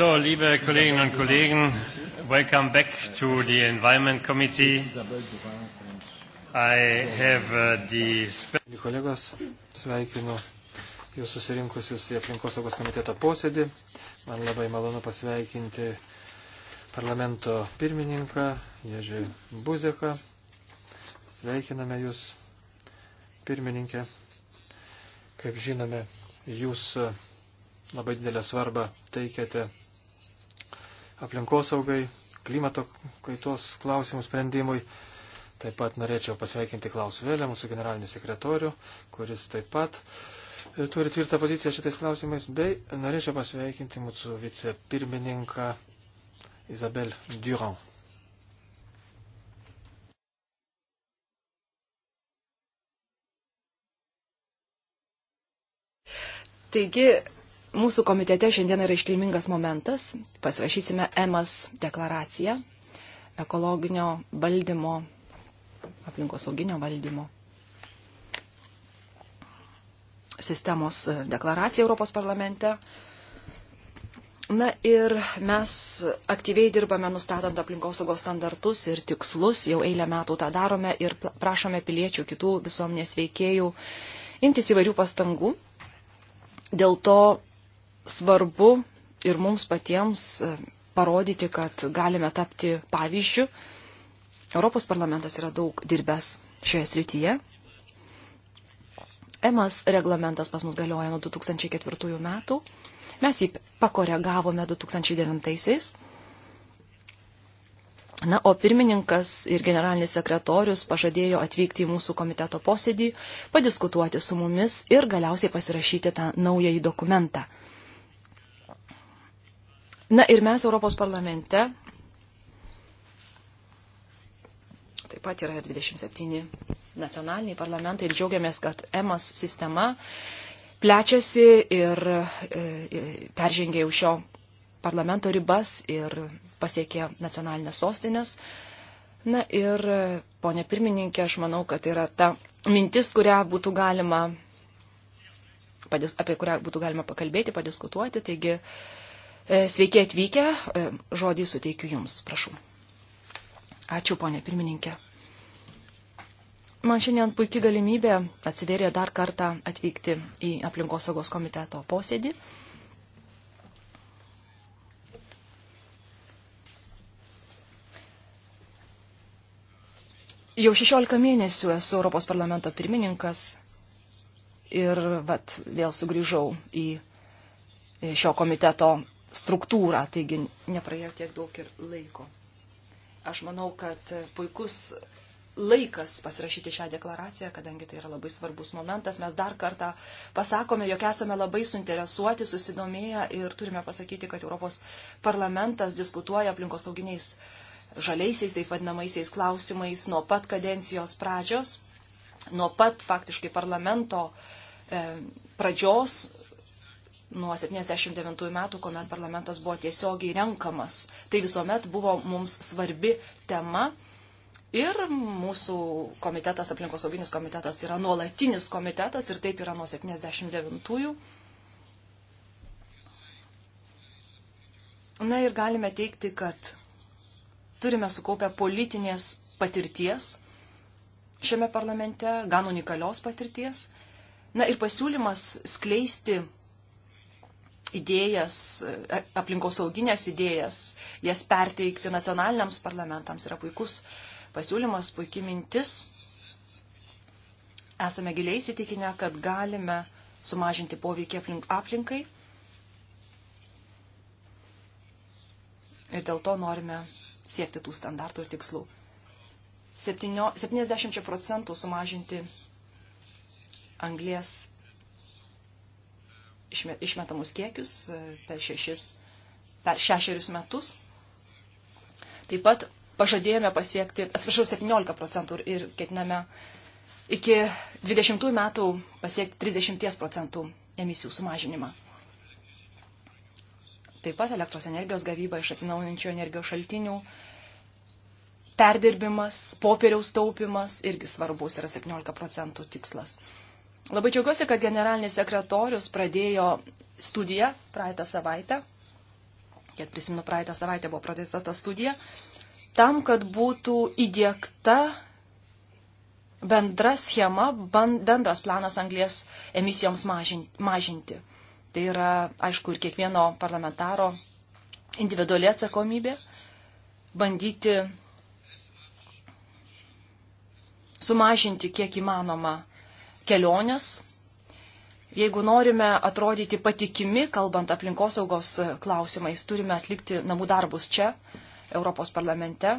So, liebe Kolleginnen und Kollegen, welcome back to the Environment Committee. I have uh, the... Kolegos, sveikinu jūs susirinkusius į aplinkosaugos komiteto posėdį. Man labai malonu pasveikinti parlamento pirmininką Ježį Buzeką. Sveikiname jūs, pirmininkė. Kaip žinome, jūs uh, labai didelę svarbą teikiate aplinkosaugai, klimato kaitos klausimų sprendimui. Taip pat norėčiau pasveikinti Klausų Vėlę, mūsų generalinį sekretorių, kuris taip pat e, turi tvirtą poziciją šitais klausimais, bei norėčiau pasveikinti mūsų vicepirmininką Izabel Durand. Taigi, mūsų komitete šiandien yra iškilmingas momentas. Pasirašysime EMAS deklaraciją ekologinio valdymo, aplinkosauginio valdymo sistemos e, deklaraciją Europos parlamente. Na ir mes aktyviai dirbame nustatant aplinkosaugos standartus ir tikslus, jau eilę metų tą darome ir prašome piliečių kitų visuomenės veikėjų imtis įvairių pastangų. Dėl to svarbu ir mums patiems e, parodyti, kad galime tapti pavyzdžių. Europos parlamentas yra daug dirbęs šioje srityje. EMAS reglamentas pas mus galioja nuo 2004 metų. Mes jį pakoregavome 2009-aisiais. Na, o pirmininkas ir generalinis sekretorius pažadėjo atvykti į mūsų komiteto posėdį, padiskutuoti su mumis ir galiausiai pasirašyti tą naująjį dokumentą – Na ir mes Europos parlamente, taip pat yra 27 nacionaliniai parlamentai ir džiaugiamės, kad EMAS sistema plečiasi ir e, e, peržengė jau šio parlamento ribas ir pasiekė nacionalinės sostinės. Na ir, e, ponė pirmininkė, aš manau, kad yra ta mintis, kurią būtų galima, apie kurią būtų galima pakalbėti, padiskutuoti. Taigi, uh, E, sveiki atvykę, e, žodį suteikiu Jums, prašau. Ačiū, ponė pirmininkė. Man šiandien puikia galimybė atsiverė dar kartą atvykti į aplinkosaugos komiteto posėdį. Jau 16 mėnesių esu Europos parlamento pirmininkas ir vat, vėl sugrįžau į šio komiteto struktūrą, taigi nepraėjo tiek daug ir laiko. Aš manau, kad puikus laikas pasirašyti šią deklaraciją, kadangi tai yra labai svarbus momentas. Mes dar kartą pasakome, jog esame labai suinteresuoti, susidomėję ir turime pasakyti, kad Europos parlamentas diskutuoja aplinkosauginiais žaliaisiais, taip vadinamaisiais klausimais nuo pat kadencijos pradžios, nuo pat faktiškai parlamento e, pradžios nuo 79 metų, kuomet parlamentas buvo tiesiogiai renkamas. Tai visuomet buvo mums svarbi tema. Ir mūsų komitetas, aplinkosauginis komitetas, yra nuolatinis komitetas ir taip yra nuo 79-ųjų. Na ir galime teikti, kad turime sukaupę politinės patirties šiame parlamente, gan unikalios patirties. Na ir pasiūlymas skleisti idėjas, e, aplinkosauginės idėjas, jas perteikti nacionaliniams parlamentams yra puikus pasiūlymas, puikia mintis. Esame giliai įsitikinę, kad galime sumažinti poveikį aplink, aplinkai. Ir dėl to norime siekti tų standartų ir tikslų. 70 procentų sumažinti anglės išmetamus kiekius e, per, šešis, per šešerius metus. Taip pat pažadėjome pasiekti, atsiprašau, 17 procentų ir ketiname iki 20 metų pasiekti 30 procentų emisijų sumažinimą. Taip pat elektros energijos gavyba iš atsinaujinančių energijos šaltinių, perdirbimas, popieriaus taupimas irgi svarbus yra 17 procentų tikslas. Labai džiaugiuosi, kad generalinis sekretorius pradėjo studiją praeitą savaitę. Kiek prisimenu, praeitą savaitę buvo pradėta ta studija. Tam, kad būtų įdėkta bendra schema, bendras planas anglės emisijoms mažinti. Tai yra, aišku, ir kiekvieno parlamentaro individuali atsakomybė bandyti sumažinti kiek įmanoma kelionės. Jeigu norime atrodyti patikimi, kalbant aplinkosaugos klausimais, turime atlikti namų darbus čia, Europos parlamente.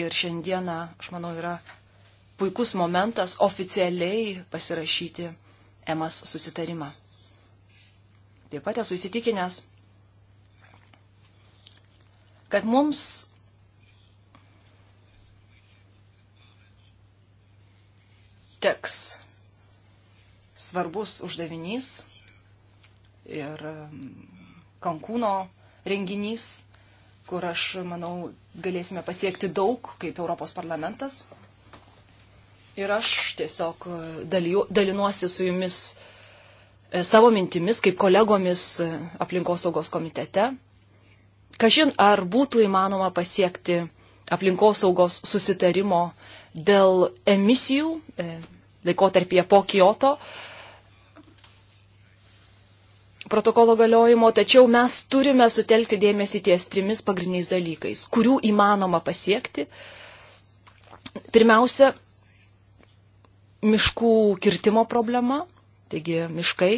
Ir šiandieną, aš manau, yra puikus momentas oficialiai pasirašyti EMAS susitarimą. Taip pat esu įsitikinęs, kad mums teks svarbus uždavinys ir um, Kankūno renginys, kur aš manau galėsime pasiekti daug kaip Europos parlamentas. Ir aš tiesiog uh, daliu, dalinuosi su jumis e, savo mintimis kaip kolegomis e, aplinkosaugos komitete. Kažin, ar būtų įmanoma pasiekti aplinkosaugos susitarimo dėl emisijų e, laikotarpyje po Kyoto protokolo galiojimo, tačiau mes turime sutelkti dėmesį ties trimis pagrindiniais dalykais, kurių įmanoma pasiekti. Pirmiausia, miškų kirtimo problema, taigi miškai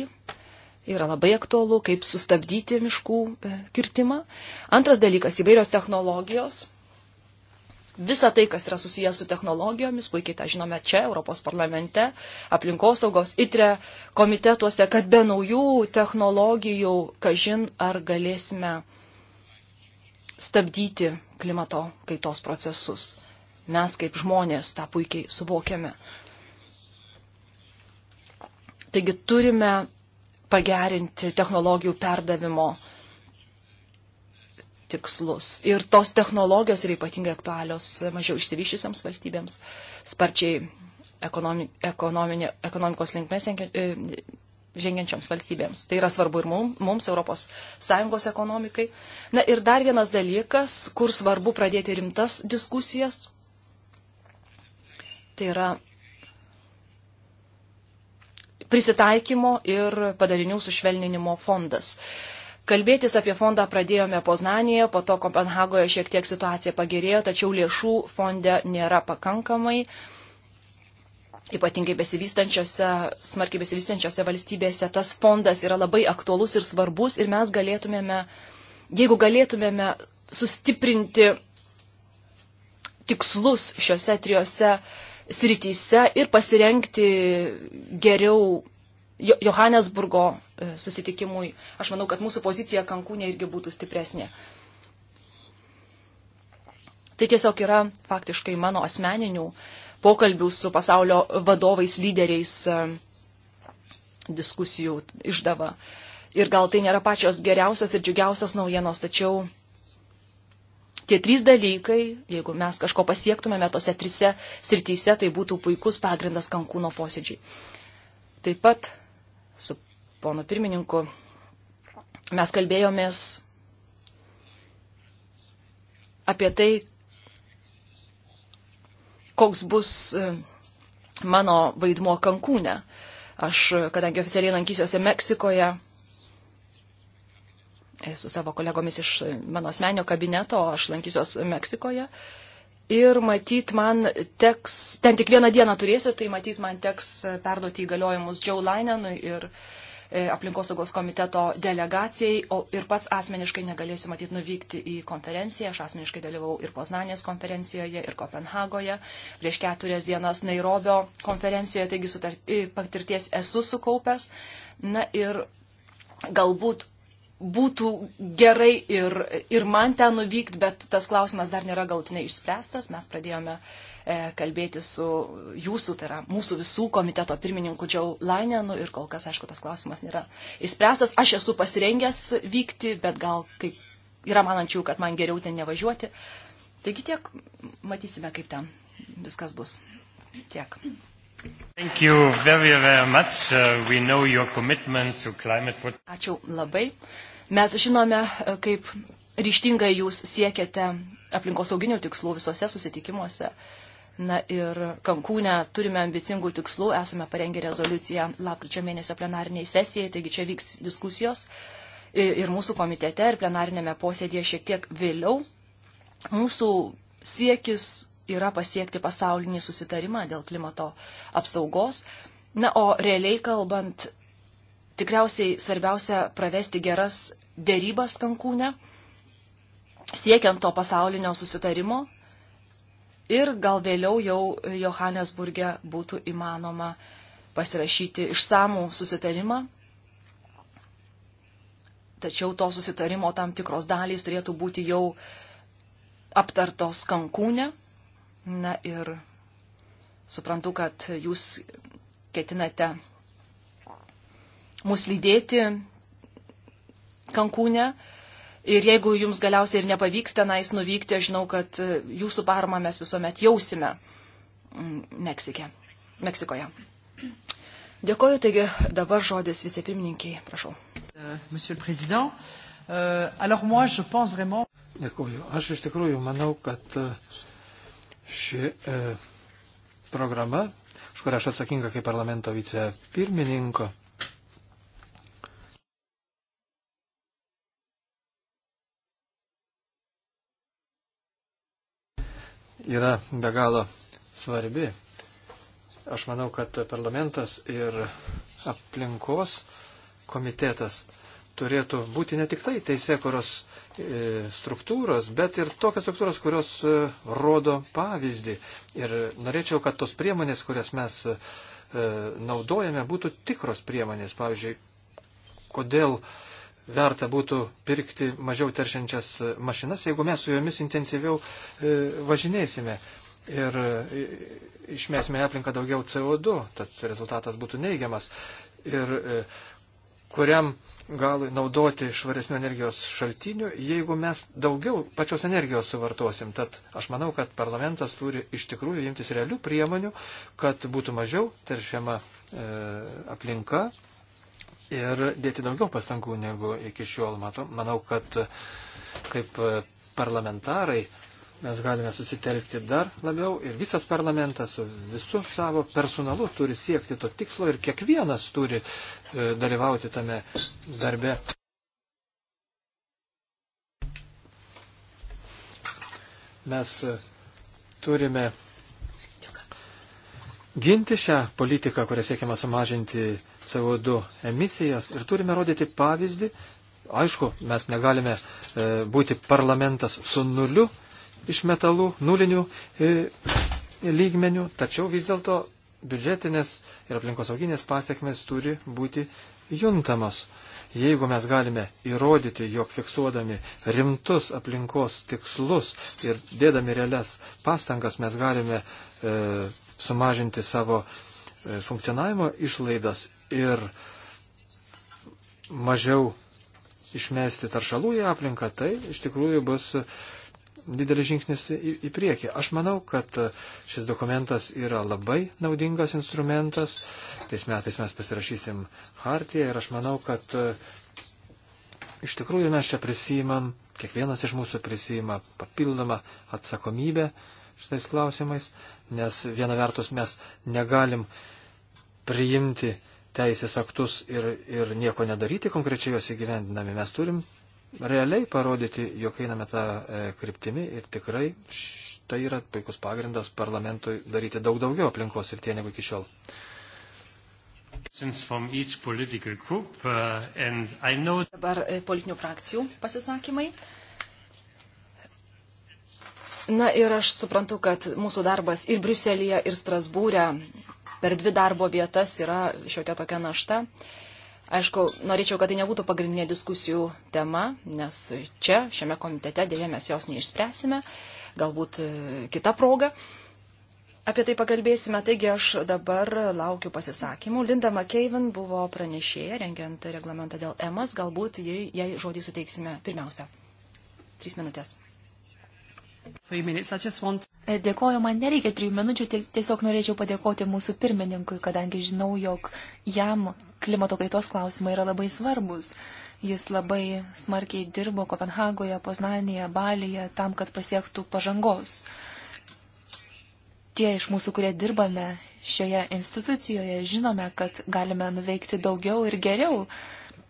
yra labai aktualu, kaip sustabdyti miškų e, kirtimą. Antras dalykas - įvairios technologijos Visa tai, kas yra susijęs su technologijomis, puikiai tą žinome čia, Europos parlamente, aplinkosaugos, itre komitetuose, kad be naujų technologijų, kažin ar galėsime stabdyti klimato kaitos procesus. Mes kaip žmonės tą puikiai suvokiame. Taigi turime pagerinti technologijų perdavimo tikslus. Ir tos technologijos yra ypatingai aktualios mažiau išsivyščiusiams valstybėms, sparčiai ekonomi, ekonominė, ekonomikos linkmės e, žengiančioms valstybėms. Tai yra svarbu ir mums, mums ES ekonomikai. Na ir dar vienas dalykas, kur svarbu pradėti rimtas diskusijas, tai yra prisitaikymo ir padarinių sušvelninimo fondas. Kalbėtis apie fondą pradėjome Poznanėje, po to Kopenhagoje šiek tiek situacija pagerėjo, tačiau lėšų fonde nėra pakankamai. Ypatingai besivystančiose, smarkiai besivystančiose valstybėse tas fondas yra labai aktuolus ir svarbus ir mes galėtumėme, jeigu galėtumėme sustiprinti tikslus šiuose trijose srityse ir pasirenkti geriau Johannesburgo E, susitikimui. Aš manau, kad mūsų pozicija Kankūnė irgi būtų stipresnė. Tai tiesiog yra faktiškai mano asmeninių pokalbių su pasaulio vadovais, lyderiais e, diskusijų išdava. Ir gal tai nėra pačios geriausios ir džiugiausios naujienos, tačiau tie trys dalykai, jeigu mes kažko pasiektumėme tose trise srityse, tai būtų puikus pagrindas Kankūno posėdžiai. Taip pat su ponu pirmininku, mes kalbėjomės apie tai, koks bus e, mano vaidmuo Kankūne. Aš, kadangi oficialiai lankysiuosi Meksikoje, su savo kolegomis iš mano asmenio kabineto, aš lankysiuos Meksikoje. Ir matyt, man teks, ten tik vieną dieną turėsiu, tai matyt, man teks perduoti įgaliojimus Joe Lainenui ir uh, E, aplinkosaugos komiteto delegacijai, o ir pats asmeniškai negalėsiu matyti nuvykti į konferenciją. Aš asmeniškai dalyvau ir Poznanės konferencijoje, ir Kopenhagoje, prieš keturias dienas Nairobio konferencijoje, taigi sutar, patirties esu sukaupęs. Na ir galbūt būtų gerai ir, ir man ten nuvykti, bet tas klausimas dar nėra gautinai išspręstas. Mes pradėjome uh, E, kalbėti su jūsų, tai yra mūsų visų komiteto pirmininku Džiau Lainenu ir kol kas, aišku, tas klausimas nėra išspręstas. Aš esu pasirengęs vykti, bet gal kaip yra manančių, kad man geriau ten nevažiuoti. Taigi tiek, matysime, kaip ten viskas bus. Tiek. Very, very uh, Ačiū labai. Mes žinome, e, kaip ryštingai jūs siekiate aplinkosauginių tikslų visose susitikimuose. Na ir Kankūne turime ambicingų tikslų, esame parengę rezoliuciją lapkričio mėnesio plenariniai sesijai, taigi čia vyks diskusijos ir mūsų komitete, ir plenarinėme posėdėje šiek tiek vėliau. Mūsų siekis yra pasiekti pasaulinį susitarimą dėl klimato apsaugos. Na, o realiai kalbant, tikriausiai svarbiausia pravesti geras dėrybas Kankūne, siekiant to pasaulinio susitarimo ir gal vėliau jau Johannesburgė būtų įmanoma pasirašyti išsamų susitarimą. Tačiau to susitarimo tam tikros dalys turėtų būti jau aptartos kankūne. Na ir suprantu, kad jūs ketinate mus lydėti kankūne. Ir jeigu jums galiausiai ir nepavyks tenais nuvykti, aš žinau, kad e, jūsų paramą mes visuomet jausime mm, Meksikė, Meksikoje. Dėkoju, taigi dabar žodis vicepirmininkiai, prašau. Euh, euh, Dėkoju. Aš iš tikrųjų manau, kad e, ši e, programa, už kurią aš atsakinga kaip parlamento vicepirmininko, yra be galo svarbi. Aš manau, kad parlamentas ir aplinkos komitetas turėtų būti ne tik tai teisėkuros e, struktūros, bet ir tokios struktūros, kurios e, rodo pavyzdį. Ir norėčiau, kad tos priemonės, kurias mes e, naudojame, būtų tikros priemonės. Pavyzdžiui, kodėl uh, verta būtų pirkti mažiau teršiančias mašinas, jeigu mes su jomis intensyviau e, važinėsime ir e, išmėsime aplinką daugiau CO2, tad rezultatas būtų neigiamas. Ir e, kuriam galui naudoti švaresnių energijos šaltinių, jeigu mes daugiau pačios energijos suvartosim. Tad aš manau, kad parlamentas turi iš tikrųjų imtis realių priemonių, kad būtų mažiau teršiama e, aplinka, ir dėti daugiau pastangų negu iki šiol. Manau, kad kaip parlamentarai mes galime susitelkti dar labiau ir visas parlamentas su visu savo personalu turi siekti to tikslo ir kiekvienas turi e, dalyvauti tame darbe. Mes e, turime ginti šią politiką, kurią siekiama sumažinti CO2 emisijas ir turime rodyti pavyzdį. Aišku, mes negalime e, būti parlamentas su nuliu iš metalų, nuliniu e, lygmeniu, tačiau vis dėlto biudžetinės ir aplinkosauginės pasiekmes turi būti juntamos. Jeigu mes galime įrodyti, jog fiksuodami rimtus aplinkos tikslus ir dėdami realias pastangas mes galime e, sumažinti savo E, funkcionavimo išlaidas ir mažiau išmesti taršalų į aplinką, tai iš tikrųjų bus didelis žingsnis į, į priekį. Aš manau, kad šis dokumentas yra labai naudingas instrumentas. Tais metais mes pasirašysim hartiją ir aš manau, kad e, iš tikrųjų mes čia prisimam, kiekvienas iš mūsų prisima papildomą atsakomybę šitais klausimais nes viena vertus mes negalim priimti teisės aktus ir, ir nieko nedaryti konkrečiai juos įgyvendinami. Mes turim realiai parodyti, jog einame tą e, kryptimį ir tikrai tai yra puikus pagrindas parlamentui daryti daug daugiau aplinkos ir tie negu iki šiol. Group, uh, know... Dabar e, politinių frakcijų pasisakymai. Uh, Na ir aš suprantu, kad mūsų darbas ir Briuselėje, ir Strasbūrė per dvi darbo vietas yra šiokia tokia našta. Aišku, norėčiau, kad tai nebūtų pagrindinė diskusijų tema, nes čia, šiame komitete, dėje mes jos neišspręsime, galbūt e, kita proga. Apie tai pakalbėsime, taigi aš dabar laukiu pasisakymų. Linda McKeivin buvo pranešėja, rengiant reglamentą dėl EMAS, galbūt jai, jai žodį suteiksime pirmiausia. Trys minutės. E, dėkoju, man nereikia trijų minučių, tiesiog norėčiau padėkoti mūsų pirmininkui, kadangi žinau, jog jam klimato kaitos klausimai yra labai svarbus. Jis labai smarkiai dirbo Kopenhagoje, Poznanėje, Balyje tam, kad pasiektų pažangos. Tie iš mūsų, kurie dirbame šioje institucijoje, žinome, kad galime nuveikti daugiau ir geriau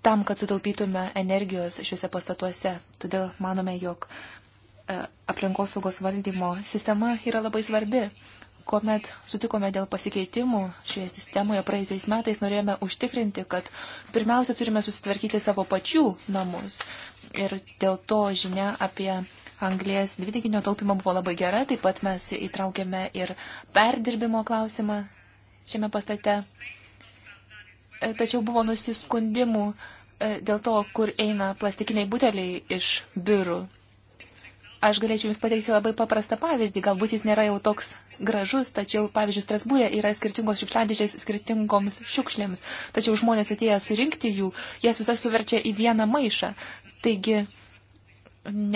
tam, kad sutaupytume energijos šiuose pastatuose. Todėl manome, jog E, aplinkosaugos valdymo sistema yra labai svarbi. Komet sutikome dėl pasikeitimų šioje sistemoje praėjusiais metais, norėjome užtikrinti, kad pirmiausia turime susitvarkyti savo pačių namus. Ir dėl to žinia apie anglės dvideginio taupimą buvo labai gera, taip pat mes įtraukėme ir perdirbimo klausimą šiame pastate. E, tačiau buvo nusiskundimų e, dėl to, kur eina plastikiniai buteliai iš biurų. Aš galėčiau Jums pateikti labai paprastą pavyzdį, galbūt jis nėra jau toks gražus, tačiau, pavyzdžiui, Strasbūrė yra skirtingos šiukšliadėžės skirtingoms šiukšlėms, tačiau žmonės atėję surinkti jų, jas visas suverčia į vieną maišą. Taigi,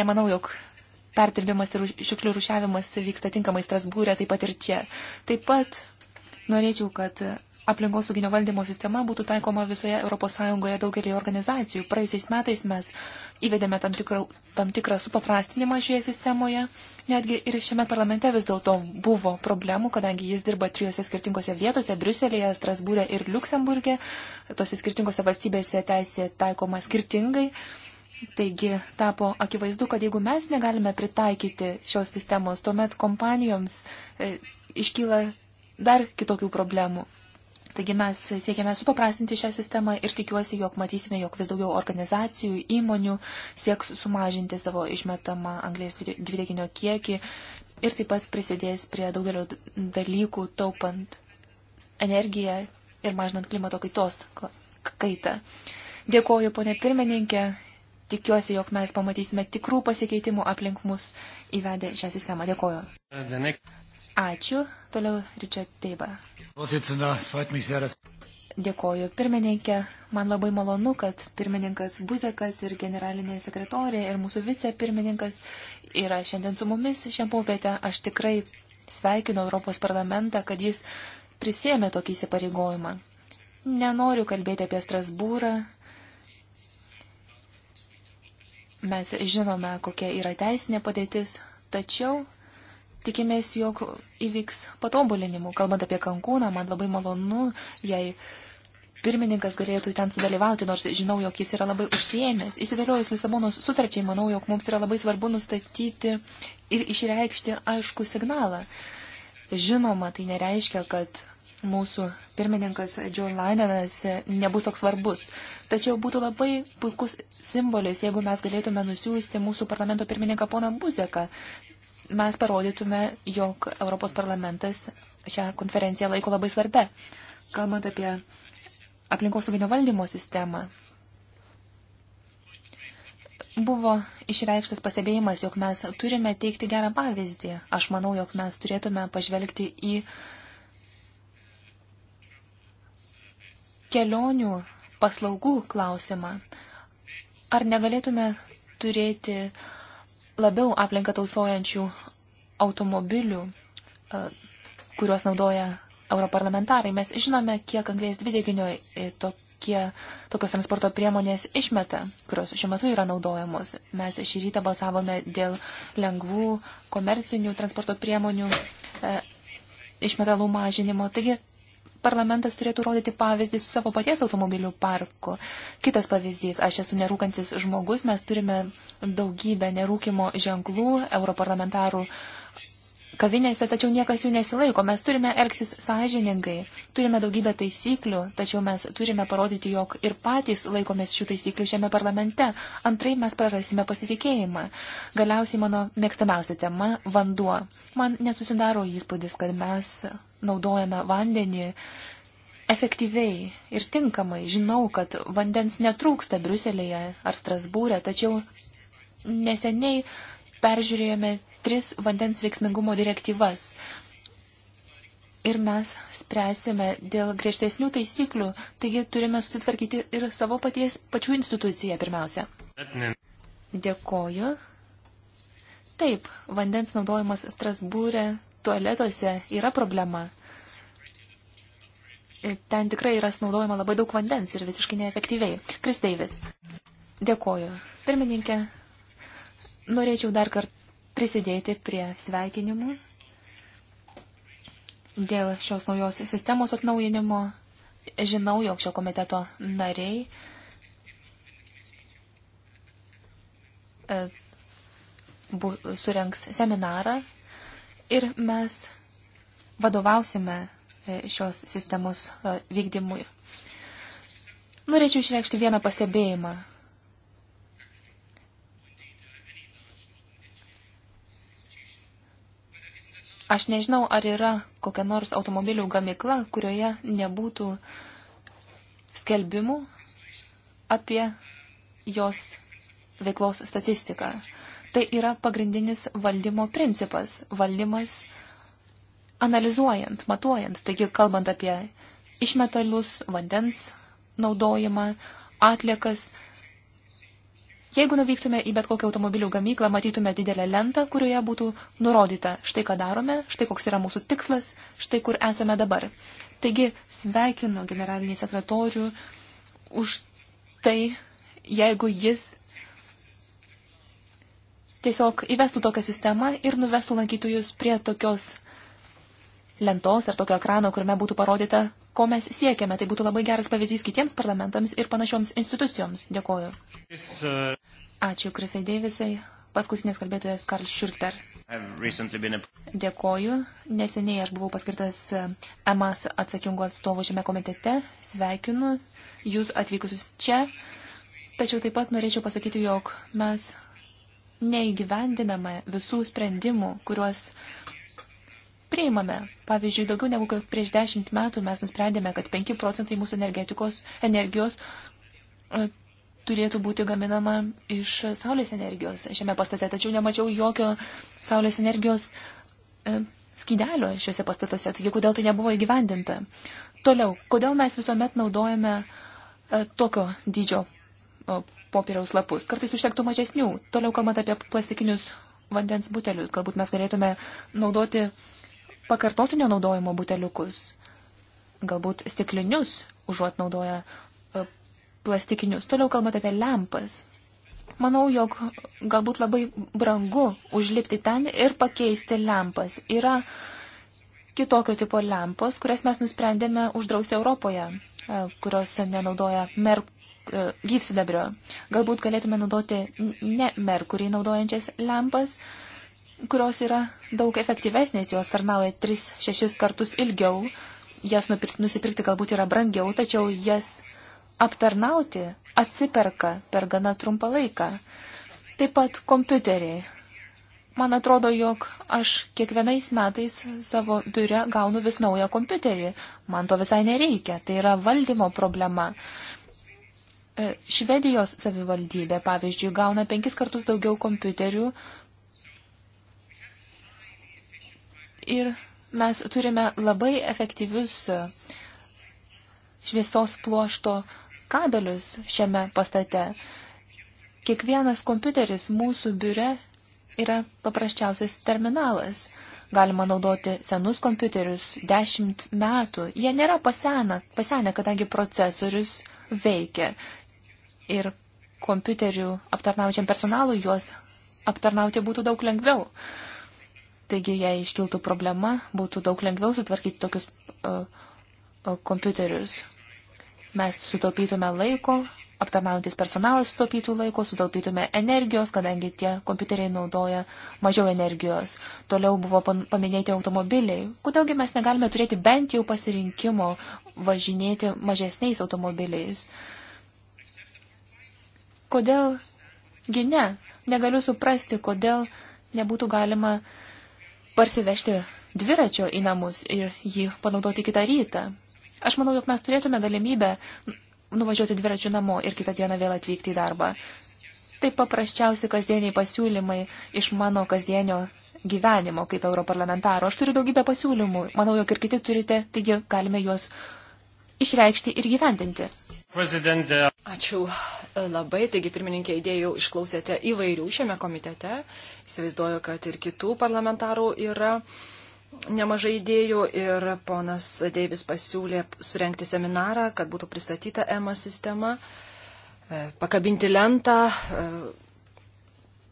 nemanau, jog perdirbimas ir šiukšlių rušiavimas vyksta tinkamai Strasbūrė, taip pat ir čia. Taip pat norėčiau, kad aplinkosauginio valdymo sistema būtų taikoma visoje ES daugelį organizacijų. Praėjusiais metais mes įvedėme tam tikrą, tam tikrą supaprastinimą šioje sistemoje. Netgi ir šiame parlamente vis dėlto buvo problemų, kadangi jis dirba trijose skirtingose vietose - Briuselėje, Strasbūrė ir Luksemburgė. Tose skirtingose valstybėse teisė taikoma skirtingai. Taigi tapo akivaizdu, kad jeigu mes negalime pritaikyti šios sistemos, tuomet kompanijoms e, iškyla dar kitokių problemų. Taigi mes siekiame supaprastinti šią sistemą ir tikiuosi, jog matysime, jog vis daugiau organizacijų, įmonių sieks sumažinti savo išmetamą anglės dvideginio kiekį ir taip pat prisidės prie daugelio dalykų taupant energiją ir mažinant klimato kaitos kaitą. Dėkoju, ponė pirmininkė. Tikiuosi, jog mes pamatysime tikrų pasikeitimų aplink mus įvedę šią sistemą. Dėkoju. Ačiū. Toliau Richard Teiba. Dėkoju, pirmininkė. Man labai malonu, kad pirmininkas Buzekas ir generalinė sekretorė ir mūsų vicepirmininkas yra šiandien su mumis šią popietę. Aš tikrai sveikinu Europos parlamentą, kad jis prisėmė tokį įsipareigojimą. Nenoriu kalbėti apie Strasbūrą. Mes žinome, kokia yra teisinė padėtis, tačiau tikimės, jog įvyks patobulinimų. Kalbant apie Kankūną, man labai malonu, jei pirmininkas galėtų ten sudalyvauti, nors žinau, jog jis yra labai užsiemęs. Įsigaliojus Lisabonos sutarčiai, manau, jog mums yra labai svarbu nustatyti ir išreikšti aišku signalą. Žinoma, tai nereiškia, kad mūsų pirmininkas Joe Linenas nebus toks svarbus. Tačiau būtų labai puikus simbolis, jeigu mes galėtume nusiųsti mūsų parlamento pirmininką poną Buzeką mes parodytume, jog Europos parlamentas šią konferenciją laiko labai svarbia, kalbant apie aplinkosauginio valdymo sistemą. Buvo išreikštas pastebėjimas, jog mes turime teikti gerą pavyzdį. Aš manau, jog mes turėtume pažvelgti į kelionių paslaugų klausimą. Ar negalėtume turėti uh, labiau aplinką tausojančių automobilių, e, kuriuos naudoja europarlamentarai. Mes žinome, kiek anglės dvideginio e, tokie, tokios transporto priemonės išmeta, kurios šiuo metu yra naudojamos. Mes šį rytą balsavome dėl lengvų komercinių transporto priemonių e, išmetalų mažinimo. Taigi parlamentas turėtų rodyti pavyzdį su savo paties automobilių parku. Kitas pavyzdys, aš esu nerūkantis žmogus, mes turime daugybę nerūkimo ženklų europarlamentarų kavinėse, tačiau niekas jų nesilaiko. Mes turime elgtis sąžiningai, turime daugybę taisyklių, tačiau mes turime parodyti, jog ir patys laikomės šių taisyklių šiame parlamente. Antrai mes prarasime pasitikėjimą. Galiausiai mano mėgstamiausia tema - vanduo. Man nesusidaro įspūdis, kad mes naudojame vandenį efektyviai ir tinkamai. Žinau, kad vandens netrūksta Briuselėje ar Strasbūrė, tačiau neseniai peržiūrėjome tris vandens veiksmingumo direktyvas. Ir mes spręsime dėl griežtesnių taisyklių, taigi turime susitvarkyti ir savo paties pačių instituciją pirmiausia. Dėkoju. Taip, vandens naudojimas Strasbūrė tualetuose yra problema. Ten tikrai yra sunaudojama labai daug vandens ir visiškai neefektyviai. Kris Deivis. Dėkoju. Pirmininkė, norėčiau dar kartą prisidėti prie sveikinimų dėl šios naujos sistemos atnaujinimo. Žinau, jog šio komiteto nariai e, bu, surenks seminarą ir mes vadovausime e, šios sistemos e, vykdymui. Norėčiau išreikšti vieną pastebėjimą. Aš nežinau, ar yra kokia nors automobilių gamikla, kurioje nebūtų skelbimų apie jos veiklos statistiką. Tai yra pagrindinis valdymo principas - valdymas analizuojant, matuojant, taigi kalbant apie išmetalus, vandens naudojimą, atliekas. Jeigu nuvyktume į bet kokią automobilių gamyklą, matytume didelę lentą, kurioje būtų nurodyta, štai ką darome, štai koks yra mūsų tikslas, štai kur esame dabar. Taigi sveikinu generalinį sekretorių už tai, jeigu jis tiesiog įvestų tokią sistemą ir nuvestų lankytojus prie tokios lentos ar tokio ekrano, kuriame būtų parodyta, ko mes siekiame. Tai būtų labai geras pavyzdys kitiems parlamentams ir panašioms institucijoms. Dėkoju. Uh, Ačiū, Krisai Deivisai. Paskutinis kalbėtojas Karl Schürter. Dėkoju. Neseniai aš buvau paskirtas uh, EMAS atsakingo atstovo šiame komitete. Sveikinu jūs atvykusius čia. Tačiau taip pat norėčiau pasakyti, jog mes neįgyvendiname visų sprendimų, kuriuos priimame. Pavyzdžiui, daugiau negu kad prieš dešimt metų mes nusprendėme, kad 5 procentai mūsų energetikos energijos e, turėtų būti gaminama iš saulės energijos šiame pastate, tačiau nemačiau jokio saulės energijos e, skydelio šiuose pastatuose, taigi kodėl tai nebuvo įgyvendinta. Toliau, kodėl mes visuomet naudojame e, tokio dydžio popieriaus lapus. Kartais užtektų mažesnių. Toliau kalbant apie plastikinius vandens butelius, galbūt mes galėtume naudoti pakartotinio naudojimo buteliukus, galbūt stiklinius, užuot naudoja plastikinius. Toliau kalbant apie lempas. Manau, jog galbūt labai brangu užlipti ten ir pakeisti lempas. Yra kitokio tipo lempos, kurias mes nusprendėme uždrausti Europoje, e, kurios nenaudoja merk E, gyvsidabrio. Galbūt galėtume naudoti ne merkurį naudojančias lempas, kurios yra daug efektyvesnės, jos tarnauja 3-6 kartus ilgiau, jas nusipirkti galbūt yra brangiau, tačiau jas aptarnauti atsiperka per gana trumpą laiką. Taip pat kompiuteriai. Man atrodo, jog aš kiekvienais metais savo biure gaunu vis naują kompiuterį. Man to visai nereikia. Tai yra valdymo problema. E, Švedijos savivaldybė, pavyzdžiui, gauna penkis kartus daugiau kompiuterių ir mes turime labai efektyvius e, šviesos pluošto kabelius šiame pastate. Kiekvienas kompiuteris mūsų biure yra paprasčiausias terminalas. Galima naudoti senus kompiuterius dešimt metų. Jie nėra pasenę, pasenę kadangi procesorius veikia ir kompiuterių aptarnaujančiam personalui juos aptarnauti būtų daug lengviau. Taigi, jei iškiltų problema, būtų daug lengviau sutvarkyti tokius uh, kompiuterius. Mes sutaupytume laiko, aptarnaujantis personalas sutaupytų laiko, sutaupytume energijos, kadangi tie kompiuteriai naudoja mažiau energijos. Toliau buvo paminėti automobiliai. Kodėlgi mes negalime turėti bent jau pasirinkimo važinėti mažesniais automobiliais? Uh, Kodėl gi ne? Negaliu suprasti, kodėl nebūtų galima parsivežti dviračio į namus ir jį panaudoti kitą rytą. Aš manau, jog mes turėtume galimybę nuvažiuoti dviračių namo ir kitą dieną vėl atvykti į darbą. Tai paprasčiausi kasdieniai pasiūlymai iš mano kasdienio gyvenimo kaip europarlamentaro. Aš turiu daugybę pasiūlymų, manau, jog ir kiti turite, taigi galime juos išreikšti ir gyventinti. Presidente. Ačiū labai. Taigi, pirmininkė, idėjų išklausėte įvairių šiame komitete. Įsivaizduoju, kad ir kitų parlamentarų yra nemažai idėjų ir ponas Deivis pasiūlė surenkti seminarą, kad būtų pristatyta EMA sistema, e, pakabinti lentą. E,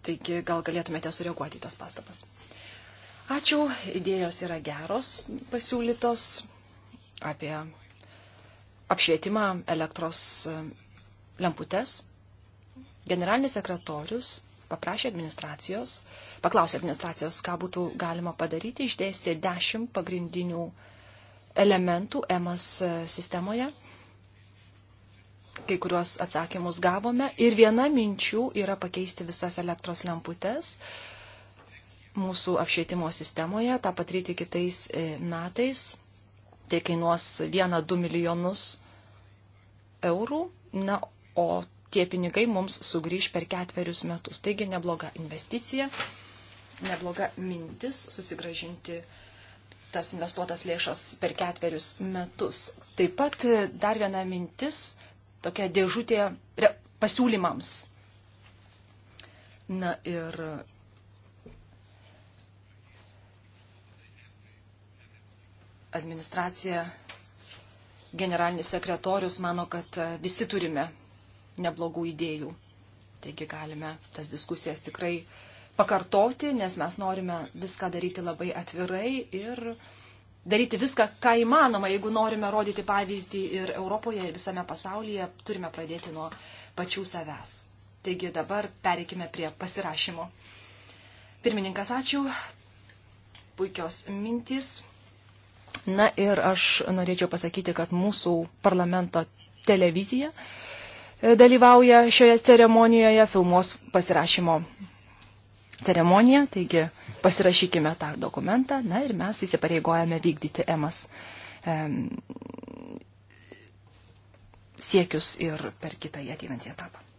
Taigi, gal galėtumėte sureaguoti į tas pastabas. Ačiū, idėjos yra geros pasiūlytos apie apšvietimą elektros e, lemputes, generalinis sekretorius paprašė administracijos, paklausė administracijos, ką būtų galima padaryti, išdėstė dešimt pagrindinių elementų EMAS e, sistemoje. Kai kuriuos atsakymus gavome ir viena minčių yra pakeisti visas elektros lemputes mūsų apšvietimo sistemoje, tą padaryti kitais e, metais tai kainuos 1-2 milijonus eurų, na, o tie pinigai mums sugrįž per ketverius metus. Taigi nebloga investicija, nebloga mintis susigražinti tas investuotas lėšas per ketverius metus. Taip pat dar viena mintis, tokia dėžutė pasiūlymams. Na ir administracija, generalinis sekretorius mano, kad e, visi turime neblogų idėjų. Taigi galime tas diskusijas tikrai pakartoti, nes mes norime viską daryti labai atvirai ir daryti viską, ką įmanoma, jeigu norime rodyti pavyzdį ir Europoje, ir visame pasaulyje, turime pradėti nuo pačių savęs. Taigi dabar pereikime prie pasirašymo. Pirmininkas, ačiū. Puikios mintys. Na ir aš norėčiau pasakyti, kad mūsų parlamento televizija e, dalyvauja šioje ceremonijoje, filmuos pasirašymo ceremoniją, taigi pasirašykime tą dokumentą, na ir mes įsipareigojame vykdyti EMAS siekius ir per kitą ateinantį etapą.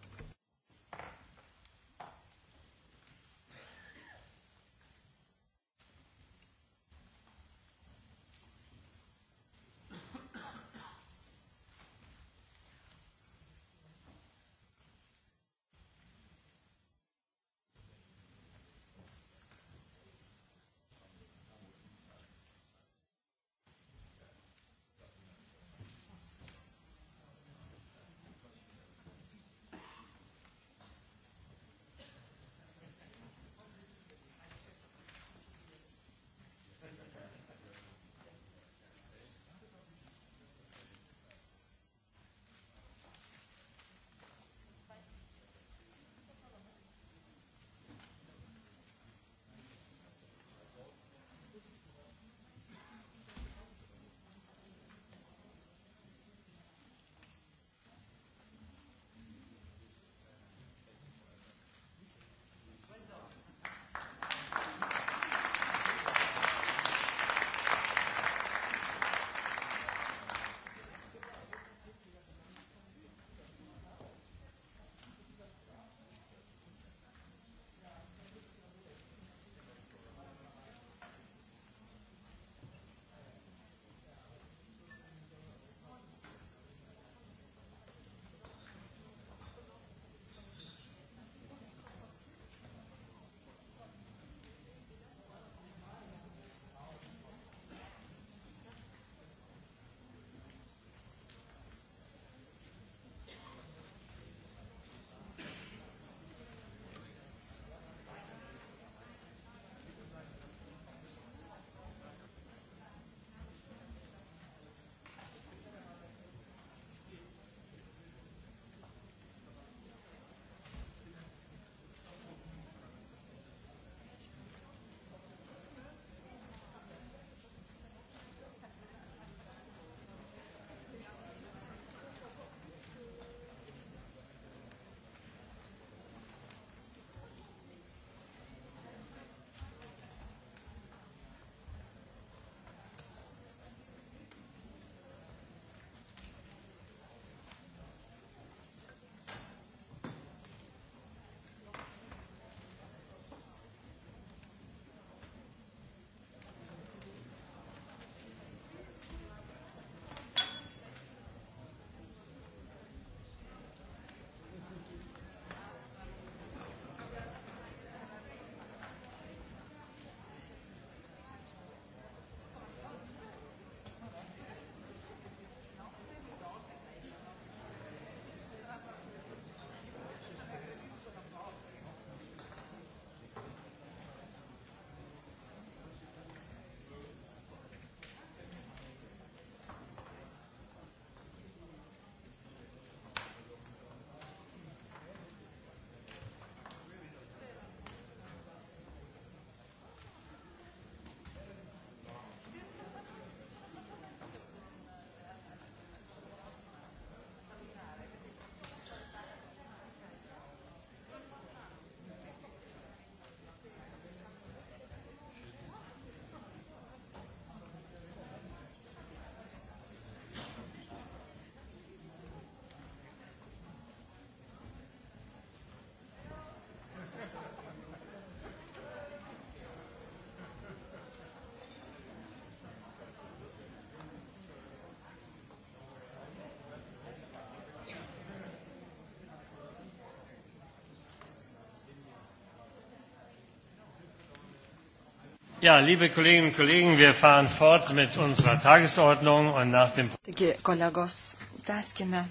Ja, liebe Kolleginnen und Kollegen, wir fahren fort mit unserer Tagesordnung und nach dem. Taigi, kolegos, tęskime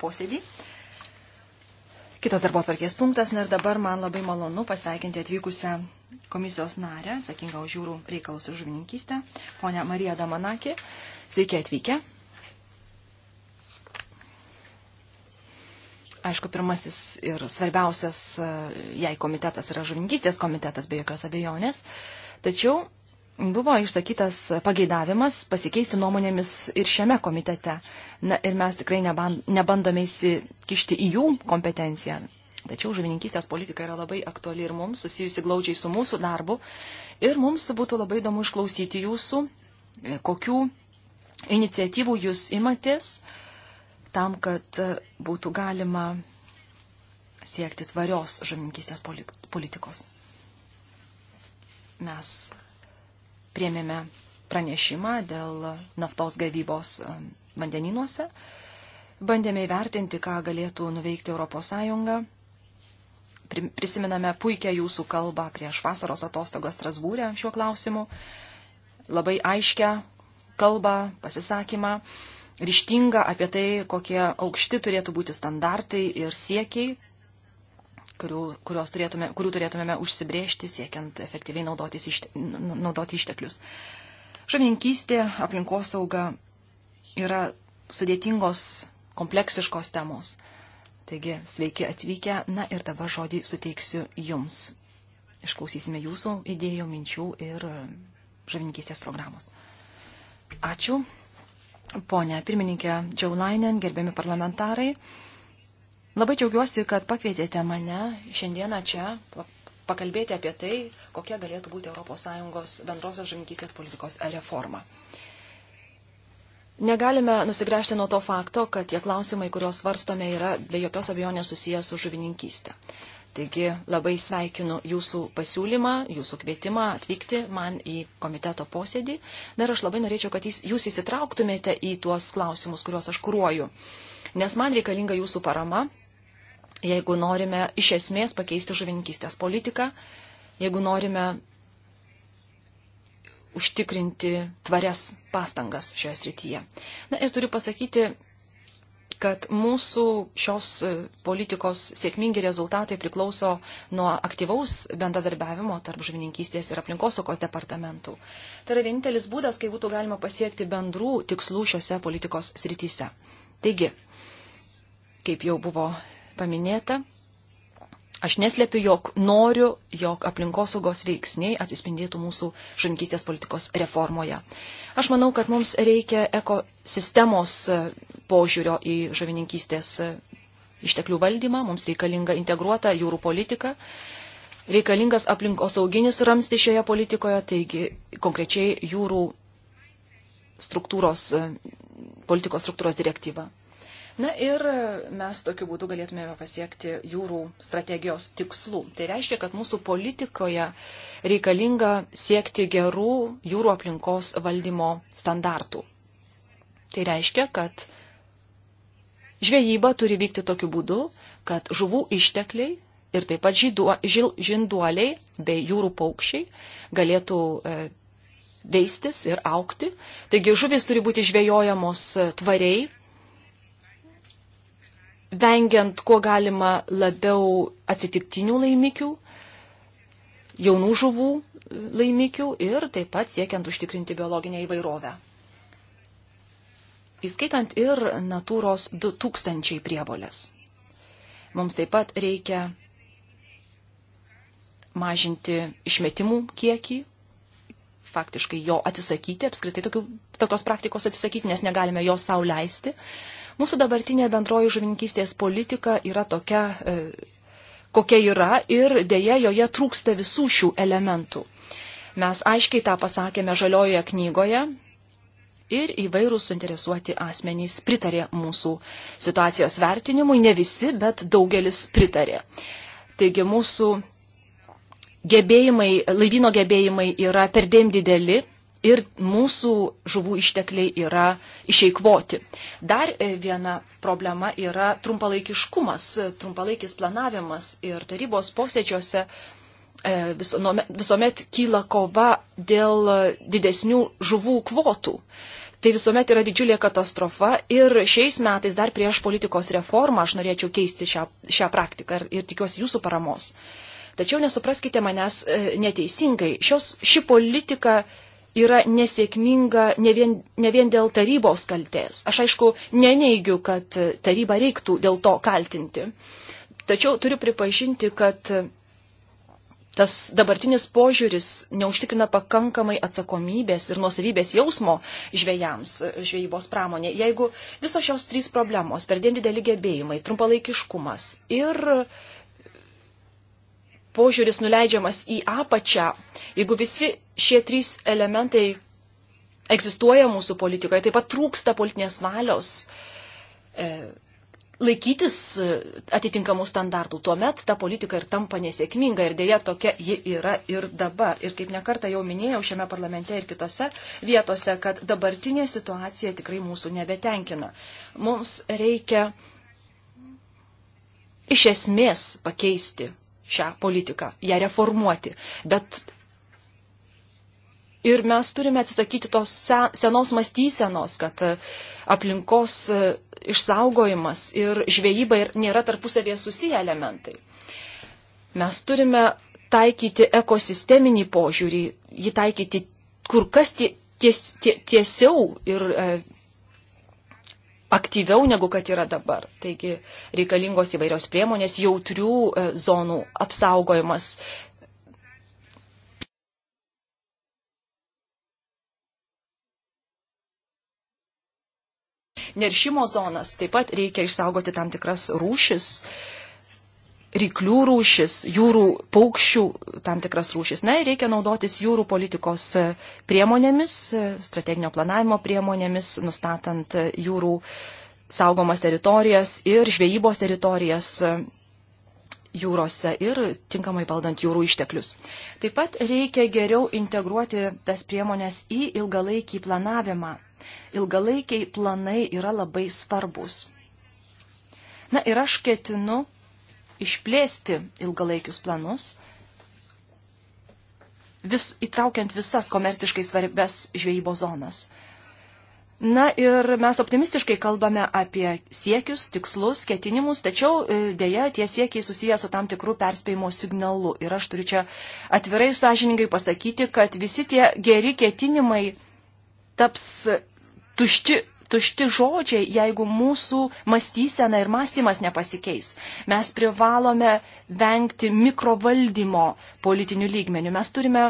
posėdį. Kitas darbo tvarkės punktas, na ir dabar man labai malonu pasveikinti atvykusią komisijos narę, atsakingą už jūrų reikalus ir žuvininkystę, ponę Mariją Damanakį. Sveiki atvykę. aišku, pirmasis ir svarbiausias e, jai komitetas yra žuvininkystės komitetas, be jokios abejonės. Tačiau buvo išsakytas pageidavimas pasikeisti nuomonėmis ir šiame komitete. Na, ir mes tikrai nebandome įsikišti į jų kompetenciją. Tačiau žuvininkystės politika yra labai aktuali ir mums, susijusi glaudžiai su mūsų darbu. Ir mums būtų labai įdomu išklausyti jūsų, e, kokių iniciatyvų jūs imatės tam, kad būtų galima siekti tvarios žuvininkystės politikos. Mes priemėme pranešimą dėl naftos gavybos um, vandeninuose, bandėme įvertinti, ką galėtų nuveikti ES. Prisiminame puikią jūsų kalbą prieš vasaros atostogas Strasbūrė šiuo klausimu, labai aiškę kalbą, pasisakymą ryštinga apie tai, kokie aukšti turėtų būti standartai ir siekiai, kurių, turėtume, kurių turėtumėme užsibriežti, siekiant efektyviai ište, naudoti išteklius. Žavininkystė, aplinkosauga yra sudėtingos, kompleksiškos temos. Taigi, sveiki atvykę. Na ir dabar žodį suteiksiu Jums. Išklausysime Jūsų idėjų, minčių ir žavininkystės programos. Ačiū. Pone pirmininkė Džiaulainen, gerbiami parlamentarai, labai džiaugiuosi, kad pakvietėte mane šiandieną čia pakalbėti apie tai, kokia galėtų būti ES bendrosios žemkystės politikos reforma. Negalime nusigręžti nuo to fakto, kad tie klausimai, kuriuos svarstome, yra be jokios abejonės susijęs su žuvininkystė. Taigi labai sveikinu jūsų pasiūlymą, jūsų kvietimą atvykti man į komiteto posėdį. Na ir aš labai norėčiau, kad jūs įsitrauktumėte į tuos klausimus, kuriuos aš kūruoju. Nes man reikalinga jūsų parama, jeigu norime iš esmės pakeisti žuvininkystės politiką, jeigu norime užtikrinti tvarias pastangas šioje srityje. Na ir turiu pasakyti, kad mūsų šios e, politikos sėkmingi rezultatai priklauso nuo aktyvaus bendradarbiavimo tarp žuvininkystės ir aplinkosaugos departamentų. Tai yra vienintelis būdas, kai būtų galima pasiekti bendrų tikslų šiose politikos srityse. Taigi, kaip jau buvo paminėta, aš neslėpiu, jog noriu, jog aplinkosaugos veiksniai atsispindėtų mūsų žuvininkystės politikos reformoje. Aš manau, kad mums reikia ekosistemos e, požiūrio į žavininkystės e, išteklių valdymą, mums reikalinga integruota jūrų politika, reikalingas aplinkosauginis ramsti šioje politikoje, taigi konkrečiai jūrų struktūros, e, politikos struktūros direktyva. Na ir mes tokiu būdu galėtumėme pasiekti jūrų strategijos tikslų. Tai reiškia, kad mūsų politikoje reikalinga siekti gerų jūrų aplinkos valdymo standartų. Tai reiškia, kad žvejyba turi vykti tokiu būdu, kad žuvų ištekliai ir taip pat žyduo, žil, žinduoliai bei jūrų paukščiai galėtų e, veistis ir aukti. Taigi žuvis turi būti žvejojamos tvariai, vengiant kuo galima labiau atsitiktinių laimikių, jaunų žuvų laimikių ir taip pat siekiant užtikrinti biologinę įvairovę. Įskaitant ir natūros 2000 prievolės. Mums taip pat reikia mažinti išmetimų kiekį, faktiškai jo atsisakyti, apskritai tokių, tokios praktikos atsisakyti, nes negalime jo sau leisti. Uh, Mūsų dabartinė bendroji žuvininkystės politika yra tokia, e, kokia yra ir dėja joje trūksta visų šių elementų. Mes aiškiai tą pasakėme žaliojoje knygoje, ir įvairūs suinteresuoti asmenys pritarė mūsų situacijos vertinimui, ne visi, bet daugelis pritarė. Taigi mūsų gebėjimai, laivyno gebėjimai yra perdėm dideli ir mūsų žuvų ištekliai yra išeikvoti. Dar e, viena problema yra trumpalaikiškumas, trumpalaikis planavimas ir tarybos posėdžiuose e, visuomet kyla kova dėl didesnių žuvų kvotų. Tai visuomet yra didžiulė katastrofa ir šiais metais dar prieš politikos reformą aš norėčiau keisti šią, šią praktiką ir, ir tikiuosi jūsų paramos. Tačiau nesupraskite manęs e, neteisingai. Šios, ši politika yra nesėkminga ne vien, ne vien dėl tarybos kaltės. Aš aišku, neneigiu, kad tarybą reiktų dėl to kaltinti. Tačiau turiu pripažinti, kad tas dabartinis požiūris neužtikrina pakankamai atsakomybės ir nuosavybės jausmo žvėjams žvejybos pramonė. Jeigu visos šios trys problemos - per dėm dideli gebėjimai, trumpalaikiškumas ir uh, požiūris nuleidžiamas į apačią, jeigu visi šie trys elementai egzistuoja mūsų politikoje, taip pat trūksta politinės valios e, laikytis e, atitinkamų standartų, tuomet ta politika ir tampa nesėkminga ir dėja tokia ji yra ir dabar. Ir kaip nekartą jau minėjau šiame parlamente ir kitose vietose, kad dabartinė situacija tikrai mūsų nebetenkina. Mums reikia iš esmės pakeisti šią politiką, ją reformuoti. Bet ir mes turime atsisakyti tos senos mąstysenos, kad e, aplinkos e, išsaugojimas ir žvejyba nėra tarpusavėje susiję elementai. Mes turime taikyti ekosisteminį požiūrį, jį taikyti kur kas tie, ties, tie, tiesiau ir e, aktyviau negu kad yra dabar. Taigi reikalingos įvairios priemonės, jautrių e, zonų apsaugojimas. Neršimo zonas taip pat reikia išsaugoti tam tikras rūšis. Uh, ryklių rūšis, jūrų paukščių tam tikras rūšis. Na ir reikia naudotis jūrų politikos priemonėmis, strateginio planavimo priemonėmis, nustatant jūrų saugomas teritorijas ir žvejybos teritorijas jūrose ir tinkamai valdant jūrų išteklius. Taip pat reikia geriau integruoti tas priemonės į ilgalaikį planavimą. Ilgalaikiai planai yra labai svarbus. Na ir aš ketinu išplėsti ilgalaikius planus, vis, įtraukiant visas komerciškai svarbias žvejybos zonas. Na ir mes optimistiškai kalbame apie siekius, tikslus, ketinimus, tačiau e, dėja tie siekiai susiję su tam tikrų perspėjimo signalu. Ir aš turiu čia atvirai sąžiningai pasakyti, kad visi tie geri ketinimai taps tušti tušti žodžiai, jeigu mūsų mąstysena ir mąstymas nepasikeis. Mes privalome vengti mikrovaldymo politinių lygmenių. Mes turime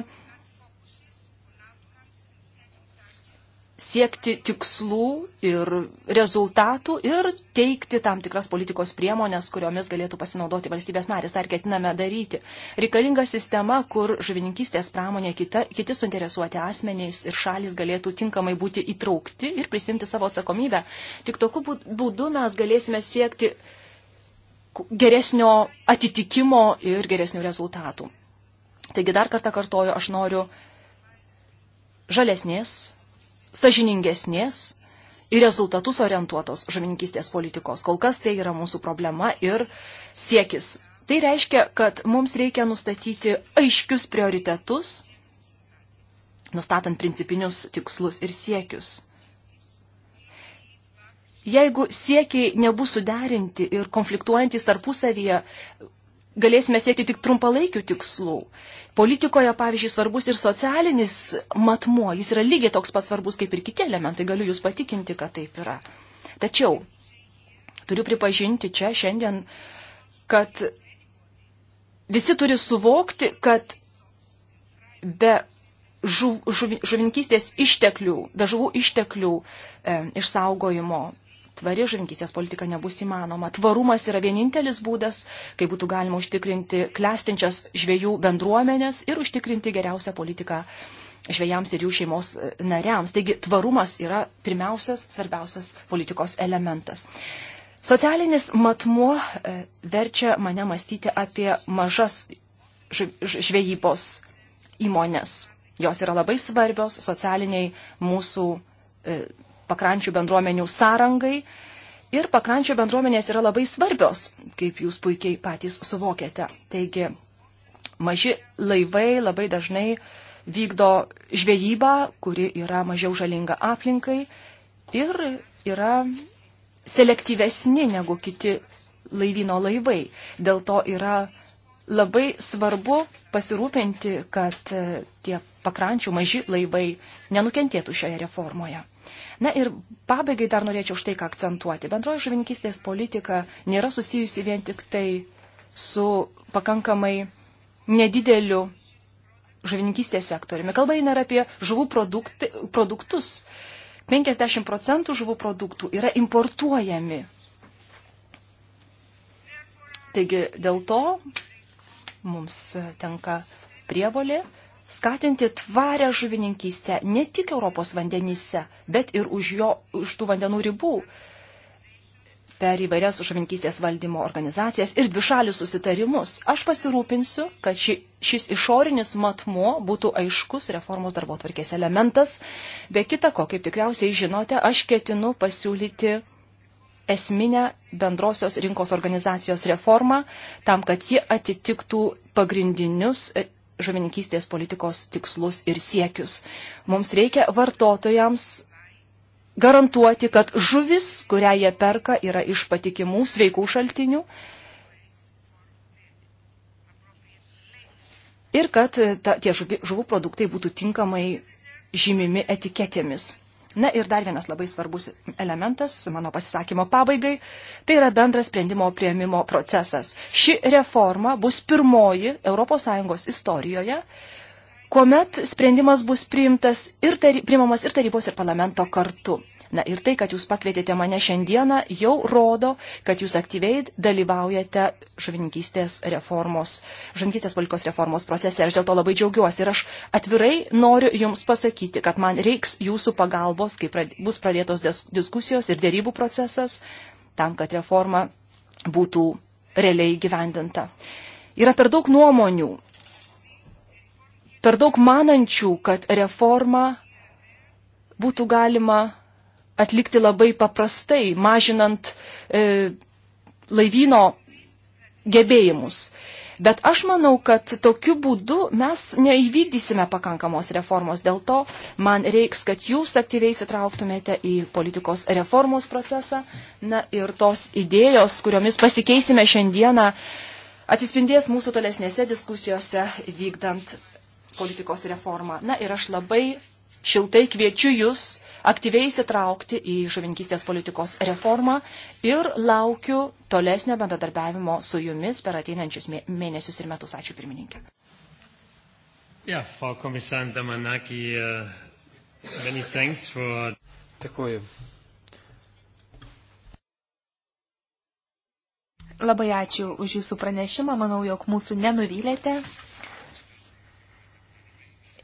siekti tikslų ir rezultatų ir teikti tam tikras politikos priemonės, kuriomis galėtų pasinaudoti valstybės narės. Ar ketiname daryti? Reikalinga sistema, kur žuvininkystės pramonė, kita, kiti suinteresuoti asmenys ir šalis galėtų tinkamai būti įtraukti ir prisimti savo atsakomybę. Tik tokiu būdu mes galėsime siekti geresnio atitikimo ir geresnių rezultatų. Taigi dar kartą kartoju, aš noriu žalesnės sažiningesnės į rezultatus orientuotos žuvininkystės politikos. Kol kas tai yra mūsų problema ir siekis. Tai reiškia, kad mums reikia nustatyti aiškius prioritetus, nustatant principinius tikslus ir siekius. Jeigu siekiai nebus suderinti ir konfliktuojantis tarpusavyje, galėsime siekti tik trumpalaikių tikslų. Politikoje, pavyzdžiui, svarbus ir socialinis matmuo, jis yra lygiai toks pats svarbus kaip ir kiti elementai, galiu Jūs patikinti, kad taip yra. Tačiau turiu pripažinti čia šiandien, kad visi turi suvokti, kad be žuv, žuv, žuvinkystės išteklių, be žuvų išteklių e, išsaugojimo tvari žankystės politika nebus įmanoma. Tvarumas yra vienintelis būdas, kaip būtų galima užtikrinti klestinčias žviejų bendruomenės ir užtikrinti geriausią politiką žvėjams ir jų šeimos e, nariams. Taigi tvarumas yra pirmiausias, svarbiausias politikos elementas. Socialinis matmuo e, verčia mane mąstyti apie mažas žvejybos įmonės. Jos yra labai svarbios socialiniai mūsų e, pakrančių bendruomenių sąrangai. Ir pakrančių bendruomenės yra labai svarbios, kaip jūs puikiai patys suvokiate. Taigi, maži laivai labai dažnai vykdo žvejybą, kuri yra mažiau žalinga aplinkai ir yra selektyvesni negu kiti laivyno laivai. Dėl to yra labai svarbu pasirūpinti, kad tie pakrančių maži laivai nenukentėtų šioje reformoje. Na ir pabaigai dar norėčiau štai ką akcentuoti. Bendroji žuvininkystės politika nėra susijusi vien tik tai su pakankamai nedideliu žuvininkystės sektoriumi. Kalba eina apie žuvų produkti, produktus. 50 procentų žuvų produktų yra importuojami. Taigi dėl to mums tenka prievolė skatinti tvarę žuvininkystę ne tik Europos vandenyse, bet ir už, jo, už tų vandenų ribų per įvairias žuvininkystės valdymo organizacijas ir dvišalius susitarimus. Aš pasirūpinsiu, kad ši, šis išorinis matmo būtų aiškus reformos darbo tvarkės elementas. Be kita ko, kaip tikriausiai žinote, aš ketinu pasiūlyti esminę bendrosios rinkos organizacijos reformą tam, kad ji atitiktų pagrindinius žuvininkystės politikos tikslus ir siekius. Mums reikia vartotojams garantuoti, kad žuvis, kurią jie perka, yra iš patikimų sveikų šaltinių ir kad ta, tie žuvi, žuvų produktai būtų tinkamai žymimi etiketėmis. Na ir dar vienas labai svarbus elementas mano pasisakymo pabaigai - tai yra bendras sprendimo prieimimo procesas. Ši reforma bus pirmoji ES istorijoje, kuomet sprendimas bus priimtas ir tary, priimamas ir tarybos, ir parlamento kartu. Na ir tai, kad jūs pakvietėte mane šiandieną, jau rodo, kad jūs aktyviai dalyvaujate žuvininkystės reformos, žuvininkystės politikos reformos procese. Aš dėl to labai džiaugiuosi ir aš atvirai noriu jums pasakyti, kad man reiks jūsų pagalbos, kai prad, bus pradėtos diskusijos ir dėrybų procesas, tam, kad reforma būtų realiai gyvendinta. Yra per daug nuomonių, per daug manančių, kad reformą būtų galima atlikti labai paprastai, mažinant e, laivyno gebėjimus. Bet aš manau, kad tokiu būdu mes neįvykdysime pakankamos reformos. Dėl to man reiks, kad jūs aktyviai įsitrauktumėte į politikos reformos procesą. Na ir tos idėjos, kuriomis pasikeisime šiandieną, atsispindės mūsų tolesnėse diskusijose vykdant politikos reformą. Na ir aš labai šiltai kviečiu Jūs aktyviai įsitraukti į žuvinkystės politikos reformą ir laukiu tolesnio bendradarbiavimo su Jumis per ateinančius mėnesius ir metus. Ačiū pirmininkė. Ja, Frau Kommissarin Damanaki, äh, many thanks for... Dėkuoju. Labai ačiū už Jūsų pranešimą, manau, jog mūsų nenuvylėte.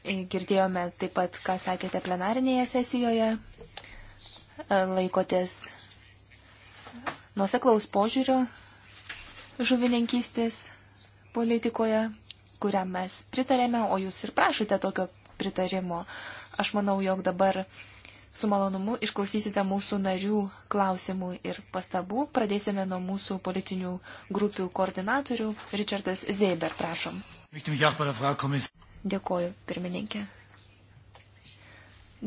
Girdėjome taip pat, ką sakėte plenarinėje sesijoje. E, laikotės nuoseklaus požiūrio žuvininkystės politikoje, kuriam mes pritarėme, o jūs ir prašote tokio pritarimo. Aš manau, jog dabar su malonumu išklausysite mūsų narių klausimų ir pastabų. Pradėsime nuo mūsų politinių grupių koordinatorių. Richardas Zeiber, prašom. Dėkoju, pirmininkė.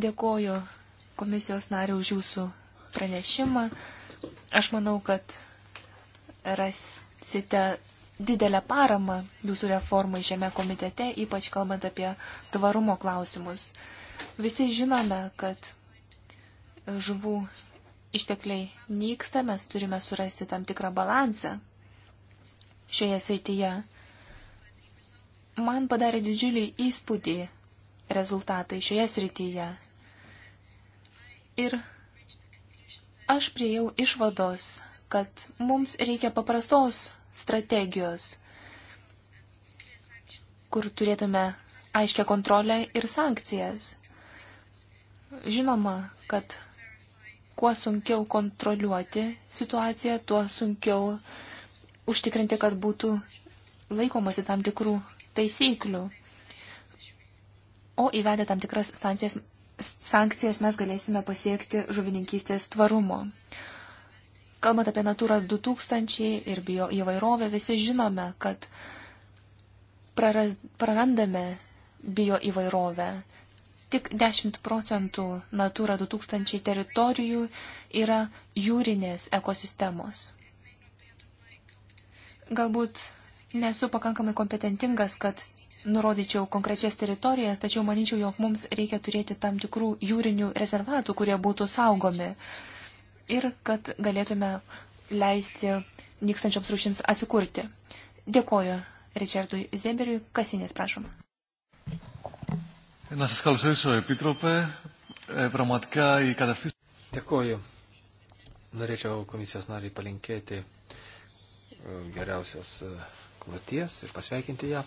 Dėkoju komisijos nariu už jūsų pranešimą. Aš manau, kad rasite didelę paramą jūsų reformai šiame komitete, ypač kalbant apie tvarumo klausimus. Visi žinome, kad žuvų ištekliai nyksta, mes turime surasti tam tikrą balansą šioje srityje. Man padarė didžiulį įspūdį rezultatai šioje srityje. Ir aš priejau išvados, kad mums reikia paprastos strategijos, kur turėtume aiškę kontrolę ir sankcijas. Žinoma, kad kuo sunkiau kontroliuoti situaciją, tuo sunkiau užtikrinti, kad būtų laikomasi tam tikrų taisyklių. O įvedę tam tikras sankcijas, sankcijas mes galėsime pasiekti žuvininkystės tvarumo. Kalbant apie Natūrą 2000 ir bio įvairovę, visi žinome, kad praras, prarandame bio įvairovę. Tik 10 procentų Natūra 2000 teritorijų yra jūrinės ekosistemos. Galbūt nesu pakankamai kompetentingas, kad nurodyčiau konkrečias teritorijas, tačiau manyčiau, jog mums reikia turėti tam tikrų jūrinių rezervatų, kurie būtų saugomi ir kad galėtume leisti nykstančioms rūšims atsikurti. Dėkoju Richardui Zeberiui. Kasinės, prašom. Να σας καλωσορίσω, Επίτροπε. Ε, πραγματικά η κατευθύνση... Dėkoju. Norėčiau komisijos nariai palinkėti geriausios kloties ir pasveikinti ją.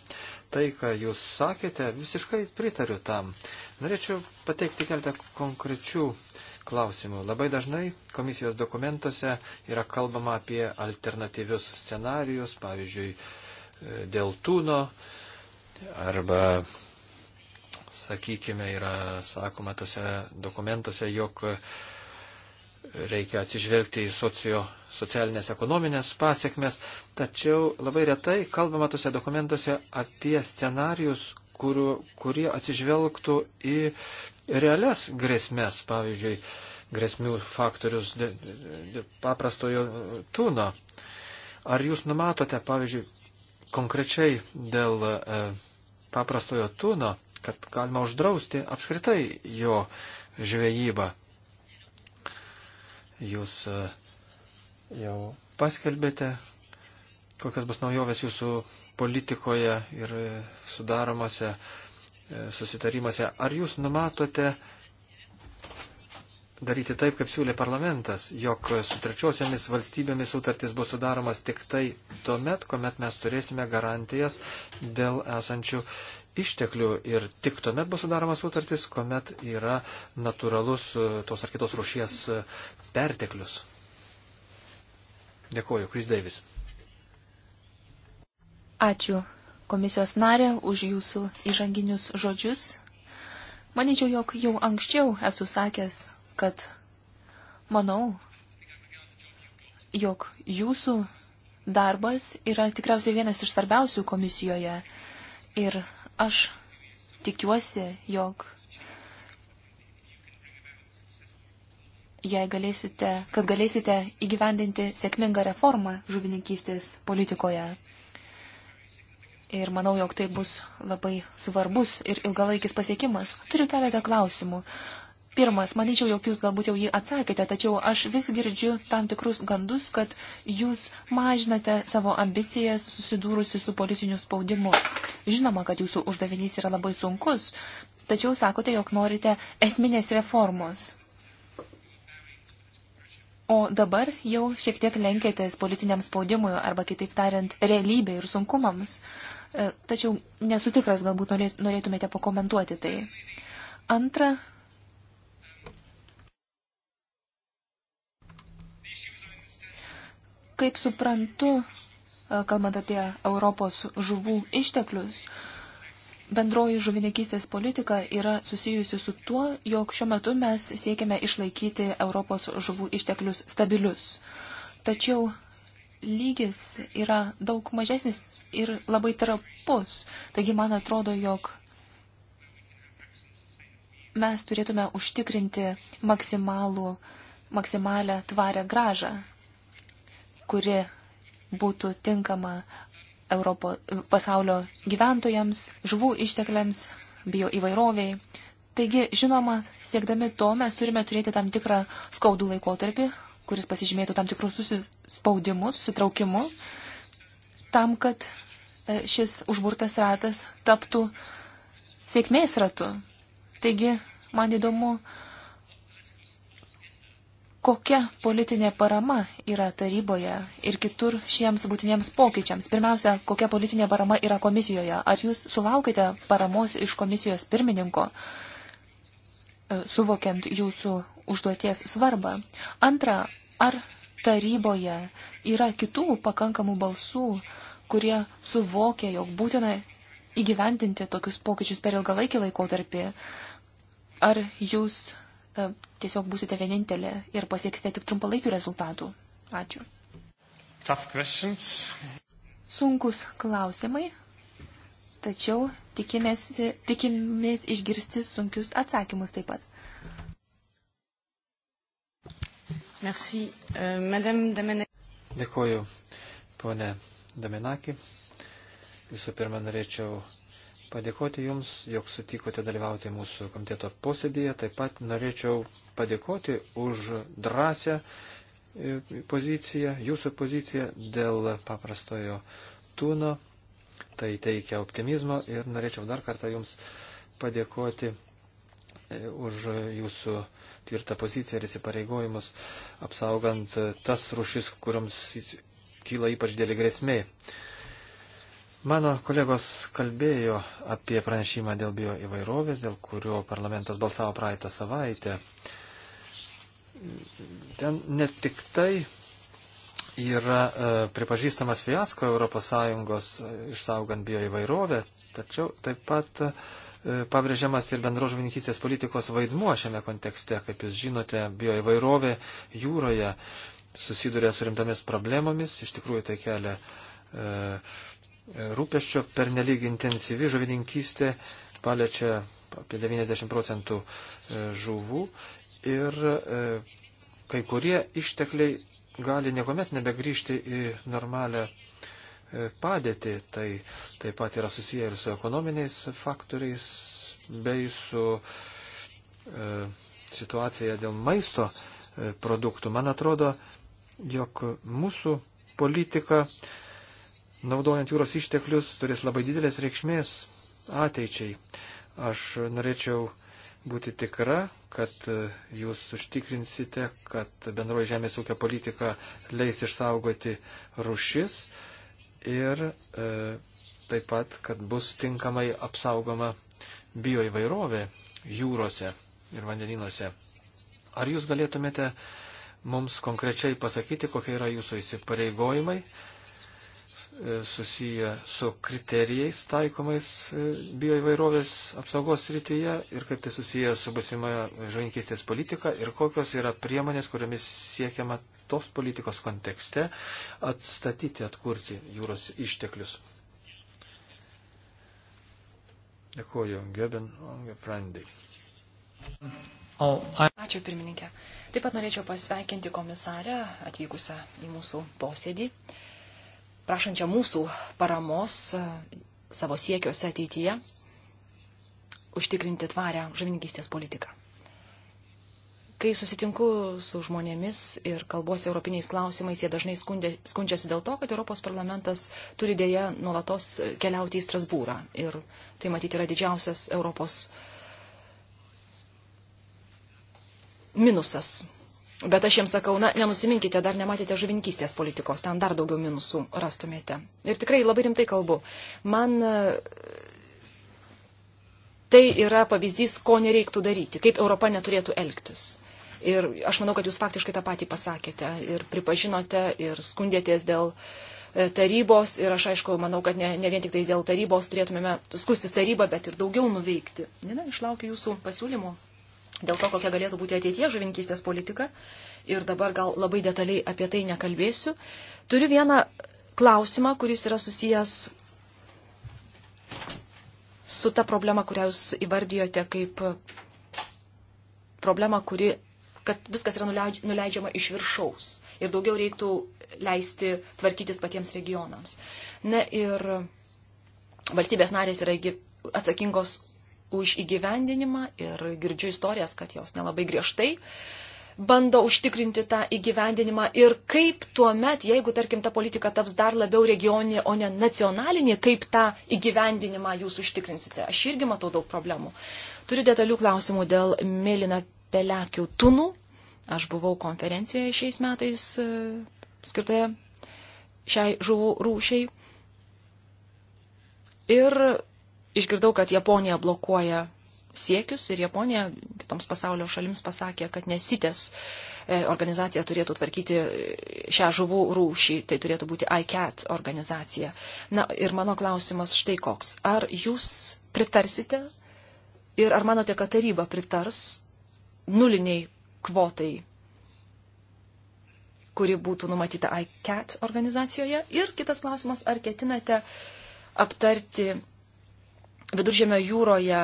Tai, ką jūs sakėte, visiškai pritariu tam. Norėčiau pateikti keletą konkrečių klausimų. Labai dažnai komisijos dokumentuose yra kalbama apie alternatyvius scenarius, pavyzdžiui, e, dėl tūno arba sakykime, yra sakoma tose dokumentuose, jog reikia atsižvelgti į socio, socialinės ekonominės pasiekmes, tačiau labai retai kalbama tuose dokumentuose apie scenarius, kuriu, kurie atsižvelgtų į realias grėsmės, pavyzdžiui, grėsmių faktorius paprastojo tūno. Ar jūs numatote, pavyzdžiui, konkrečiai dėl e, paprastojo tūno, kad galima uždrausti apskritai jo žvejybą? Jūs e, jau paskelbėte, kokios bus naujovės jūsų politikoje ir e, sudaromose e, susitarimuose. Ar jūs numatote daryti taip, kaip siūlė parlamentas, jog su trečiosiamis valstybėmis sutartis bus sudaromas tik tai tuomet, kuomet mes turėsime garantijas dėl esančių išteklių ir tik tuomet bus sudaromas sutartis, kuomet yra natūralus tos ar kitos rušies perteklius. Dėkuoju, Kris Deivis. Ačiū komisijos narė už jūsų įžanginius žodžius. Manyčiau, jog jau anksčiau esu sakęs, kad manau, jog jūsų darbas yra tikriausiai vienas iš svarbiausių komisijoje. Ir aš tikiuosi, jog jei galėsite, kad galėsite įgyvendinti sėkmingą reformą žuvininkystės politikoje. Ir manau, jog tai bus labai svarbus ir ilgalaikis pasiekimas. Turiu keletą klausimų. Pirmas, manyčiau, jog jūs galbūt jau jį atsakėte, tačiau aš vis girdžiu tam tikrus gandus, kad jūs mažinate savo ambicijas susidūrusi su politiniu spaudimu. Žinoma, kad jūsų uždavinys yra labai sunkus, tačiau sakote, jog norite esminės reformos. O dabar jau šiek tiek lenkėtės politiniam spaudimui arba kitaip tariant realybė ir sunkumams. E, tačiau nesu tikras, galbūt norėtumėte pakomentuoti tai. Antra. Kaip suprantu, e, kalbant apie Europos žuvų išteklius, Bendroji žuvininkystės politika yra susijusi su tuo, jog šiuo metu mes siekiame išlaikyti Europos žuvų išteklius stabilius. Tačiau lygis yra daug mažesnis ir labai trapus. Taigi man atrodo, jog mes turėtume užtikrinti maksimalų, maksimalę tvarę gražą, kuri būtų tinkama Europo, pasaulio gyventojams, žuvų ištekliams, bio įvairoviai. Taigi, žinoma, siekdami to mes turime turėti tam tikrą skaudų laikotarpį, kuris pasižymėtų tam tikrų susispaudimu, susitraukimu, tam, kad e, šis užburtas ratas taptų sėkmės ratu. Taigi, man įdomu, uh, kokia politinė parama yra taryboje ir kitur šiems būtiniems pokyčiams. Pirmiausia, kokia politinė parama yra komisijoje. Ar jūs sulaukite paramos iš komisijos pirmininko, e, suvokiant jūsų užduoties svarbą? Antra, ar taryboje yra kitų pakankamų balsų, kurie suvokia, jog būtina įgyvendinti tokius pokyčius per ilgalaikį laikotarpį? Ar jūs E, tiesiog būsite vienintelė ir pasieksite tik trumpalaikių rezultatų. Ačiū. Tough questions. Sunkus klausimai, tačiau tikimės, tikimės išgirsti sunkius atsakymus taip pat. Merci, uh, Madame Damenaki. Dėkuoju, ponė Damenaki. Visų pirma, norėčiau padėkoti Jums, jog sutikote dalyvauti mūsų komiteto posėdėje. Taip pat norėčiau padėkoti už drąsią e, poziciją, Jūsų poziciją dėl paprastojo tūno. Tai teikia optimizmo ir norėčiau dar kartą Jums padėkoti e, už Jūsų tvirtą poziciją ir įsipareigojimus, apsaugant tas rušis, kuriams kyla ypač dėlį grėsmiai. Mano kolegos kalbėjo apie pranešimą dėl bio įvairovės, dėl kurio parlamentas balsavo praeitą savaitę. Ten ne tik tai yra e, pripažįstamas fiasko ES e, išsaugant bio įvairovę, tačiau taip pat e, pabrėžiamas ir bendro žuvininkystės politikos vaidmuo šiame kontekste. Kaip jūs žinote, bio įvairovė jūroje susiduria su rimtomis problemomis, iš tikrųjų tai kelia. E, rūpeščio per nelyg intensyvi žuvininkystė paliečia apie 90 procentų e, žuvų ir e, kai kurie ištekliai gali niekuomet nebegrįžti į normalią e, padėtį. Tai taip pat yra susiję ir su ekonominiais faktoriais bei su e, situacija dėl maisto produktų. Man atrodo, jog mūsų politika e, naudojant jūros išteklius, turės labai didelės reikšmės ateičiai. Aš norėčiau būti tikra, kad e, jūs užtikrinsite, kad bendroji žemės ūkio politika leis išsaugoti rušis ir e, taip pat, kad bus tinkamai apsaugoma bioįvairovė jūrose ir vandeninuose. Ar jūs galėtumėte mums konkrečiai pasakyti, kokie yra jūsų įsipareigojimai E, susiję su kriterijais taikomais e, bioįvairovės apsaugos rytyje ir kaip tai susiję su busimoje žuvininkystės politika ir kokios yra priemonės, kuriomis siekiama tos politikos kontekste atstatyti, atkurti jūros išteklius. Dėkuoju, Geben Frandai. Oh, Ačiū pirmininkė. Taip pat norėčiau pasveikinti komisarę atvykusią į mūsų posėdį. Uh, prašančią mūsų paramos e, savo siekiuose ateityje užtikrinti tvarę žuvininkystės politiką. Kai susitinku su žmonėmis ir kalbuosi europiniais klausimais, jie dažnai skundė, skundžiasi dėl to, kad Europos parlamentas turi dėja nuolatos keliauti į Strasbūrą. Ir tai matyti yra didžiausias Europos minusas Bet aš jiems sakau, na, nenusiminkite, dar nematėte žuvinkystės politikos, ten dar daugiau minusų rastumėte. Ir tikrai labai rimtai kalbu. Man e, tai yra pavyzdys, ko nereiktų daryti, kaip Europa neturėtų elgtis. Ir aš manau, kad jūs faktiškai tą patį pasakėte ir pripažinote ir skundėtės dėl e, tarybos. Ir aš aišku, manau, kad ne, ne vien tik tai dėl tarybos turėtumėme skustis tarybą, bet ir daugiau nuveikti. Nina, išlaukiu jūsų pasiūlymų dėl to, kokia galėtų būti ateitie žuvinkystės politika. Ir dabar gal labai detaliai apie tai nekalbėsiu. Turiu vieną klausimą, kuris yra susijęs su ta problema, kurią jūs įvardijote kaip e, problema, kuri, kad viskas yra nuleidžiama iš viršaus ir daugiau reiktų leisti tvarkytis patiems regionams. Na ir valstybės narės yra atsakingos už įgyvendinimą ir girdžiu istorijas, kad jos nelabai griežtai bando užtikrinti tą įgyvendinimą ir kaip tuo met, jeigu, tarkim, ta politika taps dar labiau regioninė, o ne nacionalinė, kaip tą įgyvendinimą jūs užtikrinsite. Aš irgi matau daug problemų. Turiu detalių klausimų dėl mėlyna pelekių tunų. Aš buvau konferencijoje šiais metais e, skirtoje šiai žuvų rūšiai. Ir išgirdau, kad Japonija blokuoja siekius ir Japonija kitoms pasaulio šalims pasakė, kad nesitės e, organizacija turėtų tvarkyti šią žuvų rūšį, tai turėtų būti ICAT organizacija. Na ir mano klausimas štai koks. Ar jūs pritarsite ir ar manote, kad taryba pritars nuliniai kvotai, kuri būtų numatyta ICAT organizacijoje? Ir kitas klausimas, ar ketinate aptarti viduržėmio jūroje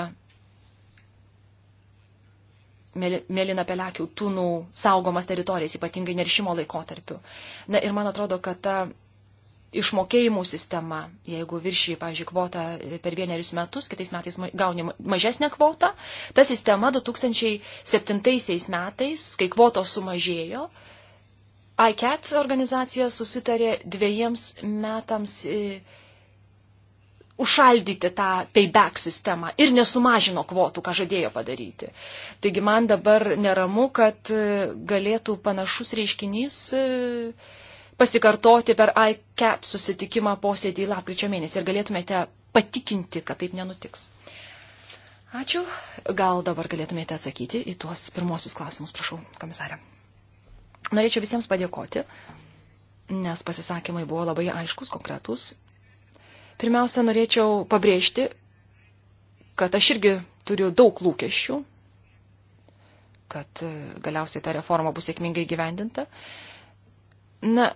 mėlyna pelekių tūnų saugomas teritorijas, ypatingai neršimo laikotarpiu. Na ir man atrodo, kad ta išmokėjimų sistema, jeigu viršyji, pavyzdžiui, kvotą per vienerius metus, kitais metais gauni mažesnę kvotą, ta sistema 2007 metais, kai kvotos sumažėjo, ICAT organizacija susitarė dviejiems metams e, užšaldyti tą payback sistemą ir nesumažino kvotų, ką žadėjo padaryti. Taigi man dabar neramu, kad e, galėtų panašus reiškinys e, pasikartoti per ICAT susitikimą posėdį lapkričio mėnesį ir galėtumėte patikinti, kad taip nenutiks. Ačiū. Gal dabar galėtumėte atsakyti į tuos pirmosius klausimus, prašau, komisarė. Norėčiau visiems padėkoti, nes pasisakymai buvo labai aiškus, konkretus Pirmiausia, norėčiau pabrėžti, kad aš irgi turiu daug lūkesčių, kad e, galiausiai ta reforma bus sėkmingai gyvendinta. Na,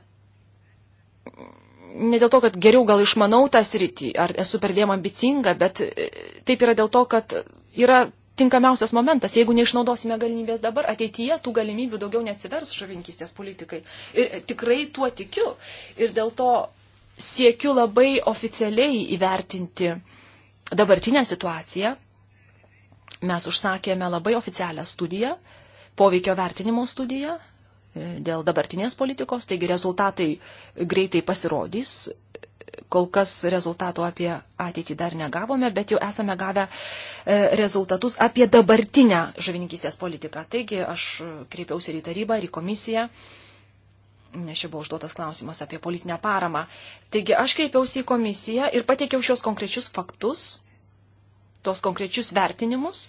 ne dėl to, kad geriau gal išmanau tą sritį, ar esu perdėm ambicinga, bet e, taip yra dėl to, kad yra tinkamiausias momentas. Jeigu neišnaudosime galimybės dabar, ateityje tų galimybių daugiau neatsivers žavinkystės politikai. Ir tikrai tuo tikiu. Ir dėl to siekiu labai oficialiai įvertinti dabartinę situaciją. Mes užsakėme labai oficialią studiją, poveikio vertinimo studiją e, dėl dabartinės politikos, taigi rezultatai greitai pasirodys. Kol kas rezultato apie ateitį dar negavome, bet jau esame gavę e, rezultatus apie dabartinę žuvininkystės politiką. Taigi aš kreipiausi ir į tarybą, ir į komisiją. Uh, nes čia buvo užduotas klausimas apie politinę paramą. Taigi aš kreipiausi į komisiją ir pateikiau šios konkrečius faktus, tos konkrečius vertinimus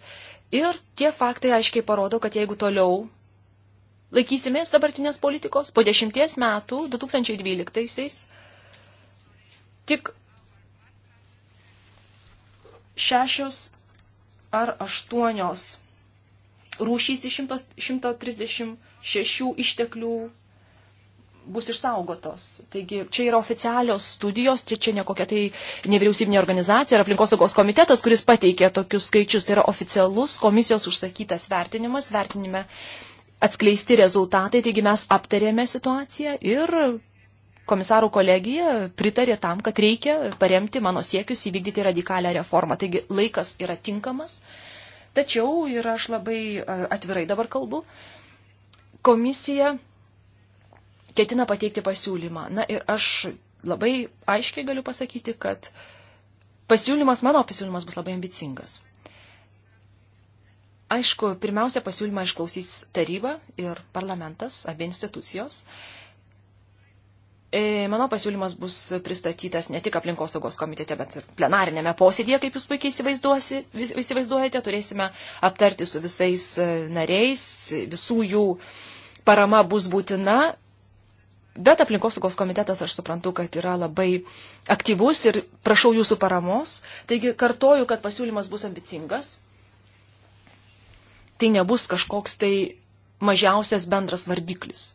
ir tie faktai aiškiai parodo, kad jeigu toliau laikysimės dabartinės politikos, po dešimties metų, 2012-aisiais, tik šešios ar aštuonios rūšys iš 136 išteklių bus išsaugotos. Taigi čia yra oficialios studijos, tai čia ne kokia tai nevyriausybinė organizacija ar aplinkosaugos komitetas, kuris pateikė tokius skaičius. Tai yra oficialus komisijos užsakytas vertinimas, vertinime atskleisti rezultatai, taigi mes aptarėme situaciją ir komisarų kolegija pritarė tam, kad reikia paremti mano siekius įvykdyti radikalią reformą. Taigi laikas yra tinkamas, tačiau ir aš labai atvirai dabar kalbu. Komisija ketina pateikti pasiūlymą. Na ir aš labai aiškiai galiu pasakyti, kad pasiūlymas, mano pasiūlymas bus labai ambicingas. Aišku, pirmiausia pasiūlymą išklausys taryba ir parlamentas, abi institucijos. E, mano pasiūlymas bus pristatytas ne tik aplinkosaugos komitete, bet ir plenarinėme posėdėje, kaip jūs puikiai įsivaizduojate. Turėsime aptarti su visais e, nariais, visų jų parama bus būtina Bet aplinkosaugos komitetas, aš suprantu, kad yra labai aktyvus ir prašau jūsų paramos. Taigi kartoju, kad pasiūlymas bus ambicingas. Tai nebus kažkoks tai mažiausias bendras vardiklis.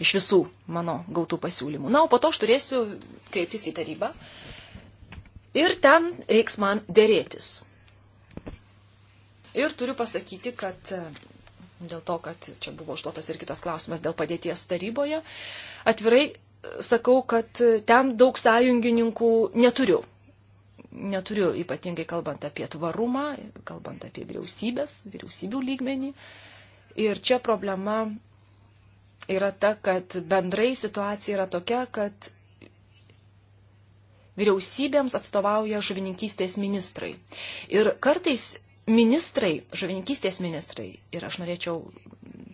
Iš visų mano gautų pasiūlymų. Na, o po to aš turėsiu kreiptis į tarybą. Ir ten reiks man dėrėtis. Ir turiu pasakyti, kad dėl to, kad čia buvo užduotas ir kitas klausimas dėl padėties taryboje. Atvirai sakau, kad ten daug sąjungininkų neturiu. Neturiu ypatingai kalbant apie tvarumą, kalbant apie vyriausybės, vyriausybių lygmenį. Ir čia problema yra ta, kad bendrai situacija yra tokia, kad vyriausybėms atstovauja žuvininkystės ministrai. Ir kartais ministrai, žuvininkystės ministrai, ir aš norėčiau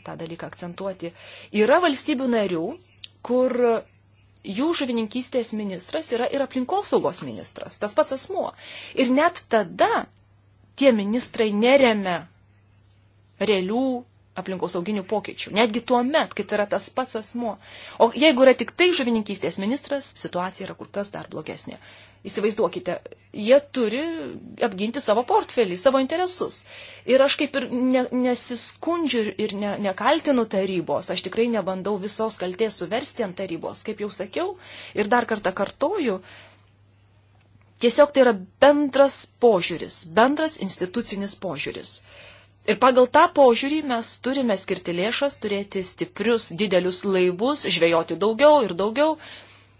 tą dalyką akcentuoti, yra valstybių narių, kur jų žuvininkystės ministras yra ir aplinkosaugos ministras, tas pats asmuo. Ir net tada tie ministrai neremia realių aplinkosauginių pokyčių. Netgi tuo met, kai tai yra tas pats asmuo. O jeigu yra tik tai žuvininkystės ministras, situacija yra kur kas dar blogesnė. Įsivaizduokite, jie turi apginti savo portfelį, savo interesus. Ir aš kaip ir ne, nesiskundžiu ir ne, nekaltinu tarybos, aš tikrai nebandau visos kaltės suversti ant tarybos, kaip jau sakiau, ir dar kartą kartoju, tiesiog tai yra bendras požiūris, bendras institucinis požiūris. Ir pagal tą požiūrį mes turime skirti lėšas, turėti stiprius, didelius laivus, žvejoti daugiau ir daugiau.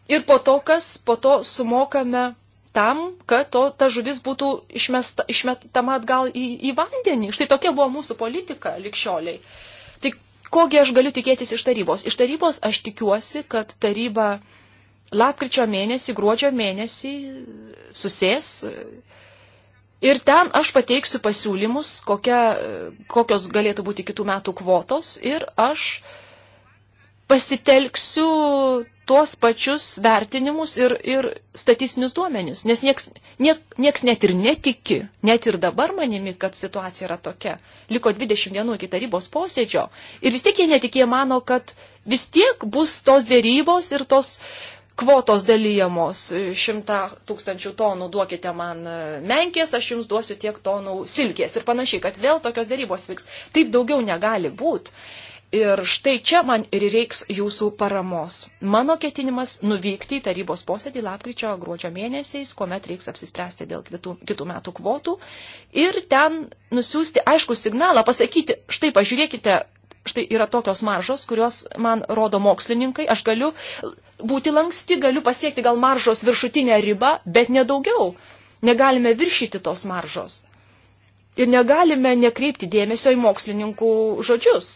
Ir po to, kas po to sumokame tam, kad to, ta žuvis būtų išmesta, išmetama atgal į, į vandenį. Štai tokia buvo mūsų politika likščioliai. Tai kogi aš galiu tikėtis iš tarybos? Iš tarybos aš tikiuosi, kad taryba lapkričio mėnesį, gruodžio mėnesį susės ir ten aš pateiksiu pasiūlymus, kokia, kokios galėtų būti kitų metų kvotos ir aš pasitelksiu tuos pačius vertinimus ir, ir statistinius duomenis, nes nieks, niek, nieks net ir netiki, net ir dabar manimi, kad situacija yra tokia. Liko 20 dienų iki tarybos posėdžio ir vis tiek jie netikė, mano, kad vis tiek bus tos dėrybos ir tos kvotos dalyjamos. Šimta tūkstančių tonų duokite man menkės, aš jums duosiu tiek tonų silkės ir panašiai, kad vėl tokios dėrybos vyks. Taip daugiau negali būti. Ir štai čia man ir reiks jūsų paramos. Mano ketinimas nuvykti į tarybos posėdį lapkričio gruodžio mėnesiais, kuomet reiks apsispręsti dėl kitų, kitų metų kvotų ir ten nusiųsti aišku signalą, pasakyti, štai pažiūrėkite, štai yra tokios maržos, kurios man rodo mokslininkai, aš galiu būti lanksti, galiu pasiekti gal maržos viršutinę ribą, bet nedaugiau. Negalime viršyti tos maržos. Ir negalime nekreipti dėmesio į mokslininkų žodžius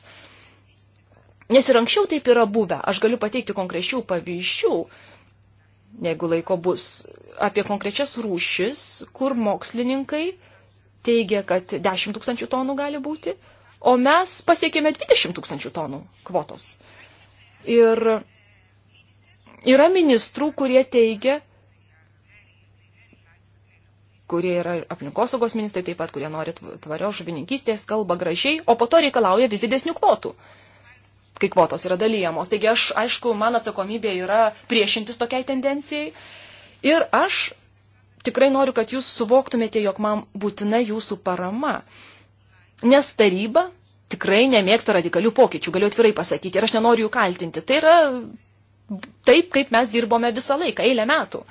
Nes ir anksčiau taip yra buvę. Aš galiu pateikti konkrečių pavyzdžių, jeigu laiko bus, apie konkrečias rūšis, kur mokslininkai teigia, kad 10 tūkstančių tonų gali būti, o mes pasiekėme 20 tūkstančių tonų kvotos. Ir yra ministrų, kurie teigia, kurie yra aplinkosaugos ministrai taip pat, kurie nori tvarios žuvininkystės, kalba gražiai, o po to reikalauja vis didesnių kvotų kai kvotos yra dalyjamos. Taigi aš, aišku, man atsakomybė yra priešintis tokiai tendencijai. Ir aš tikrai noriu, kad jūs suvoktumėte, jog man būtina jūsų parama. Nes taryba tikrai nemėgsta radikalių pokyčių, galiu atvirai pasakyti, ir aš nenoriu jų kaltinti. Tai yra taip, kaip mes dirbome visą laiką, eilę metų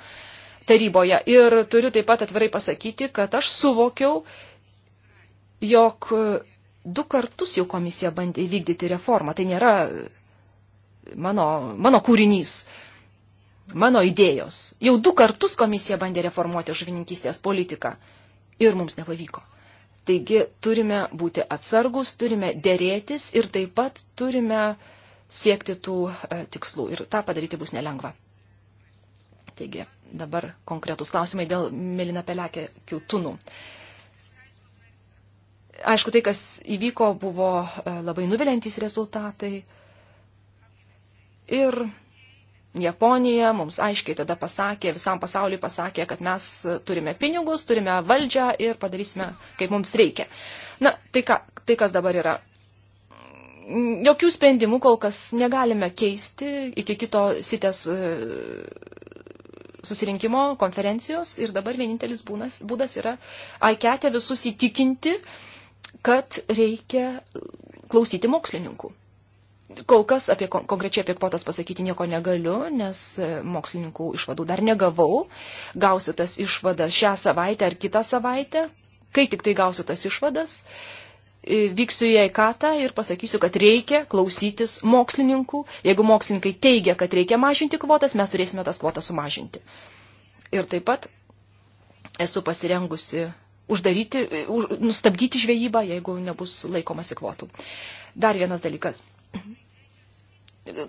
taryboje. Ir turiu taip pat atvirai pasakyti, kad aš suvokiau, jog Du kartus jau komisija bandė vykdyti reformą. Tai nėra mano, mano kūrinys, mano idėjos. Jau du kartus komisija bandė reformuoti žuvininkystės politiką ir mums nepavyko. Taigi turime būti atsargus, turime dėrėtis ir taip pat turime siekti tų e, tikslų. Ir tą padaryti bus nelengva. Taigi dabar konkretus klausimai dėl mėlyna pelekė kiautunų. E, Aišku, tai, kas įvyko, buvo e, labai nuvilintys rezultatai. Ir Japonija mums aiškiai tada pasakė, visam pasauliu pasakė, kad mes turime pinigus, turime valdžią ir padarysime, kaip mums reikia. Na, tai, ką, tai kas dabar yra. Jokių sprendimų kol kas negalime keisti iki kito sitės e, susirinkimo konferencijos ir dabar vienintelis būnas, būdas yra aiketę visus įtikinti, uh, kad reikia klausyti mokslininkų. Kol kas apie konkrečiai apie kvotas pasakyti nieko negaliu, nes e, mokslininkų išvadų dar negavau. Gausiu tas išvadas šią savaitę ar kitą savaitę. Kai tik tai gausiu tas išvadas, e, vyksiu į Aikatą ir pasakysiu, kad reikia klausytis mokslininkų. Jeigu mokslininkai teigia, kad reikia mažinti kvotas, mes turėsime tas kvotas sumažinti. Ir taip pat esu pasirengusi uždaryti, už, nustabdyti žvejybą, jeigu nebus laikomasi kvotų. Dar vienas dalykas.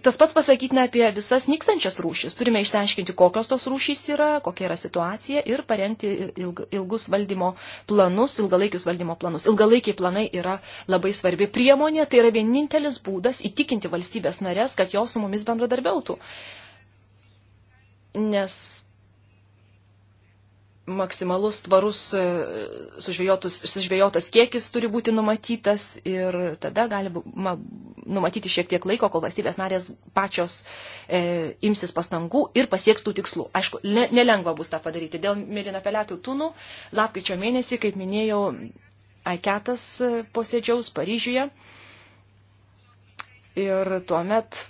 Tas pats pasakytina apie visas nykstančias rūšis. Turime išsiaiškinti, kokios tos rūšys yra, kokia yra situacija ir parengti ilgus valdymo planus, ilgalaikius valdymo planus. Ilgalaikiai planai yra labai svarbi priemonė, tai yra vienintelis būdas įtikinti valstybės narės, kad jos su mumis bendradarbiautų. Nes maksimalus tvarus e, sužvėjotas kiekis turi būti numatytas ir tada galima numatyti šiek tiek laiko, kol valstybės narės pačios e, imsis pastangų ir pasieks tų tikslų. Aišku, ne, nelengva bus tą padaryti. Dėl mėlyna peliakių tūnų lapkričio mėnesį, kaip minėjau, Aiketas e, posėdžiaus Paryžiuje ir tuomet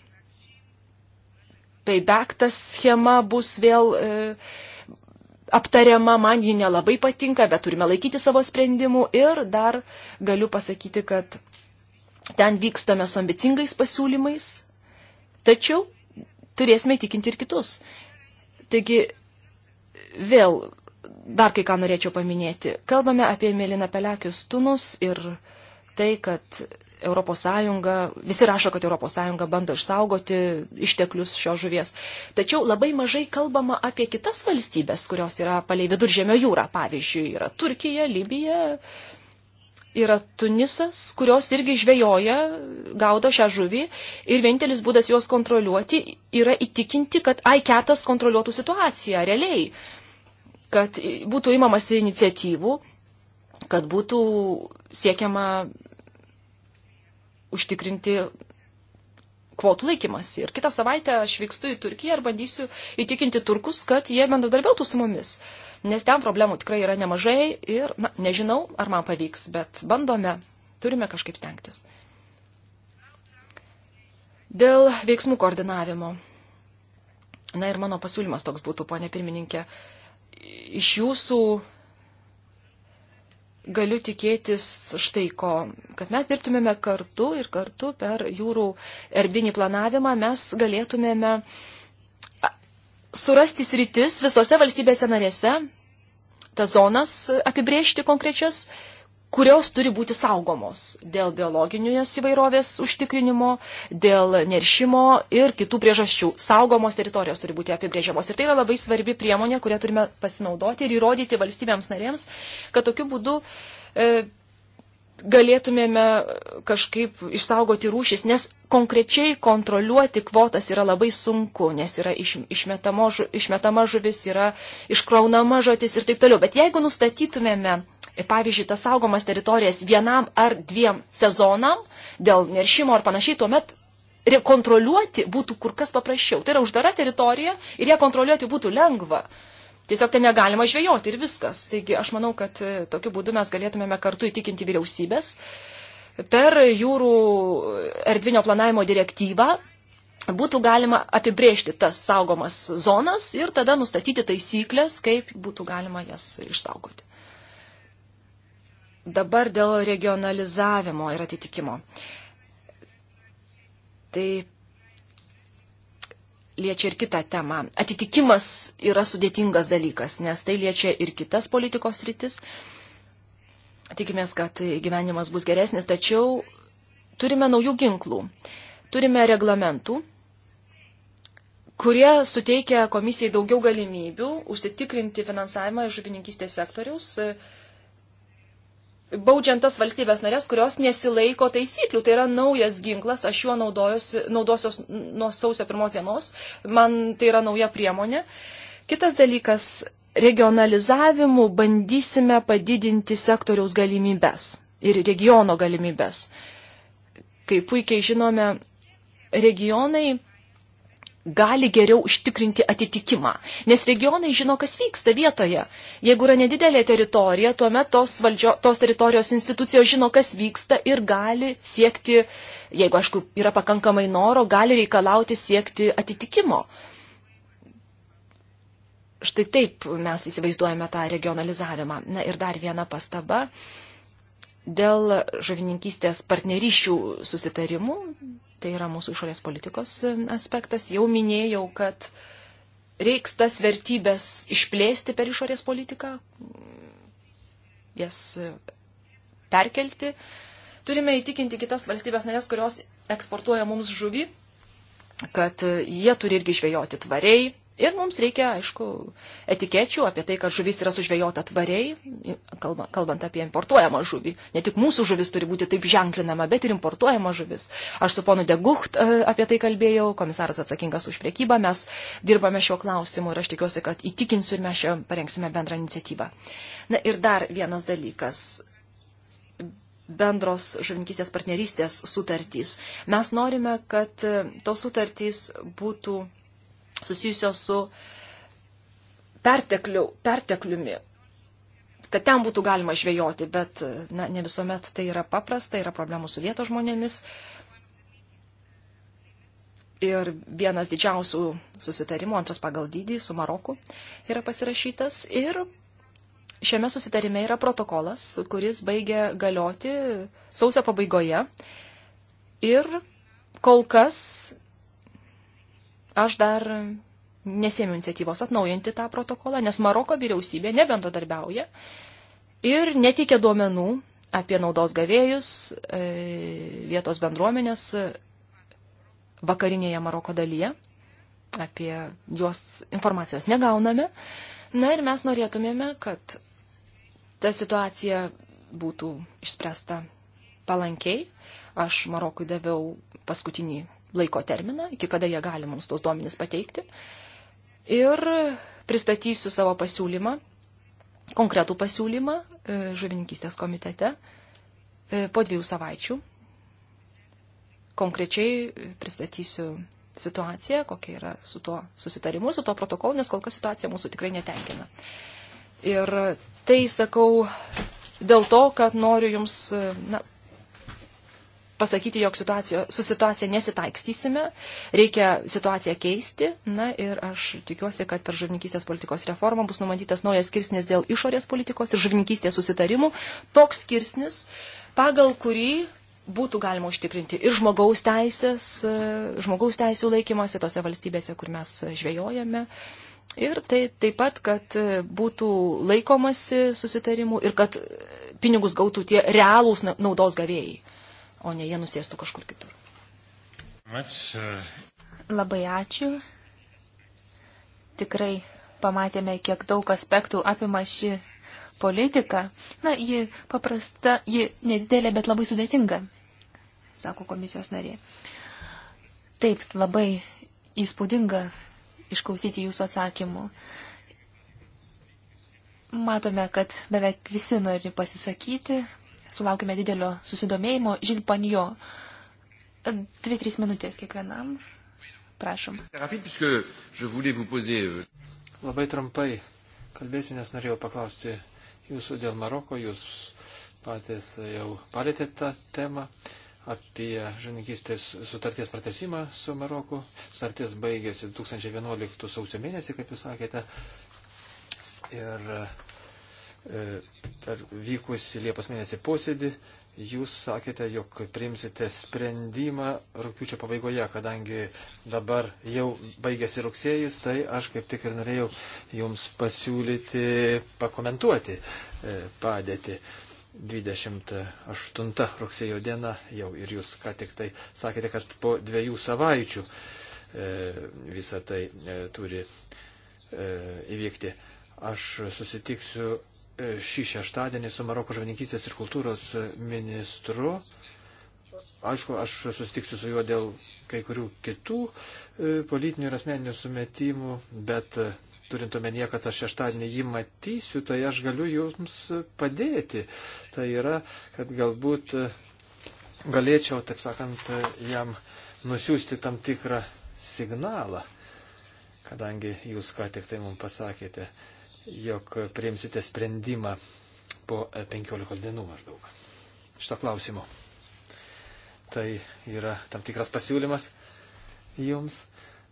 paybackas tai schema bus vėl e, aptariama, man ji nelabai patinka, bet turime laikyti savo sprendimų ir dar galiu pasakyti, kad ten vykstame su ambicingais pasiūlymais, tačiau turėsime įtikinti ir kitus. Taigi, vėl dar kai ką norėčiau paminėti. Kalbame apie Mėlyną Pelekius Tunus ir tai, kad ES, visi rašo, kad ES bando išsaugoti išteklius šios žuvies. Tačiau labai mažai kalbama apie kitas valstybės, kurios yra palei viduržėmio jūrą. Pavyzdžiui, yra Turkija, Libija, yra Tunisas, kurios irgi žvejoja, gaudo šią žuvį ir vienintelis būdas juos kontroliuoti yra įtikinti, kad AIKETAS kontroliuotų situaciją realiai, kad būtų įmamasi iniciatyvų kad būtų siekiama užtikrinti kvotų laikymasi. Ir kitą savaitę aš vykstu į Turkiją ir bandysiu įtikinti turkus, kad jie bendradarbiautų su mumis. Nes ten problemų tikrai yra nemažai ir, na, nežinau, ar man pavyks, bet bandome, turime kažkaip stengtis. Dėl veiksmų koordinavimo. Na ir mano pasiūlymas toks būtų, ponė pirmininkė, iš jūsų galiu tikėtis štai ko, kad mes dirbtumėme kartu ir kartu per jūrų erdvinį planavimą mes galėtumėme surasti sritis visose valstybėse narėse, tas zonas apibriežti konkrečias kurios turi būti saugomos dėl biologinės įvairovės užtikrinimo, dėl neršimo ir kitų priežasčių. Saugomos teritorijos turi būti apibrėžiamos. Ir tai yra labai svarbi priemonė, kurią turime pasinaudoti ir įrodyti valstybėms narėms, kad tokiu būdu e, galėtumėme kažkaip išsaugoti rūšis, nes konkrečiai kontroliuoti kvotas yra labai sunku, nes yra iš, išmetama, žu, išmetama žuvis, yra iškraunama žodis ir taip toliau. Bet jeigu nustatytumėme pavyzdžiui, tas saugomas teritorijas vienam ar dviem sezonam dėl neršimo ar panašiai, tuomet kontroliuoti būtų kur kas paprasčiau. Tai yra uždara teritorija ir ją kontroliuoti būtų lengva. Tiesiog ten negalima žvejoti ir viskas. Taigi aš manau, kad e, tokiu būdu mes galėtumėme kartu įtikinti vyriausybės per jūrų erdvinio planavimo direktyvą būtų galima apibrėžti tas saugomas zonas ir tada nustatyti taisyklės, kaip būtų galima jas išsaugoti. Dabar dėl regionalizavimo ir atitikimo. Tai liečia ir kitą temą. Atitikimas yra sudėtingas dalykas, nes tai liečia ir kitas politikos rytis. Tikimės, kad gyvenimas bus geresnis, tačiau turime naujų ginklų. Turime reglamentų, kurie suteikia komisijai daugiau galimybių užsitikrinti finansavimą iš žuvininkystės sektoriaus. E, baudžiant tas valstybės narės, kurios nesilaiko taisyklių. Tai yra naujas ginklas, aš juo naudosios nuo sausio pirmos dienos, man tai yra nauja priemonė. Kitas dalykas, regionalizavimu bandysime padidinti sektoriaus galimybės ir regiono galimybės. Kaip puikiai žinome, regionai gali geriau užtikrinti atitikimą. Nes regionai žino, kas vyksta vietoje. Jeigu yra nedidelė teritorija, tuomet tos, valdžio, tos teritorijos institucijos žino, kas vyksta ir gali siekti, jeigu aišku yra pakankamai noro, gali reikalauti siekti atitikimo. Štai taip mes įsivaizduojame tą regionalizavimą. Na ir dar viena pastaba. Dėl žavininkystės partnerysčių susitarimų Tai yra mūsų išorės politikos e, aspektas. Jau minėjau, kad reiks tas vertybės išplėsti per išorės politiką, jas e, perkelti. Turime įtikinti kitas valstybės narės, kurios eksportuoja mums žuvį, kad e, jie turi irgi žvejoti tvariai, Ir mums reikia, aišku, etikečių apie tai, kad žuvis yra sužvėjota tvariai, kalbant apie importuojamą žuvį. Ne tik mūsų žuvis turi būti taip ženklinama, bet ir importuojama žuvis. Aš su ponu Degucht e, apie tai kalbėjau, komisaras atsakingas už priekybą, mes dirbame šiuo klausimu ir aš tikiuosi, kad įtikinsiu ir mes čia parengsime bendrą iniciatyvą. Na ir dar vienas dalykas bendros žuvinkystės partnerystės sutartys. Mes norime, kad e, tos sutartys būtų susijusios su pertekliu, pertekliumi, kad ten būtų galima žvejoti, bet na, ne visuomet tai yra paprasta, yra problemų su vietos žmonėmis. Ir vienas didžiausių susitarimų, antras pagal dydį su Maroku, yra pasirašytas. Ir šiame susitarime yra protokolas, kuris baigia galioti sausio pabaigoje. Ir kol kas Aš dar nesėmiu iniciatyvos atnaujinti tą protokolą, nes Maroko vyriausybė nebendradarbiauja ir neteikia duomenų apie naudos gavėjus e, vietos bendruomenės e, vakarinėje Maroko dalyje. Apie juos informacijos negauname. Na ir mes norėtumėme, kad ta situacija būtų išspręsta palankiai. Aš Marokui daviau paskutinį laiko terminą, iki kada jie gali mums tos duomenys pateikti. Ir pristatysiu savo pasiūlymą, konkretų pasiūlymą e, žuvininkystės komitete e, po dviejų savaičių. Konkrečiai pristatysiu situaciją, kokia yra su tuo susitarimu, su tuo protokolu, nes kol kas situacija mūsų tikrai netenkina. Ir tai sakau dėl to, kad noriu Jums na, pasakyti, jog situacijo, su situacija nesitaikstysime, reikia situaciją keisti. Na ir aš tikiuosi, kad per žuvininkystės politikos reformą bus numatytas naujas skirsnis dėl išorės politikos ir žuvininkystės susitarimų. Toks skirsnis, pagal kurį būtų galima užtikrinti ir žmogaus teisės, žmogaus teisų laikymasi tose valstybėse, kur mes žvejojame. Ir tai taip pat, kad būtų laikomasi susitarimų ir kad pinigus gautų tie realūs naudos gavėjai o ne jie nusėstų kažkur kitur. Uh, labai ačiū. Tikrai pamatėme, kiek daug aspektų apima ši politika. Na, ji paprasta, ji nedidelė, bet labai sudėtinga, sako komisijos narė. Taip, labai įspūdinga išklausyti jūsų atsakymų. Matome, kad beveik visi nori pasisakyti, sulaukime didelio susidomėjimo. Žilpanijo, dvi, trys minutės kiekvienam. Prašom. Euh, Labai trumpai kalbėsiu, nes norėjau paklausti jūsų dėl Maroko. Jūs patys jau palėtėte tą temą apie žininkystės sutarties pratesimą su Maroku. Sutartis baigėsi 2011 sausio mėnesį, kaip jūs sakėte. Ir E, per vykusi Liepos mėnesį posėdį Jūs sakėte, jog priimsite sprendimą rūpiučio pabaigoje, kadangi dabar jau baigėsi rugsėjais, tai aš kaip tik ir norėjau Jums pasiūlyti pakomentuoti e, padėtį. 28 rugsėjo diena jau ir Jūs ką tik tai sakėte, kad po dviejų savaičių e, visą tai turi įvykti. Aš susitiksiu šį šeštadienį su Maroko žvaninkystės ir kultūros ministru. Aišku, aš sustiksiu su juo dėl kai kurių kitų e, politinių ir asmeninių sumetimų, bet e, turint omenyje, kad aš šeštadienį jį matysiu, tai aš galiu jums padėti. Tai yra, kad galbūt e, galėčiau, taip sakant, jam nusiųsti tam tikrą signalą, kadangi jūs ką tik tai mums pasakėte, jog priimsite sprendimą po 15 dienų maždaug. Šito klausimu. Tai yra tam tikras pasiūlymas jums,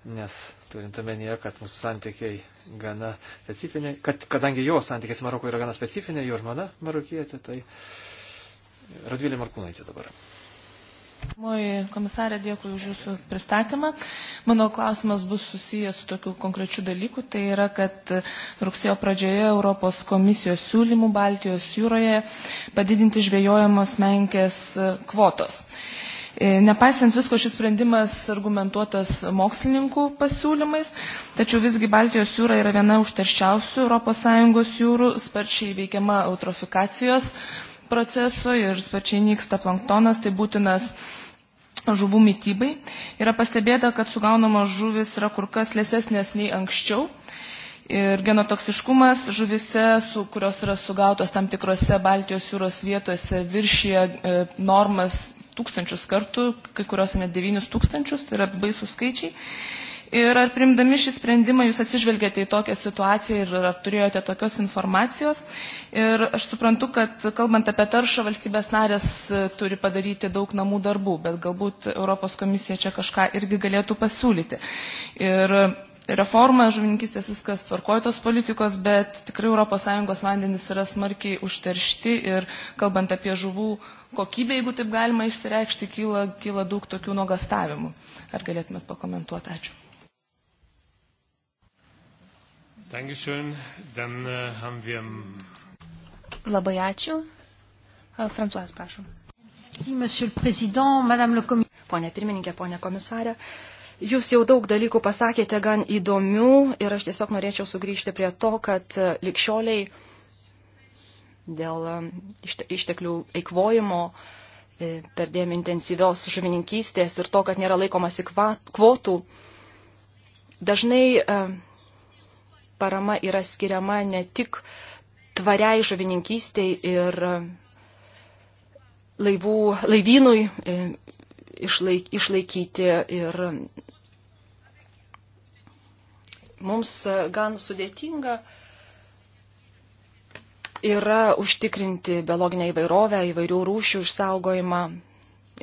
nes turint omenyje, kad mūsų santykiai gana specifiniai, kad, kadangi jo santykiai su Maroku yra gana specifiniai, jo žmona marokietė, tai Radvilė Markūnaitė dabar. Komisarė, dėkui už Jūsų pristatymą. Mano klausimas bus susijęs su tokiu konkrečiu dalyku. Tai yra, kad rugsėjo pradžioje Europos komisijos siūlymų Baltijos jūroje padidinti žvėjojamos menkės kvotos. E, nepaisant visko, šis sprendimas argumentuotas mokslininkų pasiūlymais, tačiau visgi Baltijos jūra yra viena užterščiausių ES jūrų, sparčiai veikiama eutrofikacijos proceso ir sparčiai nyksta planktonas, tai būtinas žuvų mytybai. Yra pastebėta, kad sugaunamos žuvis yra kur kas lėsesnės nei anksčiau. Ir genotoksiškumas žuvise, su, kurios yra sugautos tam tikrose Baltijos jūros vietose, viršyje e, normas tūkstančius kartų, kai kuriuose net devynius tūkstančius, tai yra baisų skaičiai. Ir ar primdami šį sprendimą jūs atsižvelgėte į tokią situaciją ir ar turėjote tokios informacijos? Ir aš suprantu, kad kalbant apie taršą, valstybės narės e, turi padaryti daug namų darbų, bet galbūt Europos komisija čia kažką irgi galėtų pasiūlyti. Ir e, reforma žuvininkistės viskas tvarkoja tos politikos, bet tikrai ES vandenys yra smarkiai užteršti ir kalbant apie žuvų kokybę, jeigu taip galima išsireikšti, kyla, kyla daug tokių nuogastavimų. Ar galėtumėt pakomentuoti? Ačiū. Dankeschön. Dann äh, haben wir. Ähm, Labai ačiū. Äh, Fransuas, prašom. Si, monsieur le président, madame le commissaire. Pone pirmininkė, pone komisarė, jūs jau daug dalykų pasakėte gan įdomių ir aš tiesiog norėčiau sugrįžti prie to, kad e, likščioliai dėl e, išteklių eikvojimo e, perdėm intensyvios žuvininkystės ir to, kad nėra laikomasi kvotų, dažnai uh, parama yra skiriama ne tik tvariai žuvininkystei ir laivų, laivynui e, išlaik, išlaikyti. Ir mums gan sudėtinga yra užtikrinti biologinę įvairovę, įvairių rūšių išsaugojimą.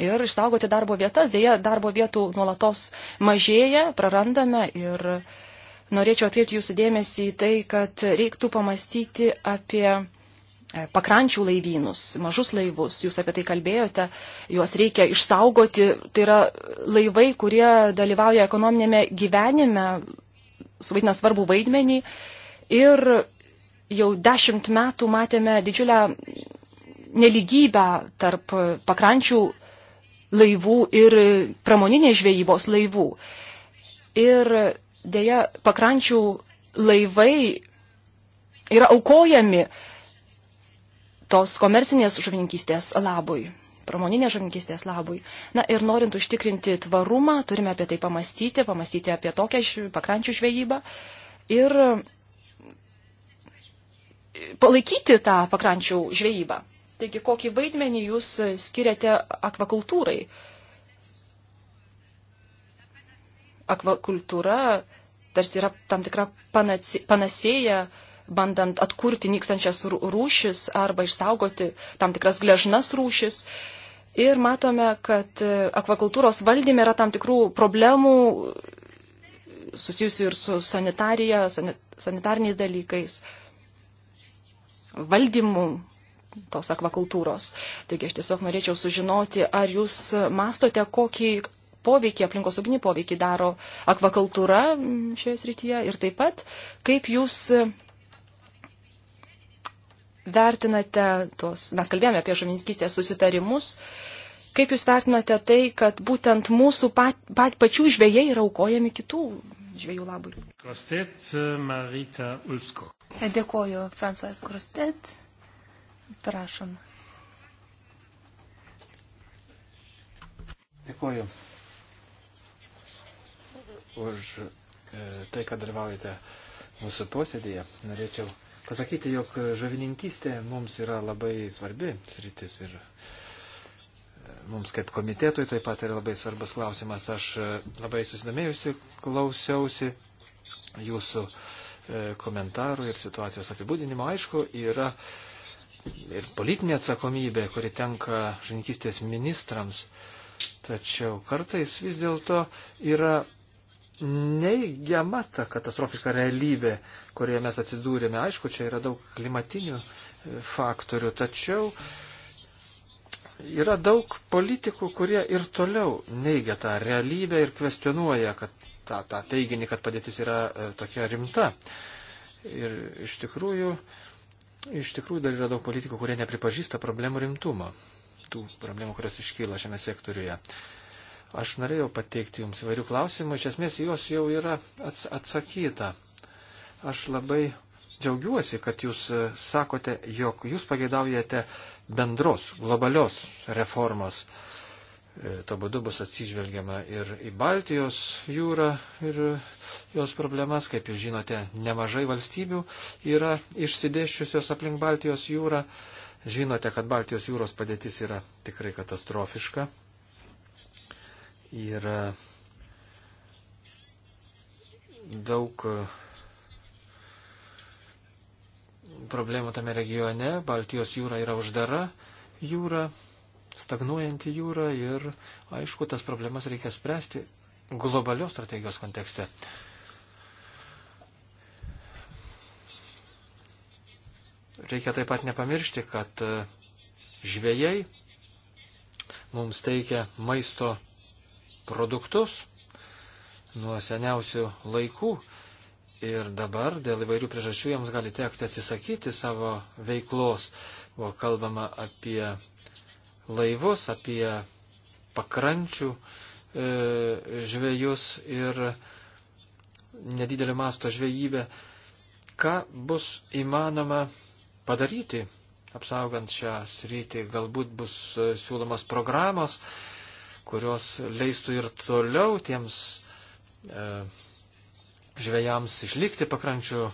Ir išsaugoti darbo vietas, dėja darbo vietų nuolatos mažėja, prarandame ir uh, norėčiau atkreipti jūsų dėmesį į tai, kad reiktų pamastyti apie e, pakrančių laivynus, mažus laivus. Jūs apie tai kalbėjote, juos reikia išsaugoti. Tai yra laivai, kurie dalyvauja ekonominėme gyvenime, suvaidina svarbų vaidmenį. Ir jau dešimt metų matėme didžiulę neligybę tarp pakrančių laivų ir pramoninės žvejybos laivų. Ir dėja pakrančių laivai yra aukojami tos komercinės žuvininkystės labui, pramoninės žuvininkystės labui. Na ir norint užtikrinti tvarumą, turime apie tai pamastyti, pamastyti apie tokią pakrančių žvejybą ir palaikyti tą pakrančių žvejybą. Taigi, kokį vaidmenį jūs skiriate akvakultūrai? Uh, akvakultūra tarsi yra tam tikra panasėja, bandant atkurti nykstančias rūšis arba išsaugoti tam tikras gležnas rūšis. Ir matome, kad e, akvakultūros valdyme yra tam tikrų problemų susijusių ir su sanitarija, sanitariniais dalykais, valdymu tos akvakultūros. Taigi aš tiesiog norėčiau sužinoti, ar jūs mastote, kokį poveikį, aplinkosauginį poveikį daro akvakultūra mm, šioje srityje ir taip pat, kaip jūs e, vertinate tos, mes kalbėjome apie žuvininkystės susitarimus, kaip jūs vertinate tai, kad būtent mūsų pat, pat, pačių žvėjai yra aukojami kitų žvėjų labui? Krostet e, Marita Ulsko. E, dėkoju, Fransuas Krostet. Prašom. Dėkoju už e, tai, kad dalyvaujate mūsų posėdėje. Norėčiau pasakyti, jog žuvininkystė mums yra labai svarbi sritis ir e, mums kaip komitetui taip pat yra labai svarbus klausimas. Aš e, labai susidomėjusi klausiausi jūsų komentarų ir situacijos apibūdinimo. Aišku, yra ir politinė atsakomybė, kuri tenka žininkystės ministrams. Tačiau kartais vis dėlto yra neigiama ta katastrofiška realybė, kurioje mes atsidūrėme. Aišku, čia yra daug klimatinių e, faktorių, tačiau yra daug politikų, kurie ir toliau neigia tą realybę ir kvestionuoja, kad tą, tą teiginį, kad padėtis yra e, tokia rimta. Ir iš tikrųjų, iš tikrųjų dar yra daug politikų, kurie nepripažįsta problemų rimtumą, tų problemų, kurios iškyla šiame sektoriuje. Aš norėjau pateikti jums varių klausimų, iš esmės juos jau yra atsakyta. Aš labai džiaugiuosi, kad jūs e, sakote, jog jūs pageidaujate bendros, globalios reformos. E, tuo būdu bus atsižvelgiama ir į Baltijos jūrą ir jos problemas. Kaip jūs žinote, nemažai valstybių yra išsidėščiusios aplink Baltijos jūrą. Žinote, kad Baltijos jūros padėtis yra tikrai katastrofiška yra daug e, problemų tame regione. Baltijos jūra yra uždara jūra, stagnuojanti jūra ir, aišku, tas problemas reikia spręsti globalios strategijos kontekste. Reikia taip pat nepamiršti, kad e, žvėjai mums teikia maisto produktus nuo seniausių laikų ir dabar dėl įvairių priežasčių jiems gali tekti atsisakyti savo veiklos. Buvo kalbama apie laivus, apie pakrančių e, žvėjus ir nedidelio masto žvejybę. Ką bus įmanoma padaryti, apsaugant šią sritį? Galbūt bus e, siūlomos programos, e, kurios leistų ir toliau tiems e, žvėjams išlikti pakrančių e,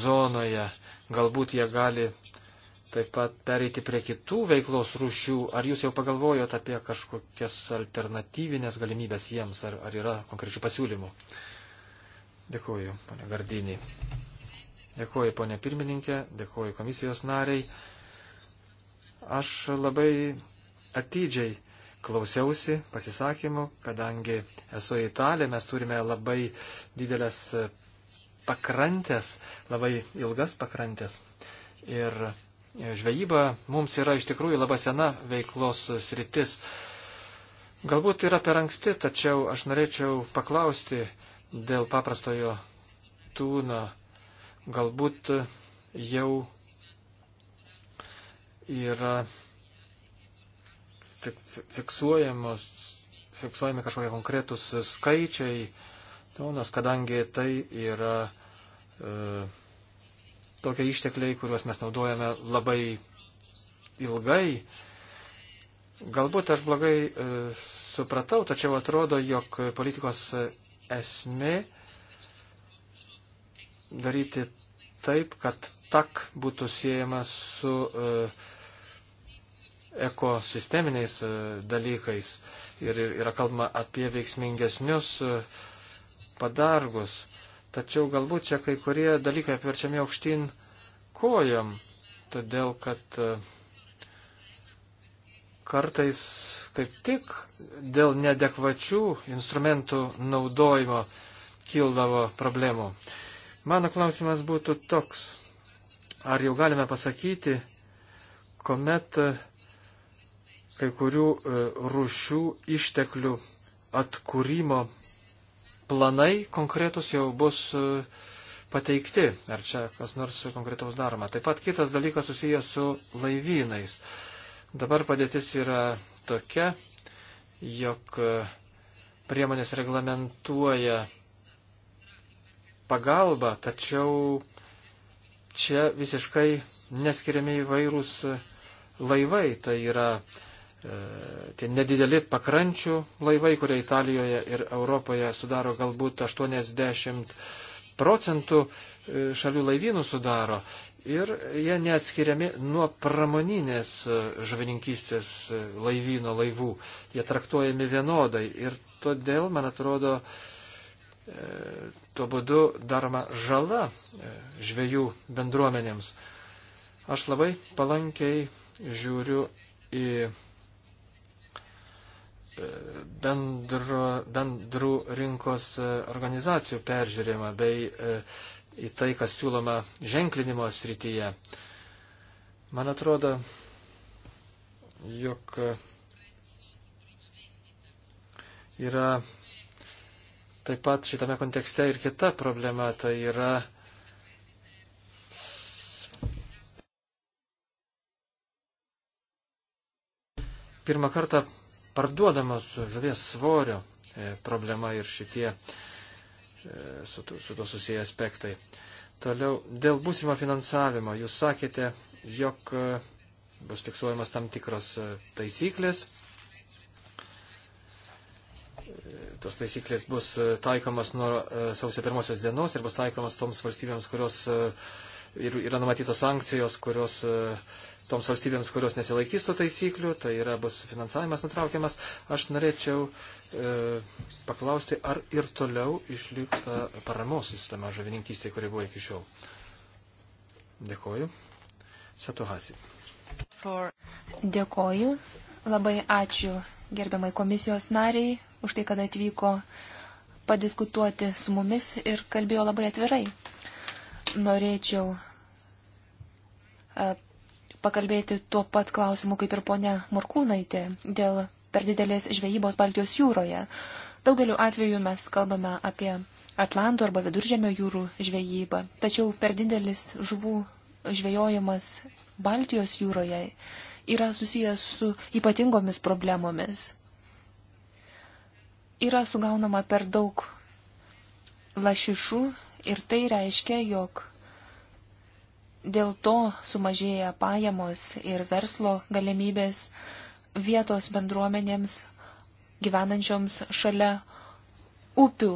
zonoje. Galbūt jie gali taip pat pereiti prie kitų veiklos rūšių. Ar jūs jau pagalvojot apie kažkokias alternatyvinės galimybės jiems, ar, ar yra konkrečių pasiūlymų? Dėkuoju, ponia Gardinį. Dėkuoju, ponia pirmininkė, dėkuoju komisijos nariai. Aš labai atidžiai klausiausi pasisakymų, kadangi esu italė, mes turime labai didelės pakrantės, labai ilgas pakrantės. Ir žvejyba mums yra iš tikrųjų labai sena veiklos sritis. Galbūt yra per anksti, tačiau aš norėčiau paklausti dėl paprastojo tūno. Galbūt jau yra fiksuojamos, fiksuojami kažkokie konkretus skaičiai, tonos, kadangi tai yra e, tokie ištekliai, kuriuos mes naudojame labai ilgai. Galbūt aš blogai e, supratau, tačiau atrodo, jog politikos esmė daryti taip, kad tak būtų siejama su e, ekosisteminiais e, dalykais ir yra kalbama apie veiksmingesnius e, padargus. Tačiau galbūt čia kai kurie dalykai apverčiami aukštyn kojam, todėl kad e, kartais kaip tik dėl nedekvačių instrumentų naudojimo kildavo problemų. Mano klausimas būtų toks. Ar jau galime pasakyti, kuomet kai kurių e, rušių išteklių atkūrimo planai konkretus jau bus e, pateikti, ar čia kas nors konkretaus daroma. Taip pat kitas dalykas susijęs su laivynais. Dabar padėtis yra tokia, jog e, priemonės reglamentuoja pagalbą, tačiau čia visiškai neskiriami įvairūs laivai. Tai yra E, tie nedideli pakrančių laivai, kurie Italijoje ir Europoje sudaro galbūt 80 procentų e, šalių laivynų sudaro. Ir jie neatskiriami nuo pramoninės e, žuvininkystės laivyno laivų. Jie traktuojami vienodai. Ir todėl, man atrodo, tuo būdu daroma žala žvėjų bendruomenėms. Aš labai palankiai žiūriu į bendro, bendrų rinkos e, organizacijų peržiūrimą bei e, į tai, kas siūloma ženklinimo srityje. Man atrodo, jog yra taip pat šitame kontekste ir kita problema, tai yra pirmą kartą parduodamos žuvies svorio e, problema ir šitie e, su, su to susiję aspektai. Toliau, dėl būsimo finansavimo, jūs sakėte, jog e, bus fiksuojamas tam tikros taisyklės. Tos taisyklės bus taikomas nuo sausio pirmosios dienos ir bus taikomas toms valstybėms, kurios ir yra numatytos sankcijos, kurios toms valstybėms, kurios nesilaikys tų taisyklių, tai yra bus finansavimas nutraukiamas. Aš norėčiau e, paklausti, ar ir toliau išliks ta paramos sistema žavininkystė, kuri buvo iki šiol. Dėkoju. Satuhasi. Dėkoju. Labai ačiū gerbiamai komisijos nariai už tai, kad atvyko padiskutuoti su mumis ir kalbėjo labai atvirai. Norėčiau e, pakalbėti tuo pat klausimu kaip ir ponia Morkūnaitė dėl per didelės žvejybos Baltijos jūroje. Daugeliu atveju mes kalbame apie Atlanto arba Viduržėmio jūrų žvejybą, tačiau per didelis žuvų žvejojimas Baltijos jūroje yra susijęs su ypatingomis problemomis. Yra sugaunama per daug lašišų ir tai reiškia, jog Dėl to sumažėja pajamos ir verslo galimybės vietos bendruomenėms gyvenančioms šalia upių,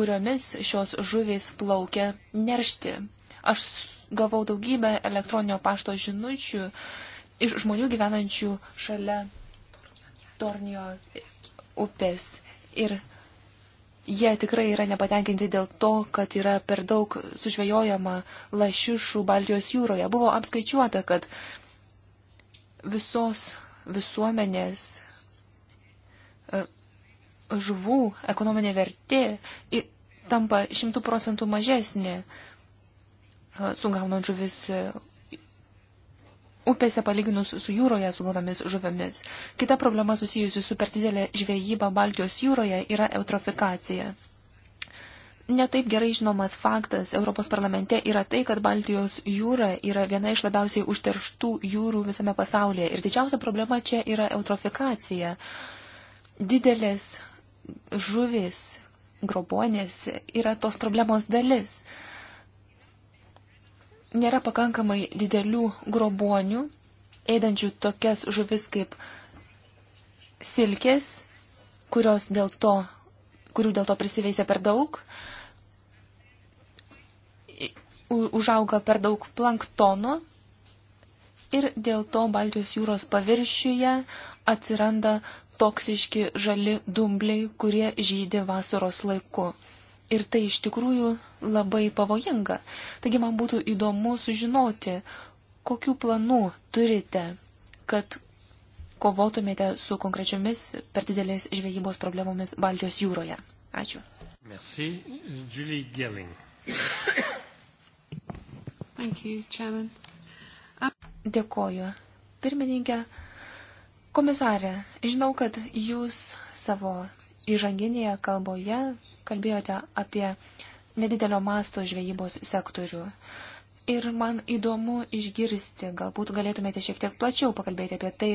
kuriomis šios žuvys plaukia neršti. Aš gavau daugybę elektroninio pašto žinučių iš žmonių gyvenančių šalia Tornio upės ir jie tikrai yra nepatenkinti dėl to, kad yra per daug sužvejojama lašišų Baltijos jūroje. Buvo apskaičiuota, kad visos visuomenės e, žuvų ekonominė vertė tampa šimtų procentų mažesnė, e, sugaunant žuvis upėse palyginus su jūroje sugotomis žuvimis. Kita problema susijusi su per didelė žvejyba Baltijos jūroje yra eutrofikacija. Netaip gerai žinomas faktas Europos parlamente yra tai, kad Baltijos jūra yra viena iš labiausiai užterštų jūrų visame pasaulyje. Ir didžiausia problema čia yra eutrofikacija. Didelės žuvis, grobonės yra tos problemos dalis nėra pakankamai didelių grobuonių, eidančių tokias žuvis kaip silkės, kurios dėl to, kurių dėl to prisiveisia per daug, užauga per daug planktono ir dėl to Baltijos jūros paviršiuje atsiranda toksiški žali dumbliai, kurie žydi vasaros laiku. Ir tai iš tikrųjų labai pavojinga. Taigi man būtų įdomu sužinoti, kokiu planu turite, kad kovotumėte su konkrečiomis per didelės žvejybos problemomis Baltijos jūroje. Ačiū. Merci. Julie Gelling. Thank you, Chairman. Um, Dėkoju. Pirmininkė, komisarė, žinau, kad jūs savo įžanginėje kalboje kalbėjote apie nedidelio masto žvejybos sektorių. Ir man įdomu išgirsti, galbūt galėtumėte šiek tiek plačiau pakalbėti apie tai,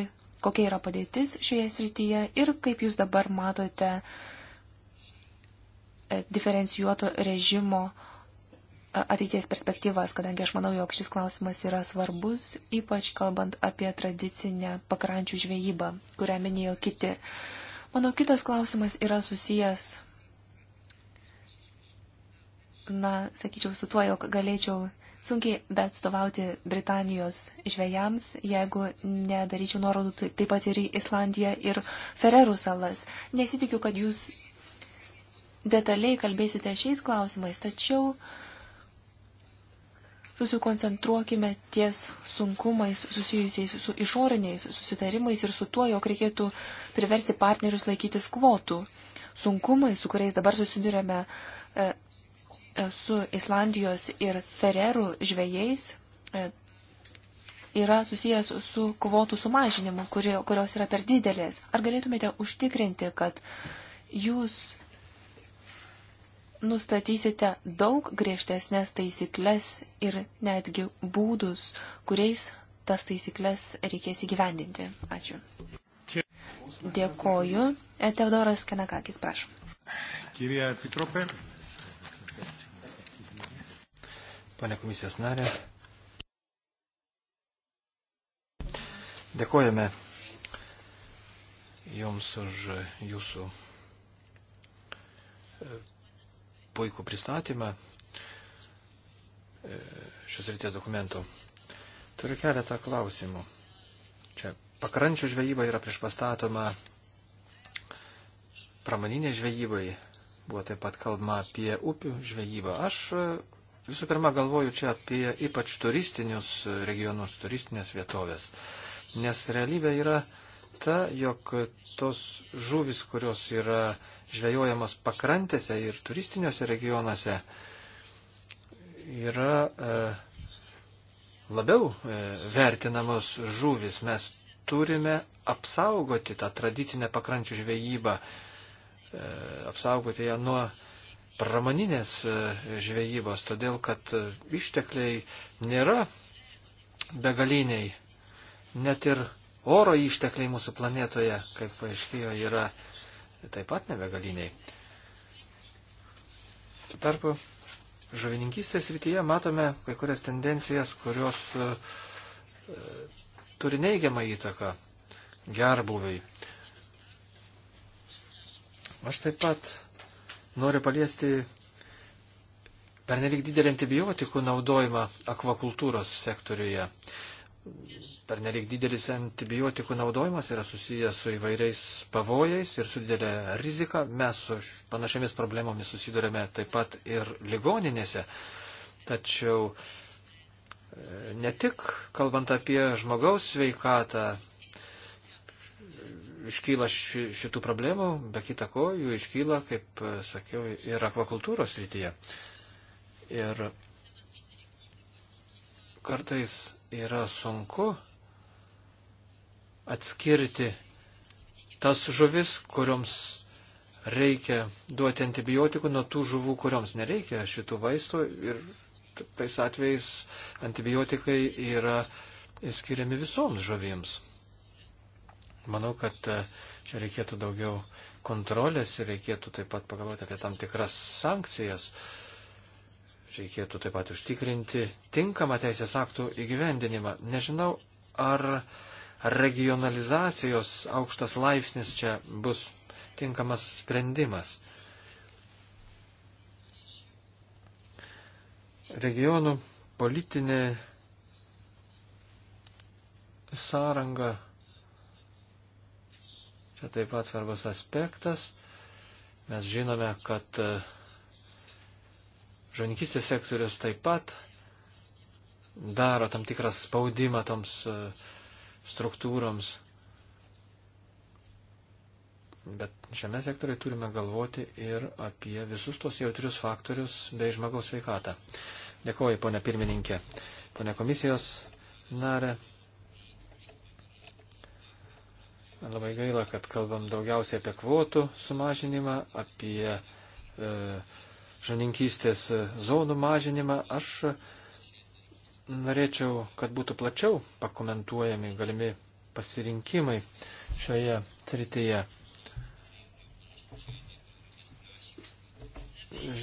kokia yra padėtis šioje srityje ir kaip jūs dabar matote e, diferencijuoto režimo e, ateities perspektyvas, kadangi aš manau, jog šis klausimas yra svarbus, ypač kalbant apie tradicinę pakrančių žvejybą, kurią minėjo kiti. Mano kitas klausimas yra susijęs na, sakyčiau, su tuo, jog galėčiau sunkiai bet atstovauti Britanijos žvėjams, jeigu nedaryčiau nuorodų tai, taip pat ir į Islandiją ir Fererų salas. Nesitikiu, kad jūs detaliai kalbėsite šiais klausimais, tačiau susikoncentruokime ties sunkumais susijusiais su išoriniais susitarimais ir su tuo, jog reikėtų priversti partnerius laikytis kvotų. Sunkumai, su kuriais dabar susidurėme e, su Islandijos ir Fererų žvėjais e, yra susijęs su kvotų sumažinimu, kuri, kurios yra per didelės. Ar galėtumėte užtikrinti, kad jūs nustatysite daug griežtesnės taisyklės ir netgi būdus, kuriais tas taisyklės reikės įgyvendinti? Ačiū. Dėkoju. Teodoras Kanakakis, prašom. Kyrie Pitropė. pane komisijos narė. Dėkojame Jums už Jūsų e, puikų pristatymą e, šios ryties dokumentų. Turiu keletą klausimų. Čia pakrančių žvejyba yra prieš pastatoma pramoninė žvejybai. Buvo taip pat kalbama apie upių žvejybą. Aš Visų pirma, galvoju čia apie ypač turistinius regionus, turistinės vietovės. Nes realybė yra ta, jog tos žuvis, kurios yra žvejojamos pakrantėse ir turistiniuose regionuose, yra e, labiau e, vertinamos žuvis. Mes turime apsaugoti tą tradicinę pakrančių žvejybą, e, apsaugoti ją nuo pramoninės e, žvejybos, todėl kad e, ištekliai nėra begaliniai. Net ir oro ištekliai mūsų planetoje, kaip paaiškėjo, yra taip pat nebegaliniai. Tuo tarpu žuvininkystės rytyje matome kai kurias tendencijas, kurios e, e, turi neigiamą įtaką gerbuviai. Aš taip pat noriu paliesti pernelik didelį antibiotikų naudojimą akvakultūros sektoriuje. Pernelik didelis antibiotikų naudojimas yra susijęs su įvairiais pavojais ir su didelė rizika. Mes su panašiamis problemomis susidurėme taip pat ir ligoninėse. Tačiau e, ne tik kalbant apie žmogaus sveikatą, iškyla ši, šitų problemų, be kita ko, jų iškyla, kaip e, sakiau, ir akvakultūros rytyje. Ir kartais yra sunku atskirti tas žuvis, kurioms reikia duoti antibiotikų nuo tų žuvų, kurioms nereikia šitų vaistų ir tais atvejais antibiotikai yra skiriami visoms žuvims. Manau, kad e, čia reikėtų daugiau kontrolės ir reikėtų taip pat pagalvoti apie tam tikras sankcijas. Reikėtų taip pat užtikrinti tinkamą teisės aktų įgyvendinimą. Nežinau, ar regionalizacijos aukštas laipsnis čia bus tinkamas sprendimas. Regionų politinė sąranga Čia taip pat svarbus aspektas. Mes žinome, kad e, žonikistės sektorius taip pat daro tam tikrą spaudimą toms e, struktūroms. Bet šiame sektoriai turime galvoti ir apie visus tos jautrius faktorius bei žmogaus veikatą. Dėkuoju, ponia pirmininkė, ponia komisijos narė. Labai gaila, kad kalbam daugiausiai apie kvotų sumažinimą, apie e, žaninkystės e, zonų mažinimą. Aš norėčiau, kad būtų plačiau pakomentuojami galimi pasirinkimai šioje srityje.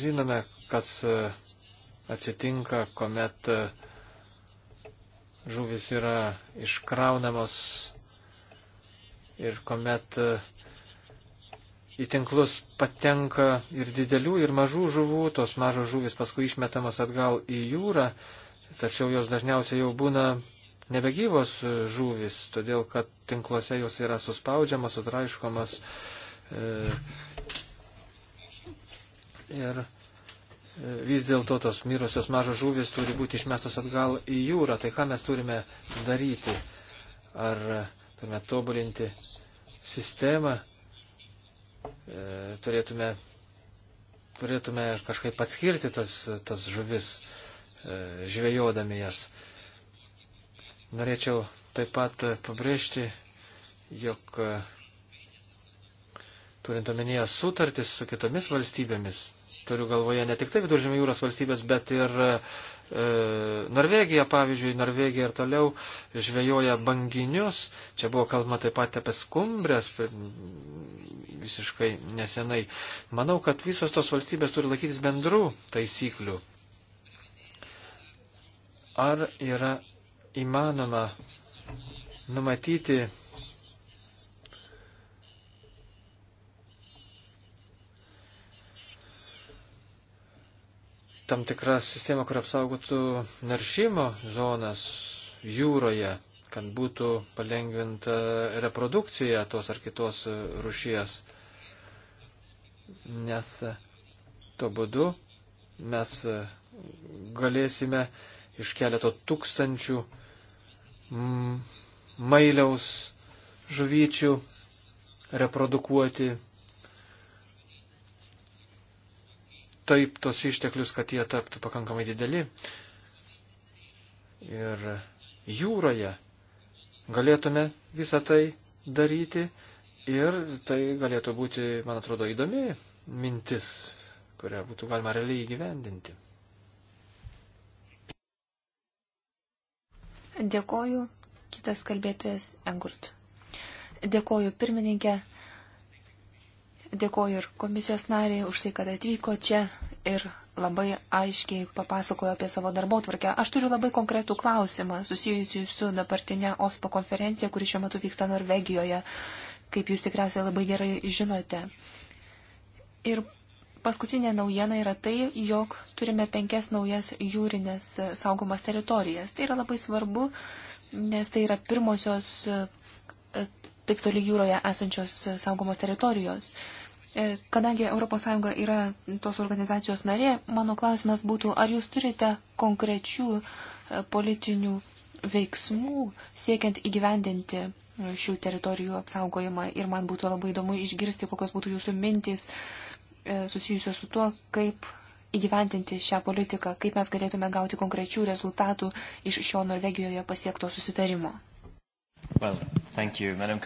Žinome, kas e, atsitinka, kuomet e, žuvis yra iškraunamos ir kuomet e, į tinklus patenka ir didelių, ir mažų žuvų, tos mažos žuvis paskui išmetamos atgal į jūrą, tačiau jos dažniausiai jau būna nebegyvos e, žuvis, todėl kad tinkluose jos yra suspaudžiamas, sutraiškomas. E, ir vis dėlto tos mirusios mažos žuvis turi būti išmestos atgal į jūrą. Tai ką mes turime daryti? Ar turime tobulinti sistemą, e, turėtume, turėtume kažkaip atskirti tas, tas žuvis, e, žvejodami jas. Norėčiau taip pat pabrėžti, jog e, turint omenyje sutartis su kitomis valstybėmis, turiu galvoje ne tik tai viduržėmio jūros valstybės, bet ir uh, E, Norvegija, pavyzdžiui, Norvegija ir toliau žvejoja banginius. Čia buvo kalbama taip pat apie skumbrės e, visiškai nesenai. Manau, kad visos tos valstybės turi laikytis bendrų taisyklių. Ar yra įmanoma numatyti tam tikrą sistemą, kur apsaugotų naršymo zonas jūroje, kad būtų palengvinta reprodukcija tos ar kitos rušies. Nes to būdu mes galėsime iš keleto tūkstančių mailiaus žuvyčių reprodukuoti taip tos išteklius, kad jie taptų pakankamai dideli. Ir jūroje galėtume visą tai daryti ir tai galėtų būti, man atrodo, įdomi mintis, kurią būtų galima realiai įgyvendinti. Dėkoju, kitas kalbėtojas Engurt. Dėkoju pirmininkė, Dėkoju ir komisijos nariai už tai, kad atvyko čia ir labai aiškiai papasakojo apie savo darbo tvarkę. Aš turiu labai konkretų klausimą susijusiu su dabartinė OSPO konferencija, kuri šiuo metu vyksta Norvegijoje, kaip jūs tikriausiai labai gerai žinote. Ir paskutinė naujiena yra tai, jog turime penkias naujas jūrinės saugomas teritorijas. Tai yra labai svarbu, nes tai yra pirmosios e, taip toli jūroje esančios saugomos teritorijos. E, kadangi ES yra tos organizacijos narė, mano klausimas būtų, ar jūs turite konkrečių e, politinių veiksmų siekiant įgyvendinti e, šių teritorijų apsaugojimą ir man būtų labai įdomu išgirsti, kokios būtų jūsų mintys susijusios su tuo, kaip įgyvendinti šią politiką, kaip mes galėtume gauti konkrečių rezultatų iš šio Norvegijoje pasiekto susitarimo. Well, thank you, Madam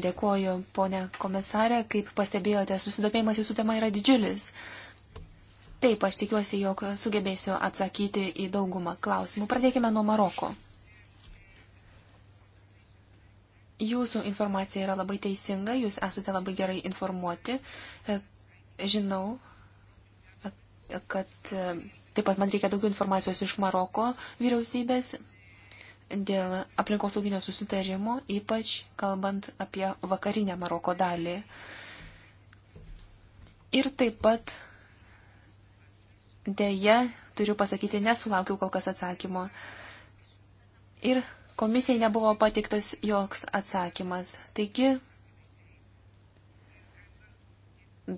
Dėkoju, ponė komisarė, kaip pastebėjote, susidomėjimas jūsų tema yra didžiulis. Taip, aš tikiuosi, jog sugebėsiu atsakyti į daugumą klausimų. Pradėkime nuo Maroko. Jūsų informacija yra labai teisinga, jūs esate labai gerai informuoti. E, žinau, e, kad e, taip pat man reikia daugiau informacijos iš Maroko vyriausybės, dėl aplinkosauginio susitarimo, ypač kalbant apie vakarinę Maroko dalį. Ir taip pat dėje, turiu pasakyti, nesulaukiau kol kas atsakymo. Ir komisijai nebuvo patiktas joks atsakymas. Taigi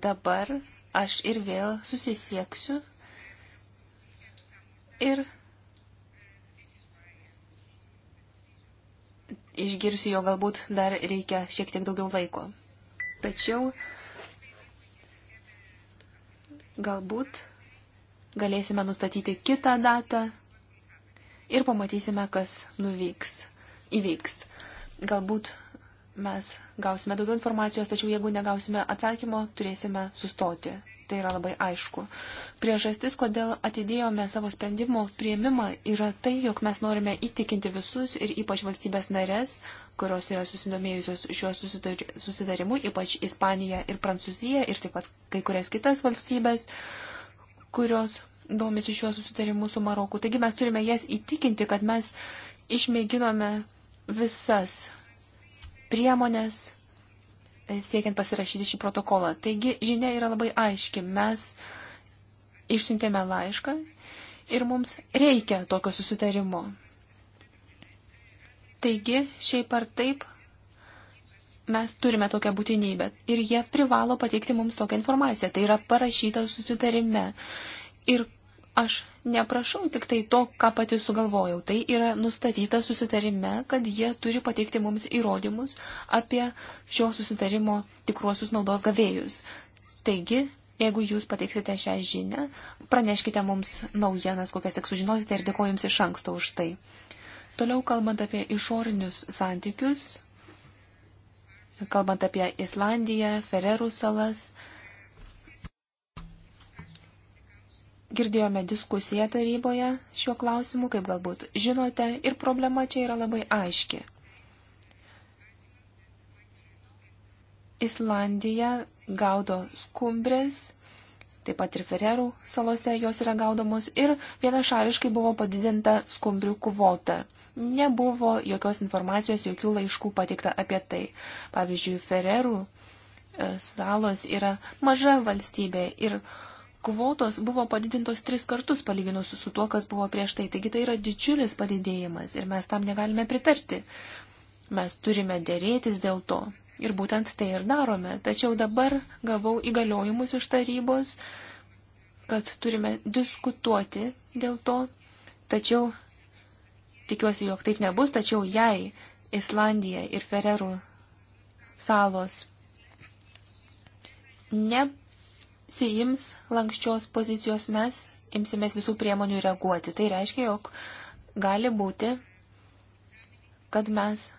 dabar aš ir vėl susisieksiu ir išgirsiu, jo galbūt dar reikia šiek tiek daugiau laiko. Tačiau galbūt galėsime nustatyti kitą datą ir pamatysime, kas nuvyks, įvyks. Galbūt mes gausime daugiau informacijos, tačiau jeigu negausime atsakymo, turėsime sustoti tai yra labai aišku. Priežastis, kodėl atidėjome savo sprendimo prieimimą, yra tai, jog mes norime įtikinti visus ir ypač valstybės narės, kurios yra susidomėjusios šiuo susidarimu, ypač Ispanija ir Prancūzija ir taip pat kai kurias kitas valstybės, kurios domisi šiuo susidarimu su Maroku. Taigi mes turime jas įtikinti, kad mes išmėginome visas priemonės, siekiant pasirašyti šį protokolą. Taigi žinia yra labai aiški. Mes išsiuntėme laišką ir mums reikia tokio susitarimo. Taigi, šiaip ar taip, mes turime tokią būtinybę ir jie privalo pateikti mums tokią informaciją. Tai yra parašyta susitarime. Ir Aš neprašau tik tai to, ką pati sugalvojau. Tai yra nustatyta susitarime, kad jie turi pateikti mums įrodymus apie šio susitarimo tikruosius naudos gavėjus. Taigi, jeigu jūs pateiksite šią žinią, praneškite mums naujienas, kokias tik sužinosite ir dėkoju jums iš anksto už tai. Toliau kalbant apie išorinius santykius, kalbant apie Islandiją, Fererų salas, Girdėjome diskusiją taryboje šiuo klausimu, kaip galbūt žinote, ir problema čia yra labai aiški. Islandija gaudo skumbrės, taip pat ir Fererų salose jos yra gaudomos ir vienašališkai buvo padidinta skumbrių kvota. Nebuvo jokios informacijos, jokių laiškų pateikta apie tai. Pavyzdžiui, Fererų e, salos yra maža valstybė ir uh, kvotos buvo padidintos tris kartus palyginus su tuo, kas buvo prieš tai. Taigi tai yra didžiulis padidėjimas ir mes tam negalime pritarti. Mes turime dėrėtis dėl to. Ir būtent tai ir darome. Tačiau dabar gavau įgaliojimus iš tarybos, kad turime diskutuoti dėl to. Tačiau tikiuosi, jog taip nebus. Tačiau jei Islandija ir Fererų salos ne neatsijims lankščios pozicijos, mes imsimės visų priemonių reaguoti. Tai reiškia, jog gali būti, kad mes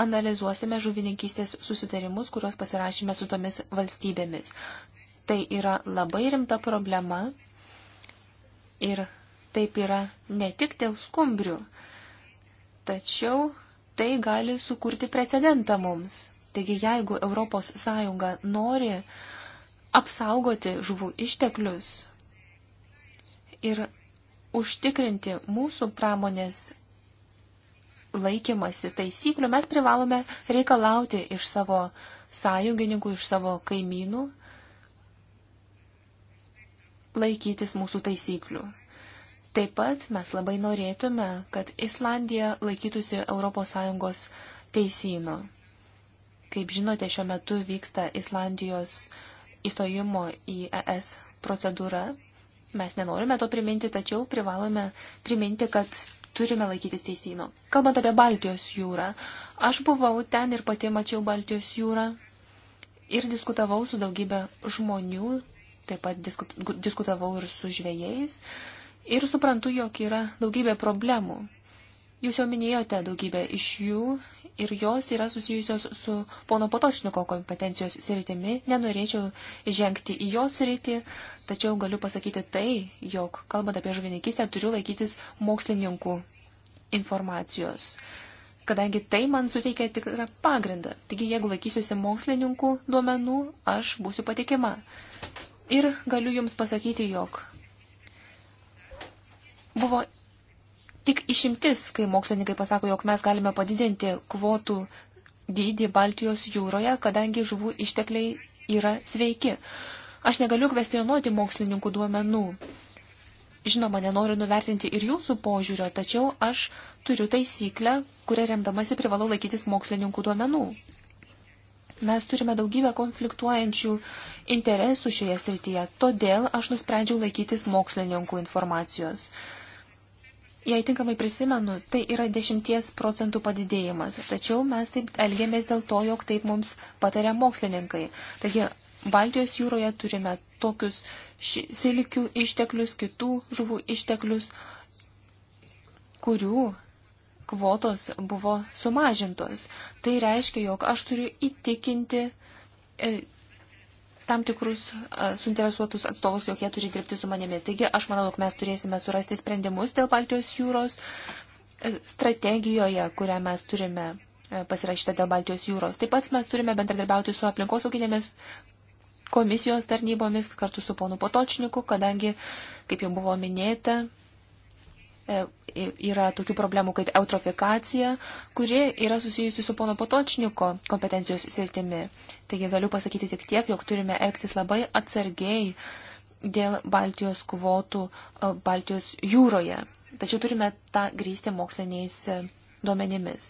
analizuosime žuvininkystės susitarimus, kuriuos pasirašėme su tomis valstybėmis. Tai yra labai rimta problema ir taip yra ne tik dėl skumbrių, tačiau tai gali sukurti precedentą mums. Taigi, jeigu ES nori apsaugoti žuvų išteklius ir užtikrinti mūsų pramonės laikymasi taisyklių, mes privalome reikalauti iš savo sąjungininkų, iš savo kaimynų laikytis mūsų taisyklių. Taip pat mes labai norėtume, kad Islandija laikytųsi ES teisino. Kaip žinote, šiuo metu vyksta Islandijos uh, įstojimo į ES procedūra. Mes nenorime to priminti, tačiau privalome priminti, kad turime laikytis teisyno. Kalbant apie Baltijos jūrą, aš buvau ten ir pati mačiau Baltijos jūrą ir diskutavau su daugybė žmonių, taip pat diskutavau ir su žvėjais ir suprantu, jog yra daugybė problemų. Jūs jau minėjote daugybę iš jų ir jos yra susijusios su pono Potočniko kompetencijos sritimi. Nenorėčiau žengti į jos sritį, tačiau galiu pasakyti tai, jog kalbant apie žuvininkystę turiu laikytis mokslininkų informacijos, kadangi tai man suteikia tikrą pagrindą. Taigi, jeigu laikysiuosi mokslininkų duomenų, aš būsiu patikima. Ir galiu Jums pasakyti, jog buvo tik išimtis, kai mokslininkai pasako, jog mes galime padidinti kvotų dydį Baltijos jūroje, kadangi žuvų ištekliai yra sveiki. Aš negaliu kvestionuoti mokslininkų duomenų. Žinoma, nenoriu nuvertinti ir jūsų požiūrio, tačiau aš turiu taisyklę, kurią remdamasi privalau laikytis mokslininkų duomenų. Mes turime daugybę konfliktuojančių interesų šioje srityje, todėl aš nusprendžiau laikytis mokslininkų informacijos. Jei tinkamai prisimenu, tai yra 10 procentų padidėjimas, tačiau mes taip elgiamės dėl to, jog taip mums patarė mokslininkai. Taigi Baltijos jūroje turime tokius silikių išteklius, kitų žuvų išteklius, kurių kvotos buvo sumažintos. Tai reiškia, jog aš turiu įtikinti e, tam tikrus suinteresuotus atstovus, jog jie turi dirbti su manimi. Taigi aš manau, jog mes turėsime surasti sprendimus dėl Baltijos jūros e, strategijoje, kurią mes turime e, pasirašytą dėl Baltijos jūros. Taip pat mes turime bendradarbiauti su aplinkosauginėmis komisijos tarnybomis kartu su ponu Potočniku, kadangi, kaip jau buvo minėta, E, yra tokių problemų kaip eutrofikacija, kuri yra susijusi su pono Potočniko kompetencijos sritimi. Taigi galiu pasakyti tik tiek, jog turime elgtis labai atsargiai dėl Baltijos kvotų e, Baltijos jūroje. Tačiau turime tą grįsti moksliniais e, duomenimis.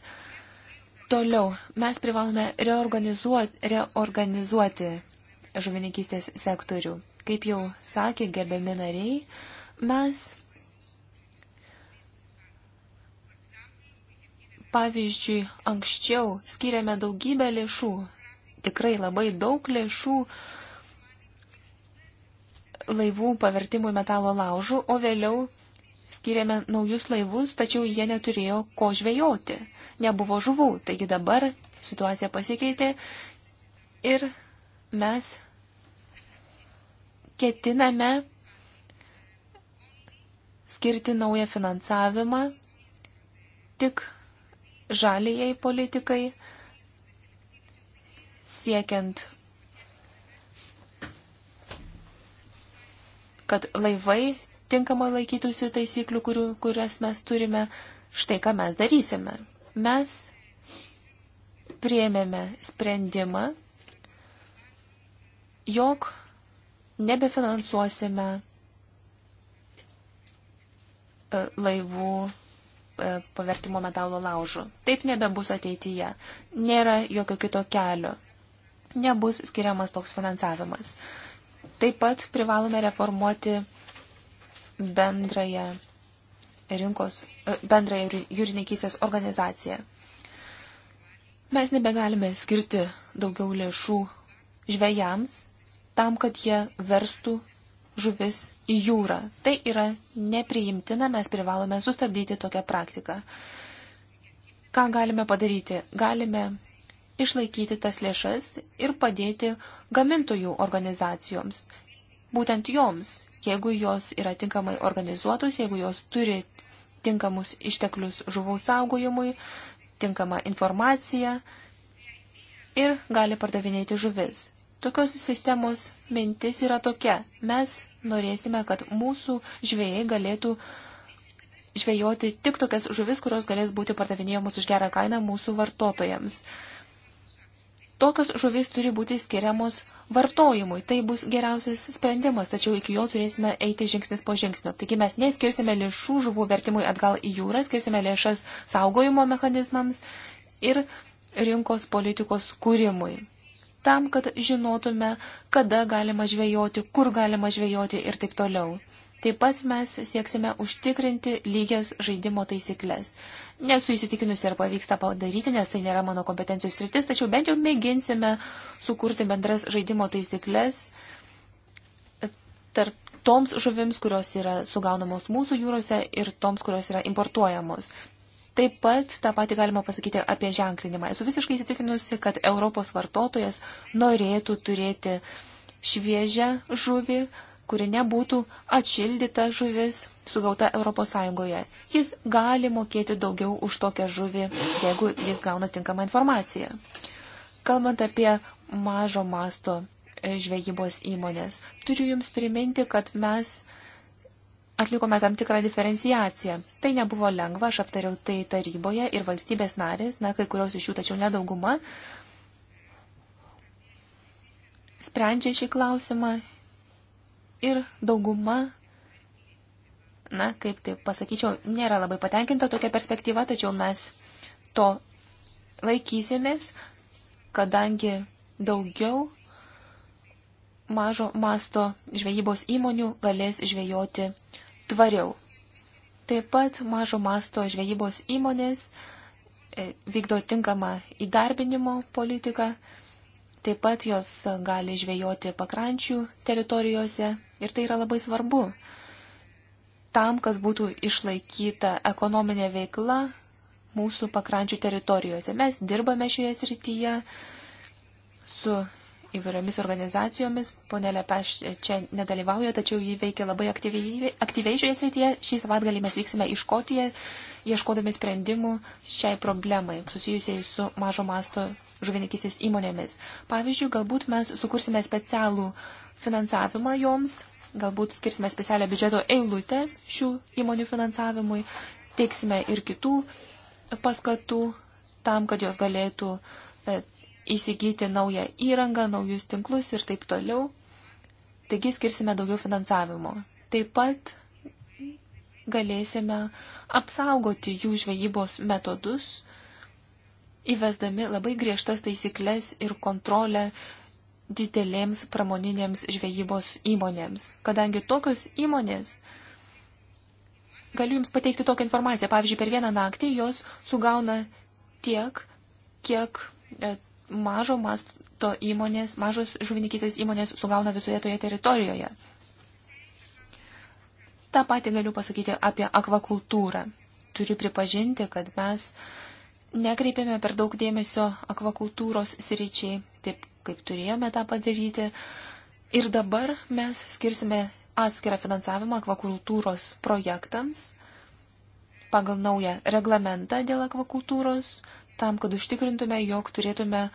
Toliau, mes privalome reorganizuoti, reorganizuoti žuvininkystės sektorių. Kaip jau sakė gerbiami nariai, mes Pavyzdžiui, anksčiau skiriame daugybę lėšų, tikrai labai daug lėšų laivų pavertimui metalo laužų, o vėliau skiriame naujus laivus, tačiau jie neturėjo ko žvejoti, nebuvo žuvų. Taigi dabar situacija pasikeitė ir mes ketiname skirti naują finansavimą tik žalijai politikai, siekiant, kad laivai tinkamai laikytųsi taisyklių, kurių, kurias mes turime, štai ką mes darysime. Mes priėmėme sprendimą, jog nebefinansuosime e, laivų E, pavertimo metalo laužų. Taip nebebus ateityje. Nėra jokio kito kelio. Nebus skiriamas toks finansavimas. Taip pat privalome reformuoti bendrąją rinkos, e, bendrąją jūrininkysės organizaciją. Mes nebegalime skirti daugiau lėšų žvejams tam, kad jie verstų žuvis į jūrą. Tai yra nepriimtina, mes privalome sustabdyti tokią praktiką. Ką galime padaryti? Galime išlaikyti tas lėšas ir padėti gamintojų organizacijoms. Būtent joms, jeigu jos yra tinkamai organizuotos, jeigu jos turi tinkamus išteklius žuvų saugojimui, tinkamą informaciją ir gali pardavinėti žuvis. Tokios sistemos mintis yra tokia. Mes norėsime, kad mūsų žvėjai galėtų žvejoti tik tokias žuvis, kurios galės būti pardavinėjamos už gerą kainą mūsų vartotojams. Tokios žuvis turi būti skiriamos vartojimui. Tai bus geriausias sprendimas, tačiau iki jo turėsime eiti žingsnis po žingsnio. Taigi mes neskirsime lėšų žuvų vertimui atgal į jūrą, skirsime lėšas saugojimo mechanizmams ir rinkos politikos kūrimui tam, kad žinotume, kada galima žvejoti, kur galima žvejoti ir taip toliau. Taip pat mes sieksime užtikrinti lygias žaidimo taisyklės. Nesu įsitikinusi, ar pavyks tą padaryti, nes tai nėra mano kompetencijos sritis, tačiau bent jau mėginsime sukurti bendras žaidimo taisyklės tarp toms žuvims, kurios yra sugaunamos mūsų jūrose ir toms, kurios yra importuojamos. Taip pat tą patį galima pasakyti apie ženklinimą. Esu visiškai įsitikinusi, kad Europos vartotojas norėtų turėti šviežią žuvį, kuri nebūtų atšildyta žuvis sugauta Europos Sąjungoje. Jis gali mokėti daugiau už tokią žuvį, jeigu jis gauna tinkamą informaciją. Kalbant apie mažo masto žvejybos įmonės, turiu Jums priminti, kad mes atlikome tam tikrą diferenciaciją. Tai nebuvo lengva, aš aptariau tai taryboje ir valstybės narės, na, kai kurios iš jų, tačiau nedauguma, sprendžia šį klausimą ir dauguma, na, kaip tai pasakyčiau, nėra labai patenkinta tokia perspektyva, tačiau mes to laikysimės, kadangi daugiau mažo masto žvejybos įmonių galės žvejoti tvariau. Taip pat mažo masto žvejybos įmonės e, vykdo tinkamą įdarbinimo politiką, taip pat jos gali žvejoti pakrančių teritorijose ir tai yra labai svarbu tam, kad būtų išlaikyta ekonominė veikla mūsų pakrančių teritorijose. Mes dirbame šioje srityje su įvairiomis organizacijomis. Pone Lepeš čia nedalyvauja, tačiau jį veikia labai aktyviai, aktyviai šioje srityje. Šį savaitgalį mes vyksime į Škotiją, ieškodami sprendimų šiai problemai, susijusiai su mažo masto žuvininkistės įmonėmis. Pavyzdžiui, galbūt mes sukursime specialų finansavimą joms, galbūt skirsime specialią biudžeto eilutę šių įmonių finansavimui, teiksime ir kitų paskatų tam, kad jos galėtų e, įsigyti naują įrangą, naujus tinklus ir taip toliau. Taigi skirsime daugiau finansavimo. Taip pat galėsime apsaugoti jų žvejybos metodus, įvesdami labai griežtas taisyklės ir kontrolę didelėms pramoninėms žvejybos įmonėms. Kadangi tokios įmonės, galiu Jums pateikti tokią informaciją, pavyzdžiui, per vieną naktį jos sugauna tiek, kiek e, mažo masto įmonės, mažos žuvininkysės įmonės sugauna visoje toje teritorijoje. Ta pati galiu pasakyti apie akvakultūrą. Turiu pripažinti, kad mes nekreipėme per daug dėmesio akvakultūros sričiai, taip kaip turėjome tą padaryti. Ir dabar mes skirsime atskirą finansavimą akvakultūros projektams pagal naują reglamentą dėl akvakultūros, tam, kad užtikrintume, jog turėtume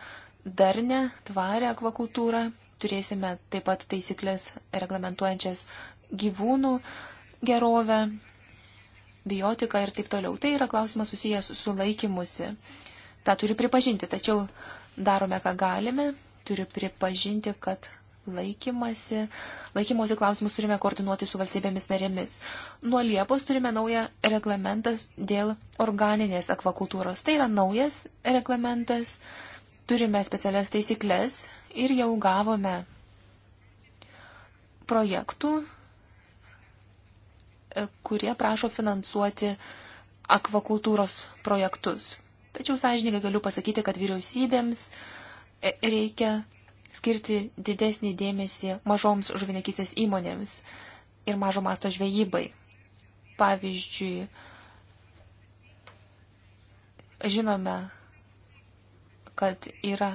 darnę, tvarę akvakultūrą, turėsime taip pat taisyklės reglamentuojančias gyvūnų gerovę, biotiką ir taip toliau. Tai yra klausimas susijęs su laikymusi. Ta turiu pripažinti, tačiau darome, ką galime, turiu pripažinti, kad laikymasi, laikymosi klausimus turime koordinuoti su valstybėmis narėmis. Nuo Liepos turime naują reglamentą dėl organinės akvakultūros. Tai yra naujas reglamentas, turime specialias taisyklės ir jau gavome projektų, e, kurie prašo finansuoti akvakultūros projektus. Tačiau sąžininkai galiu pasakyti, kad vyriausybėms e, reikia skirti didesnį dėmesį mažoms žuvininkystės įmonėms ir mažo masto žvejybai. Pavyzdžiui, žinome, kad yra,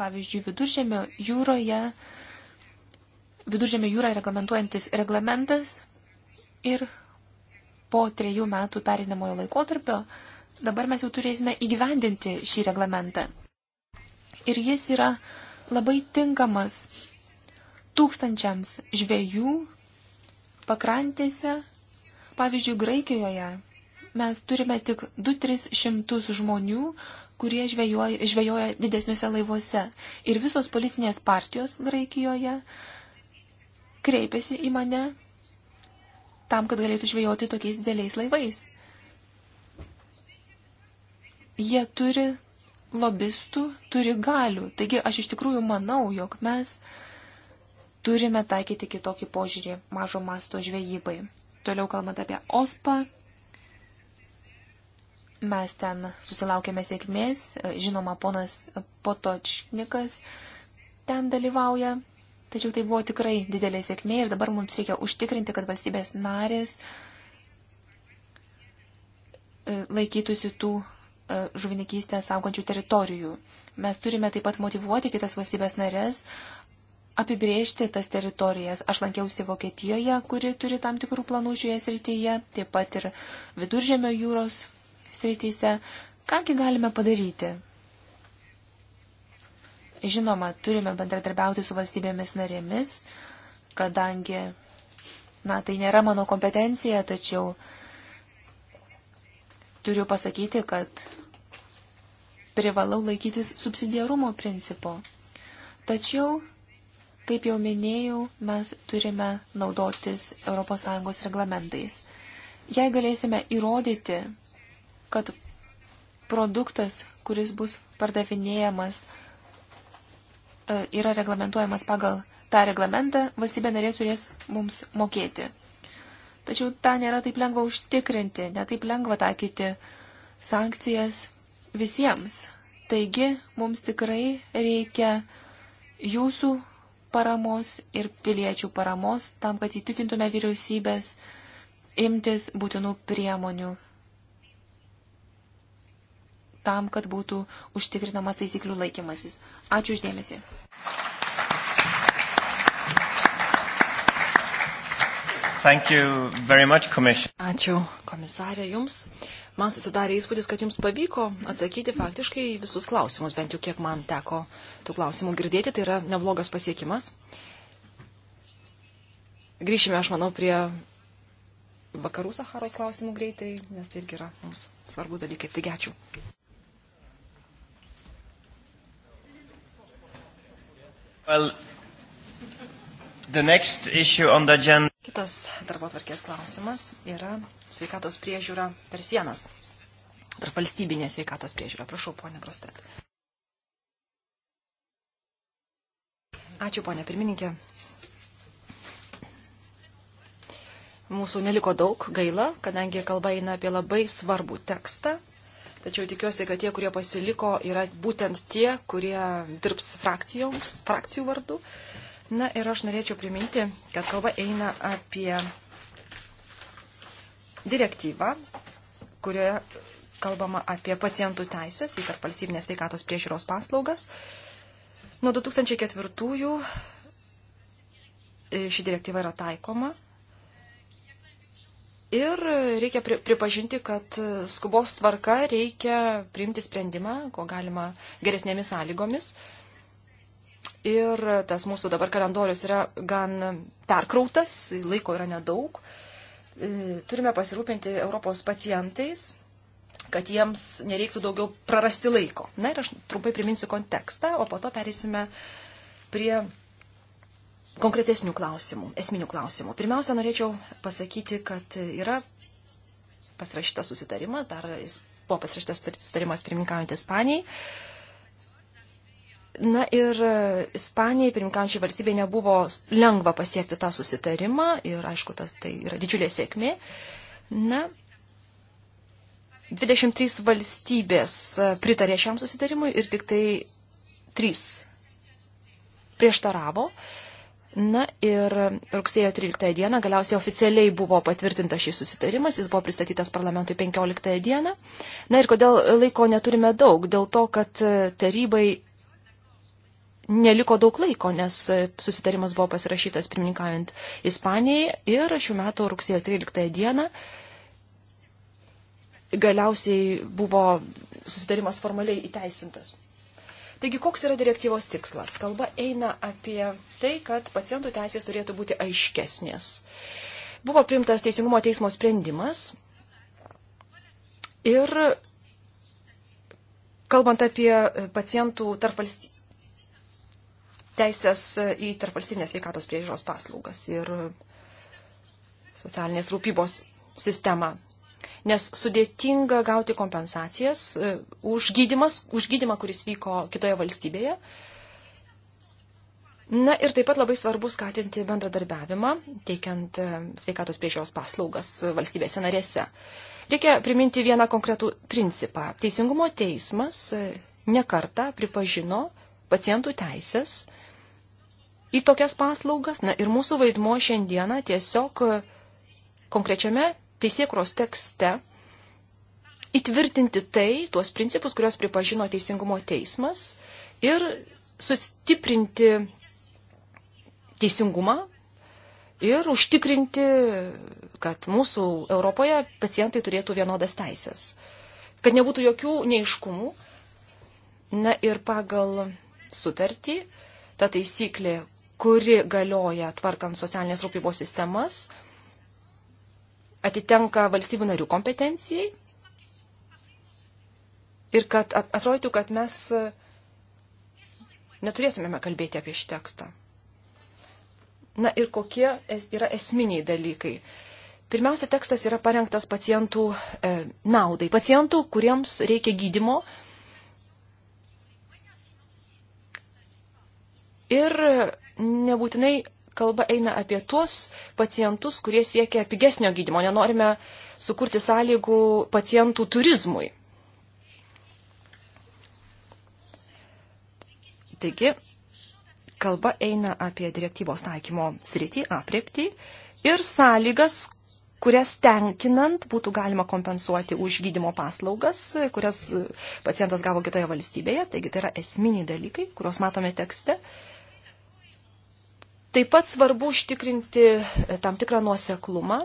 pavyzdžiui, viduržėmio jūroje, viduržėmio jūrą reglamentuojantis reglamentas ir po trejų metų perinamojo laikotarpio dabar mes jau turėsime įgyvendinti šį reglamentą. Ir jis yra labai tinkamas tūkstančiams žvėjų pakrantėse. Pavyzdžiui, Graikijoje mes turime tik 2-3 šimtus žmonių, kurie žvejoja, žvejoja didesniuose laivuose. Ir visos politinės partijos Graikijoje kreipėsi į mane tam, kad galėtų žvejoti tokiais dideliais laivais. Jie turi lobistų turi galių. Taigi aš iš tikrųjų manau, jog mes turime taikyti kitokį požiūrį mažo masto žvejybai. Toliau kalbant apie OSPA, mes ten susilaukėme sėkmės, žinoma, ponas Potočnikas ten dalyvauja, tačiau tai buvo tikrai didelė sėkmė ir dabar mums reikia užtikrinti, kad valstybės narės e, laikytųsi tų E, žuvininkystę saugančių teritorijų. Mes turime taip pat motivuoti kitas valstybės narės apibriežti tas teritorijas. Aš lankiausi Vokietijoje, kuri turi tam tikrų planų šioje srityje, taip pat ir viduržėmio jūros srityse. Kągi galime padaryti? Žinoma, turime bendradarbiauti su valstybėmis narėmis, kadangi, na, tai nėra mano kompetencija, tačiau uh, Turiu pasakyti, kad privalau laikytis subsidiarumo principo. Tačiau, kaip jau minėjau, mes turime naudotis ES reglamentais. Jei galėsime įrodyti, kad produktas, kuris bus pardavinėjamas, e, yra reglamentuojamas pagal tą reglamentą, valstybė narė turės mums mokėti. Tačiau tą nėra taip lengva užtikrinti, netaip lengva taikyti sankcijas visiems. Taigi mums tikrai reikia jūsų paramos ir piliečių paramos tam, kad įtikintume vyriausybės imtis būtinų priemonių tam, kad būtų užtikrinamas taisyklių laikymasis. Ačiū uždėmesi. Much, Ačiū komisarė Jums. Man susidarė įspūdis, kad Jums pavyko atsakyti faktiškai visus klausimus, bent jau kiek man teko tų klausimų girdėti, tai yra neblogas pasiekimas. Grįšime, aš manau, prie vakarų Saharos klausimų greitai, nes tai irgi yra mums svarbus dalykai. Taigi ačiū. Well, The next issue on the agenda Kitas darbo tvarkės klausimas yra sveikatos priežiūra per sienas. Tarp valstybinė sveikatos priežiūra. Prašau, ponė Grostet. Ačiū, ponė pirmininkė. Mūsų neliko daug gaila, kadangi kalba eina apie labai svarbų tekstą. Tačiau tikiuosi, kad tie, kurie pasiliko, yra būtent tie, kurie dirbs frakcijoms, frakcijų vardu. Uh, Na ir aš norėčiau priminti, kad kalba eina apie direktyvą, kurioje kalbama apie pacientų teisės į tarp valstybinės sveikatos priežiūros paslaugas. Nuo 2004-ųjų e, ši direktyva yra taikoma. Ir reikia pripažinti, kad e, skubos tvarka reikia priimti sprendimą, ko galima geresnėmis sąlygomis ir tas mūsų dabar kalendorius yra gan perkrautas, laiko yra nedaug. E, turime pasirūpinti Europos pacientais, kad jiems nereiktų daugiau prarasti laiko. Na ir aš trumpai priminsiu kontekstą, o po to perėsime prie konkretesnių klausimų, esminių klausimų. Pirmiausia, norėčiau pasakyti, kad yra pasirašytas susitarimas, dar jis buvo pasirašytas susitarimas pirmininkaujantis Ispanijai Na ir Ispanijai, pirmkančiai valstybė, nebuvo lengva pasiekti tą susitarimą ir, aišku, ta, tai yra didžiulė sėkmė. Na, 23 valstybės pritarė šiam susitarimui ir tik tai 3 prieštaravo. Na ir rugsėjo 13 dieną galiausiai oficialiai buvo patvirtintas šis susitarimas, jis buvo pristatytas parlamentui 15 dieną. Na ir kodėl laiko neturime daug? Dėl to, kad tarybai neliko daug laiko, nes susitarimas buvo pasirašytas pirmininkaujant Ispanijai ir šių metų rugsėjo 13 dieną galiausiai buvo susitarimas formaliai įteisintas. Taigi, koks yra direktyvos tikslas? Kalba eina apie tai, kad pacientų teisės turėtų būti aiškesnės. Buvo primtas Teisingumo teismo sprendimas ir kalbant apie pacientų tarp valstybių teisės į tarpvalstybinės sveikatos priežiūros paslaugas ir socialinės rūpybos sistemą. Nes sudėtinga gauti kompensacijas e, už, gydimas, už gydimą, kuris vyko kitoje valstybėje. Na ir taip pat labai svarbu skatinti bendradarbiavimą, teikiant e, sveikatos priežiūros paslaugas valstybėse narėse. Reikia priminti vieną konkretų principą. Teisingumo teismas e, nekarta pripažino pacientų teisės į tokias paslaugas. Na ir mūsų vaidmo šiandieną tiesiog e, konkrečiame teisėkros tekste įtvirtinti tai, tuos principus, kuriuos pripažino Teisingumo teismas ir sustiprinti teisingumą ir užtikrinti, kad mūsų Europoje pacientai turėtų vienodas teisės. Kad nebūtų jokių neiškumų. Na ir pagal sutartį ta taisyklė, kuri galioja tvarkant socialinės rūpybos sistemas, atitenka valstybių narių kompetencijai ir kad atrodytų, kad mes e, neturėtumėme kalbėti apie šį tekstą. Na ir kokie yra esminiai dalykai. Pirmiausia, tekstas yra parengtas pacientų e, naudai. Pacientų, kuriems reikia gydimo. Ir nebūtinai kalba eina apie tuos pacientus, kurie siekia pigesnio gydimo. Nenorime sukurti sąlygų pacientų turizmui. Taigi, kalba eina apie direktyvos taikymo sritį, apriepti ir sąlygas, kurias tenkinant būtų galima kompensuoti už gydimo paslaugas, kurias pacientas gavo kitoje valstybėje. Taigi tai yra esminiai dalykai, kuriuos matome tekste. Uh, Taip pat svarbu užtikrinti e, tam tikrą nuoseklumą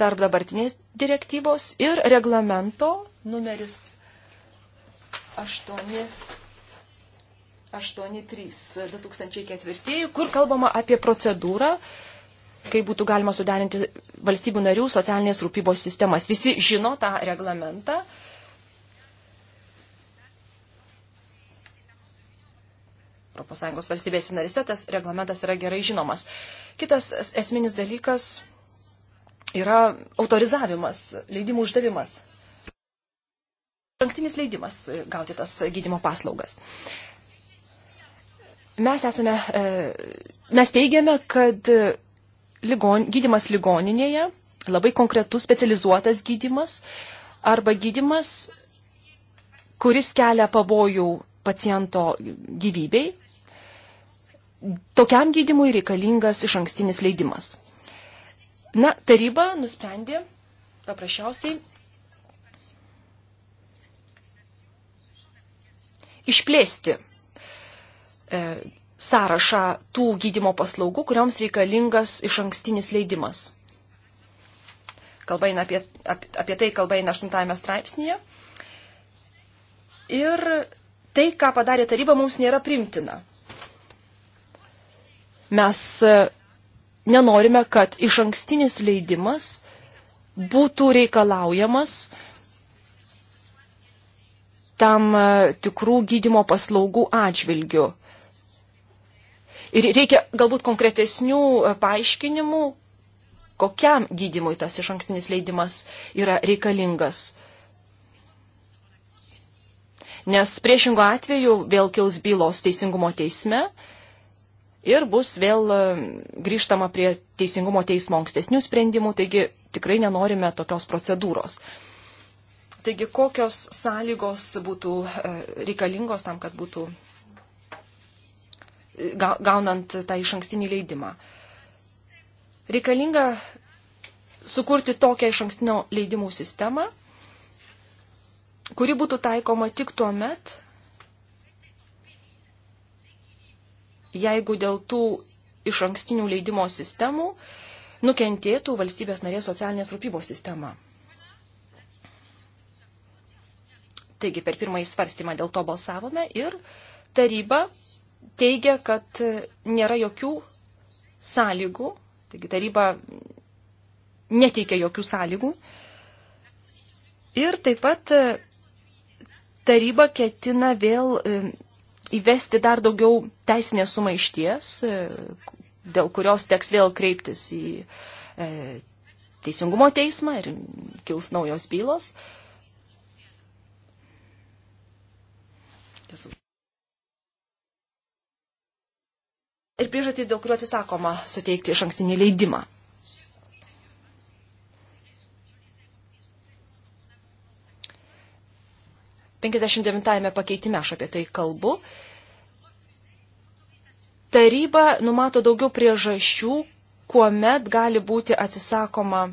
tarp dabartinės direktyvos ir reglamento numeris 883-2004, kur kalbama apie procedūrą, kaip būtų galima suderinti valstybių narių socialinės rūpybos sistemas. Visi žino tą reglamentą ES valstybės narėse, tas reglamentas yra gerai žinomas. Kitas esminis dalykas yra autorizavimas, leidimų uždavimas. Ankstinis leidimas gauti tas gydymo paslaugas. Mes esame, e, mes teigiame, kad ligon, gydimas ligoninėje, labai konkretus specializuotas gydimas arba gydimas, kuris kelia pavojų paciento gyvybei tokiam gydimui reikalingas iš ankstinis leidimas. Na, taryba nusprendė paprasčiausiai išplėsti e, sąrašą tų gydimo paslaugų, kurioms reikalingas iš ankstinis leidimas. Kalba eina apie, apie, apie tai kalba eina 8 straipsnėje. Ir tai, ką padarė taryba, mums nėra primtina. Mes e, nenorime, kad iš ankstinis leidimas būtų reikalaujamas tam e, tikrų gydimo paslaugų atžvilgių. Ir reikia galbūt konkretesnių e, paaiškinimų, kokiam gydimui tas iš ankstinis leidimas yra reikalingas. Nes priešingo atveju vėl kils bylos teisingumo teisme ir bus vėl e, grįžtama prie Teisingumo teismo ankstesnių sprendimų, taigi tikrai nenorime tokios procedūros. Taigi kokios sąlygos būtų e, reikalingos tam, kad būtų e, gaunant tą iš ankstinį leidimą. Reikalinga sukurti tokią iš ankstinio leidimų sistemą, kuri būtų taikoma tik tuo met, jeigu dėl tų iš ankstinių leidimo sistemų nukentėtų valstybės narės socialinės rūpybos sistema. Taigi per pirmąjį svarstymą dėl to balsavome ir taryba teigia, kad nėra jokių sąlygų, taigi taryba neteikia jokių sąlygų. Ir taip pat taryba ketina vėl įvesti dar daugiau teisinės sumaišties, e, dėl kurios teks vėl kreiptis į e, Teisingumo teismą ir kils naujos bylos. Ir priežastys, dėl kurių atsisakoma suteikti iš ankstinį leidimą. 59 pakeitime aš apie tai kalbu. Taryba numato daugiau priežasčių, kuomet gali būti atsisakoma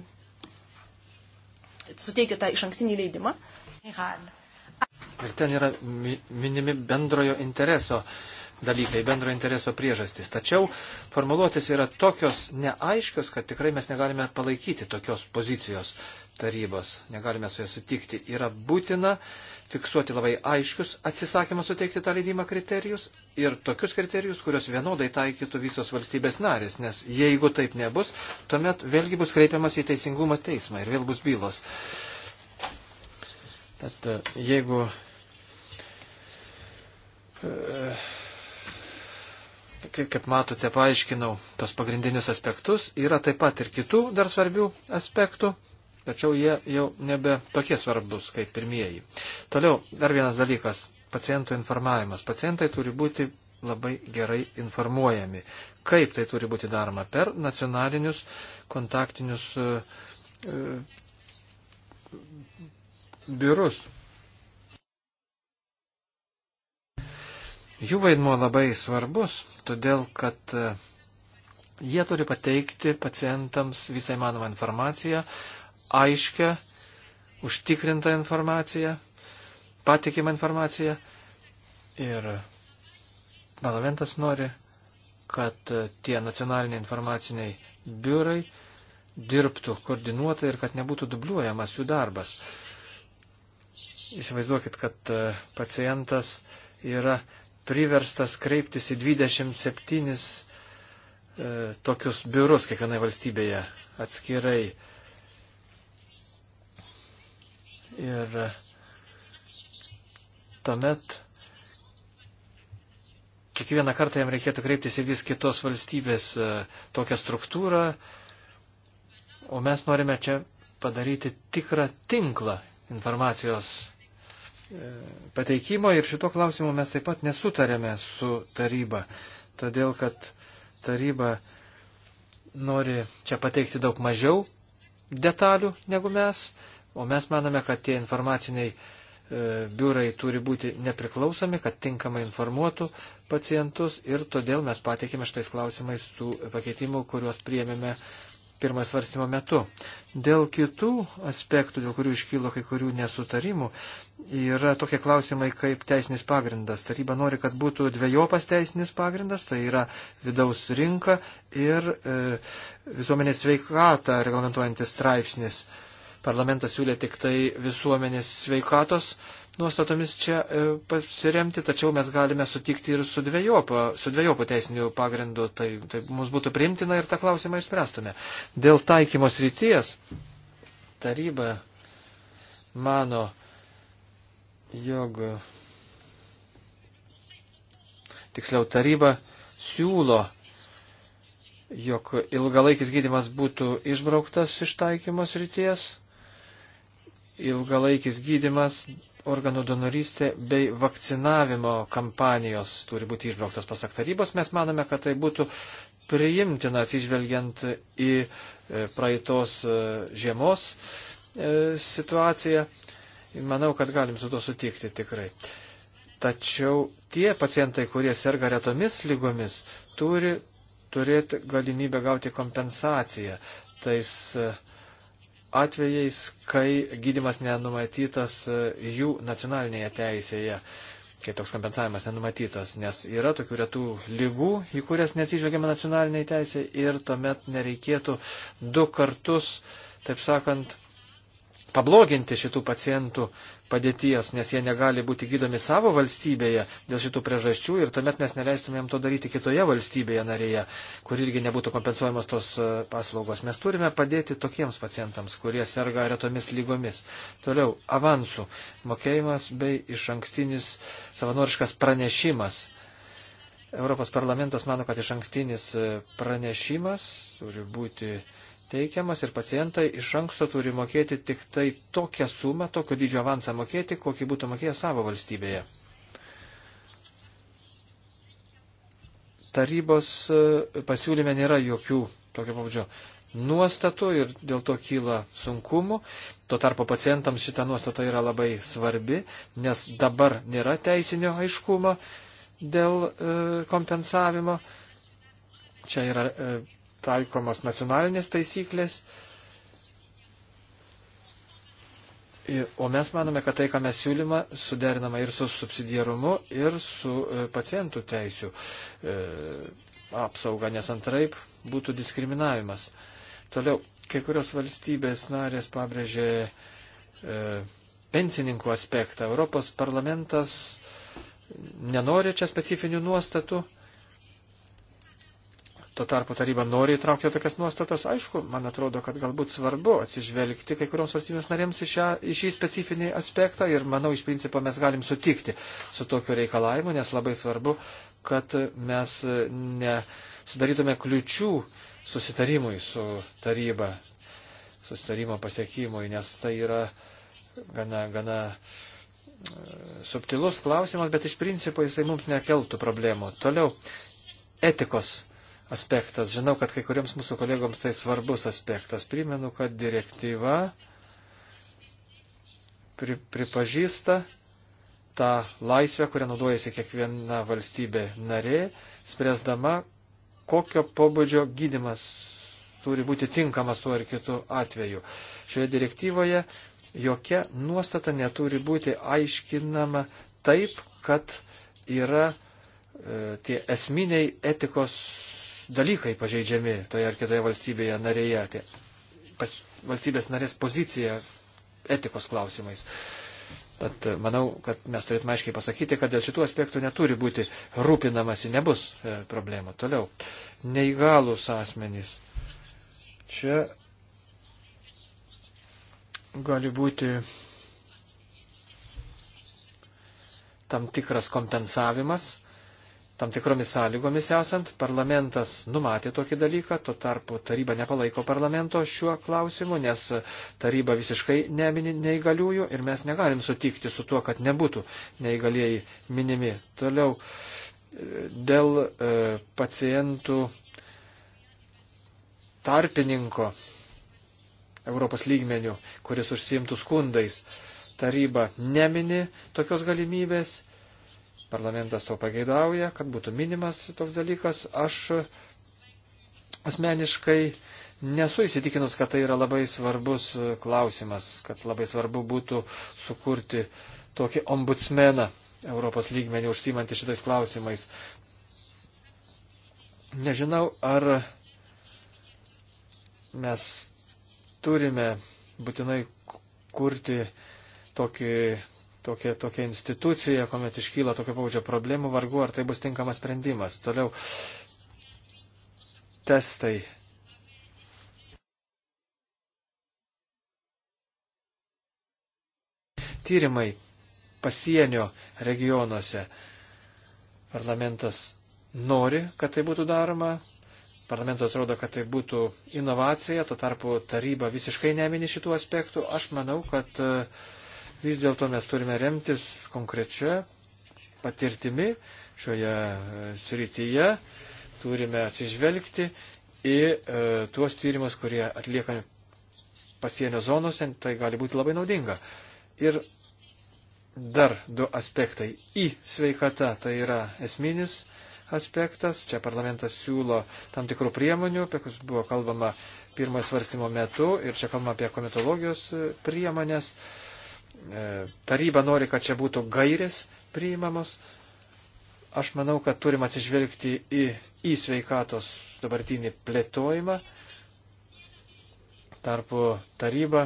suteikti tą iš ankstinį leidimą. Ir ten yra minimi bendrojo intereso dalykai, bendrojo intereso priežastys. Tačiau formuluotės yra tokios neaiškios, kad tikrai mes negalime palaikyti tokios pozicijos tarybos, negalime su ja sutikti, yra būtina fiksuoti labai aiškius atsisakymą suteikti tą leidimą kriterijus ir tokius kriterijus, kurios vienodai taikytų visos valstybės narės, nes jeigu taip nebus, tuomet vėlgi bus kreipiamas į teisingumo teismą ir vėl bus bylos. Tad e, jeigu e, kaip, kaip matote, paaiškinau tos pagrindinius aspektus. Yra taip pat ir kitų dar svarbių aspektų tačiau jie jau nebe tokie svarbus kaip pirmieji. Toliau, dar vienas dalykas - pacientų informavimas. Pacientai turi būti labai gerai informuojami. Kaip tai turi būti daroma? Per nacionalinius kontaktinius e, e, biurus. Jų vaidmuo labai svarbus, todėl kad e, jie turi pateikti pacientams visą įmanomą informaciją, aiškę, užtikrintą informaciją, patikimą informaciją. Ir parlamentas nori, kad tie nacionaliniai informaciniai biurai dirbtų koordinuotai ir kad nebūtų dubliuojamas jų darbas. Įsivaizduokit, kad e, pacientas yra priverstas kreiptis į 27 e, tokius biurus kiekvienai valstybėje atskirai. E, Ir e, tuomet kiekvieną kartą jam reikėtų kreiptis į vis kitos valstybės e, tokią struktūrą, o mes norime čia padaryti tikrą tinklą informacijos e, pateikimo ir šito klausimu mes taip pat nesutarėme su taryba, todėl kad taryba nori čia pateikti daug mažiau detalių negu mes O mes manome, kad tie informaciniai e, biurai turi būti nepriklausomi, kad tinkamai informuotų pacientus ir todėl mes pateikėme šitais klausimais tų pakeitimų, kuriuos priėmėme pirmojo svarstymo metu. Dėl kitų aspektų, dėl kurių iškylo kai kurių nesutarimų, yra tokie klausimai kaip teisinis pagrindas. Taryba nori, kad būtų dviejopas teisinis pagrindas, tai yra vidaus rinka ir e, visuomenės sveikatą reglamentuojantis straipsnis. E, Parlamentas siūlė tik tai visuomenės sveikatos nuostatomis čia e, pasiremti, tačiau mes galime sutikti ir su dviejopo, su dviejopo teisiniu pagrindu, tai, tai mums būtų priimtina ir tą klausimą išspręstume. Dėl taikymos ryties taryba mano, jog tiksliau taryba siūlo, jog ilgalaikis gydimas būtų išbrauktas iš taikymos ryties ilgalaikis gydimas, organų donorystė bei vakcinavimo kampanijos turi būti išbrauktas pasak tarybos. Mes manome, kad tai būtų priimtina atsižvelgiant į e, praeitos e, žiemos e, situaciją. Manau, kad galim su to sutikti tikrai. Tačiau tie pacientai, kurie serga retomis lygomis, turi turėti galimybę gauti kompensaciją tais uh, atvejais, kai gydimas nenumatytas e, jų nacionalinėje teisėje, kai toks kompensavimas nenumatytas, nes yra tokių retų lygų, į kurias neatsižvelgiama nacionaliniai teisė ir tuomet nereikėtų du kartus, taip sakant, pabloginti šitų pacientų padėties, nes jie negali būti gydomi savo valstybėje dėl šitų priežasčių ir tuomet mes neleistumėm to daryti kitoje valstybėje narėje, kur irgi nebūtų kompensuojamos tos e, paslaugos. Mes turime padėti tokiems pacientams, kurie serga retomis lygomis. Toliau, avansų mokėjimas bei iš ankstinis savanoriškas pranešimas. Europos parlamentas mano, kad iš ankstinis e, pranešimas turi būti teikiamas ir pacientai iš anksto turi mokėti tik tai tokią sumą, tokio dydžio avansą mokėti, kokį būtų mokėję savo valstybėje. Tarybos e, pasiūlyme nėra jokių tokio pavadžio nuostatų ir dėl to kyla sunkumų. Tuo tarpu pacientams šita nuostata yra labai svarbi, nes dabar nėra teisinio aiškumo dėl e, kompensavimo. Čia yra e, taikomos nacionalinės taisyklės. O mes manome, kad tai, ką mes siūlyma, suderinama ir su subsidiarumu, ir su e, pacientų teisų e, apsauga, nes antraip būtų diskriminavimas. Toliau, kai kurios valstybės narės pabrėžė e, pensininkų aspektą. Europos parlamentas nenori čia specifinių nuostatų. E, Tuo tarpu taryba nori įtraukti tokias nuostatas. Aišku, man atrodo, kad galbūt svarbu atsižvelgti kai kurioms valstybėms narėms į, šią, į šį specifinį aspektą ir manau, iš principo mes galim sutikti su tokiu reikalavimu, nes labai svarbu, kad mes nesudarytume kliučių susitarimui su taryba, susitarimo pasiekimui, nes tai yra gana, gana e, subtilus klausimas, bet iš principo jisai mums nekeltų problemų. Toliau, etikos aspektas. Žinau, kad kai kuriems mūsų kolegoms tai svarbus aspektas. Primenu, kad direktyva pri, pripažįsta tą laisvę, kurią naudojasi kiekviena valstybė narė, spręsdama, kokio pobūdžio gydimas turi būti tinkamas tuo ar kitu atveju. Šioje direktyvoje jokia nuostata neturi būti aiškinama taip, kad yra e, tie esminiai etikos dalykai pažeidžiami toje ar kitoje valstybėje narėje, tai pas, valstybės narės pozicija etikos klausimais. Tad e, manau, kad mes turėtume aiškiai pasakyti, kad dėl šitų aspektų neturi būti rūpinamasi, nebus e, problema. Toliau, neįgalus asmenys. Čia gali būti tam tikras kompensavimas tam tikromis sąlygomis esant, parlamentas numatė tokį dalyką, tuo tarpu taryba nepalaiko parlamento šiuo klausimu, nes taryba visiškai nemini neįgaliųjų ir mes negalim sutikti su tuo, kad nebūtų neįgalieji minimi. Toliau dėl e, pacientų tarpininko Europos lygmenių, kuris užsiimtų skundais, taryba nemini tokios galimybės parlamentas to pageidauja, kad būtų minimas toks dalykas. Aš asmeniškai nesu įsitikinus, kad tai yra labai svarbus klausimas, kad labai svarbu būtų sukurti tokį ombudsmeną Europos lygmenį užsimantį šitais klausimais. Nežinau, ar mes turime būtinai kurti tokį tokia, tokia institucija, kuomet iškyla tokio paudžio problemų, vargu ar tai bus tinkamas sprendimas. Toliau testai. Tyrimai pasienio regionuose. Parlamentas nori, kad tai būtų daroma. Parlamento atrodo, kad tai būtų inovacija, tuo tarpu taryba visiškai nemini šitų aspektų. Aš manau, kad uh, vis dėlto mes turime remtis konkrečia patirtimi šioje e, srityje, turime atsižvelgti į e, tuos tyrimus, kurie atliekami pasienio zonose, tai gali būti labai naudinga. Ir dar du aspektai. Į sveikata tai yra esminis aspektas. Čia parlamentas siūlo tam tikrų priemonių, apie kurias buvo kalbama pirmojo svarstymo metu ir čia kalbama apie komitologijos e, priemonės. E, E, taryba nori, kad čia būtų gairės priimamos. Aš manau, kad turim atsižvelgti į, į sveikatos dabartinį plėtojimą. Tarpu taryba,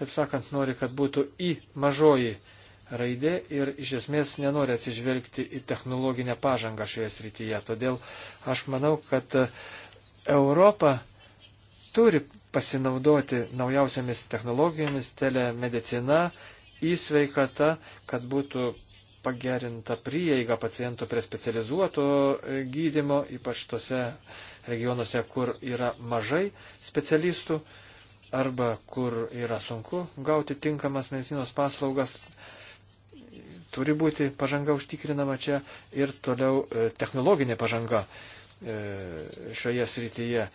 taip sakant, nori, kad būtų į mažoji raidė ir iš esmės nenori atsižvelgti į technologinę pažangą šioje srityje. Todėl aš manau, kad Europa turi pasinaudoti naujausiamis technologijomis, telemedicina į sveikatą, kad būtų pagerinta prieiga pacientų prie specializuoto e, gydimo, ypač tose regionuose, kur yra mažai specialistų arba kur yra sunku gauti tinkamas medicinos paslaugas. Turi būti pažanga užtikrinama čia ir toliau e, technologinė pažanga e, šioje srityje.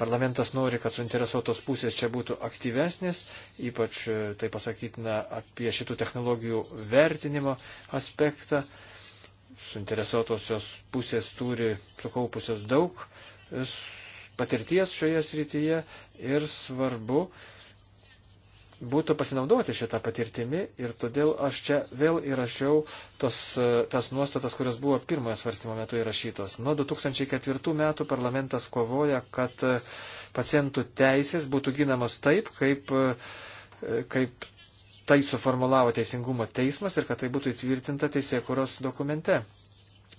Parlamentas nori, kad suinteresuotos pusės čia būtų aktyvesnės, ypač e, tai pasakytina apie šitų technologijų vertinimo aspektą. Suinteresuotosios pusės turi sukaupusios daug e, patirties šioje srityje ir svarbu, būtų pasinaudoti šitą patirtimį ir todėl aš čia vėl įrašiau tos, e, tas nuostatas, kurios buvo pirmojo svarstymo metu įrašytos. Nuo 2004 metų parlamentas kovoja, kad e, pacientų teisės būtų ginamos taip, kaip, e, kaip tai suformulavo Teisingumo teismas ir kad tai būtų įtvirtinta teisėkuros dokumente,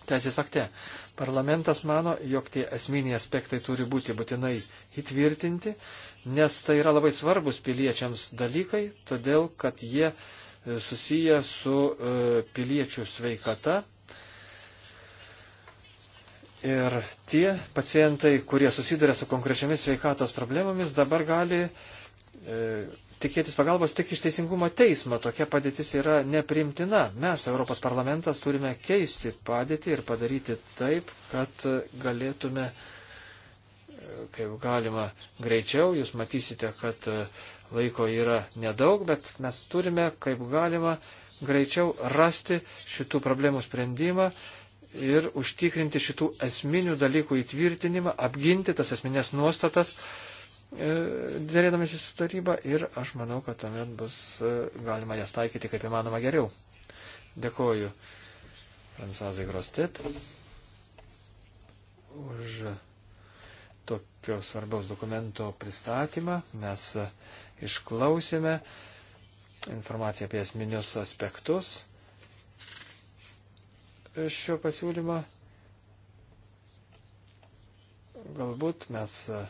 teisės akte. Parlamentas mano, jog tie esminiai aspektai turi būti būtinai įtvirtinti, nes tai yra labai svarbus piliečiams dalykai, todėl kad jie e, susiję su e, piliečių sveikata. Ir tie pacientai, kurie susiduria su konkrečiamis sveikatos problemomis, dabar gali e, tikėtis pagalbos tik iš teisingumo teismo. Tokia padėtis yra neprimtina. Mes, Europos parlamentas, turime keisti padėtį ir padaryti taip, kad galėtume, kaip galima, greičiau. Jūs matysite, kad laiko yra nedaug, bet mes turime, kaip galima, greičiau rasti šitų problemų sprendimą ir užtikrinti šitų esminių dalykų įtvirtinimą, apginti tas esminės nuostatas E, dėrėdamėsi su taryba ir aš manau, kad tuomet bus e, galima jas taikyti kaip įmanoma geriau. Dėkoju Fransuazai Grostit už tokio svarbaus dokumento pristatymą. Mes išklausėme informaciją apie esminius aspektus šio pasiūlymo. Galbūt mes uh,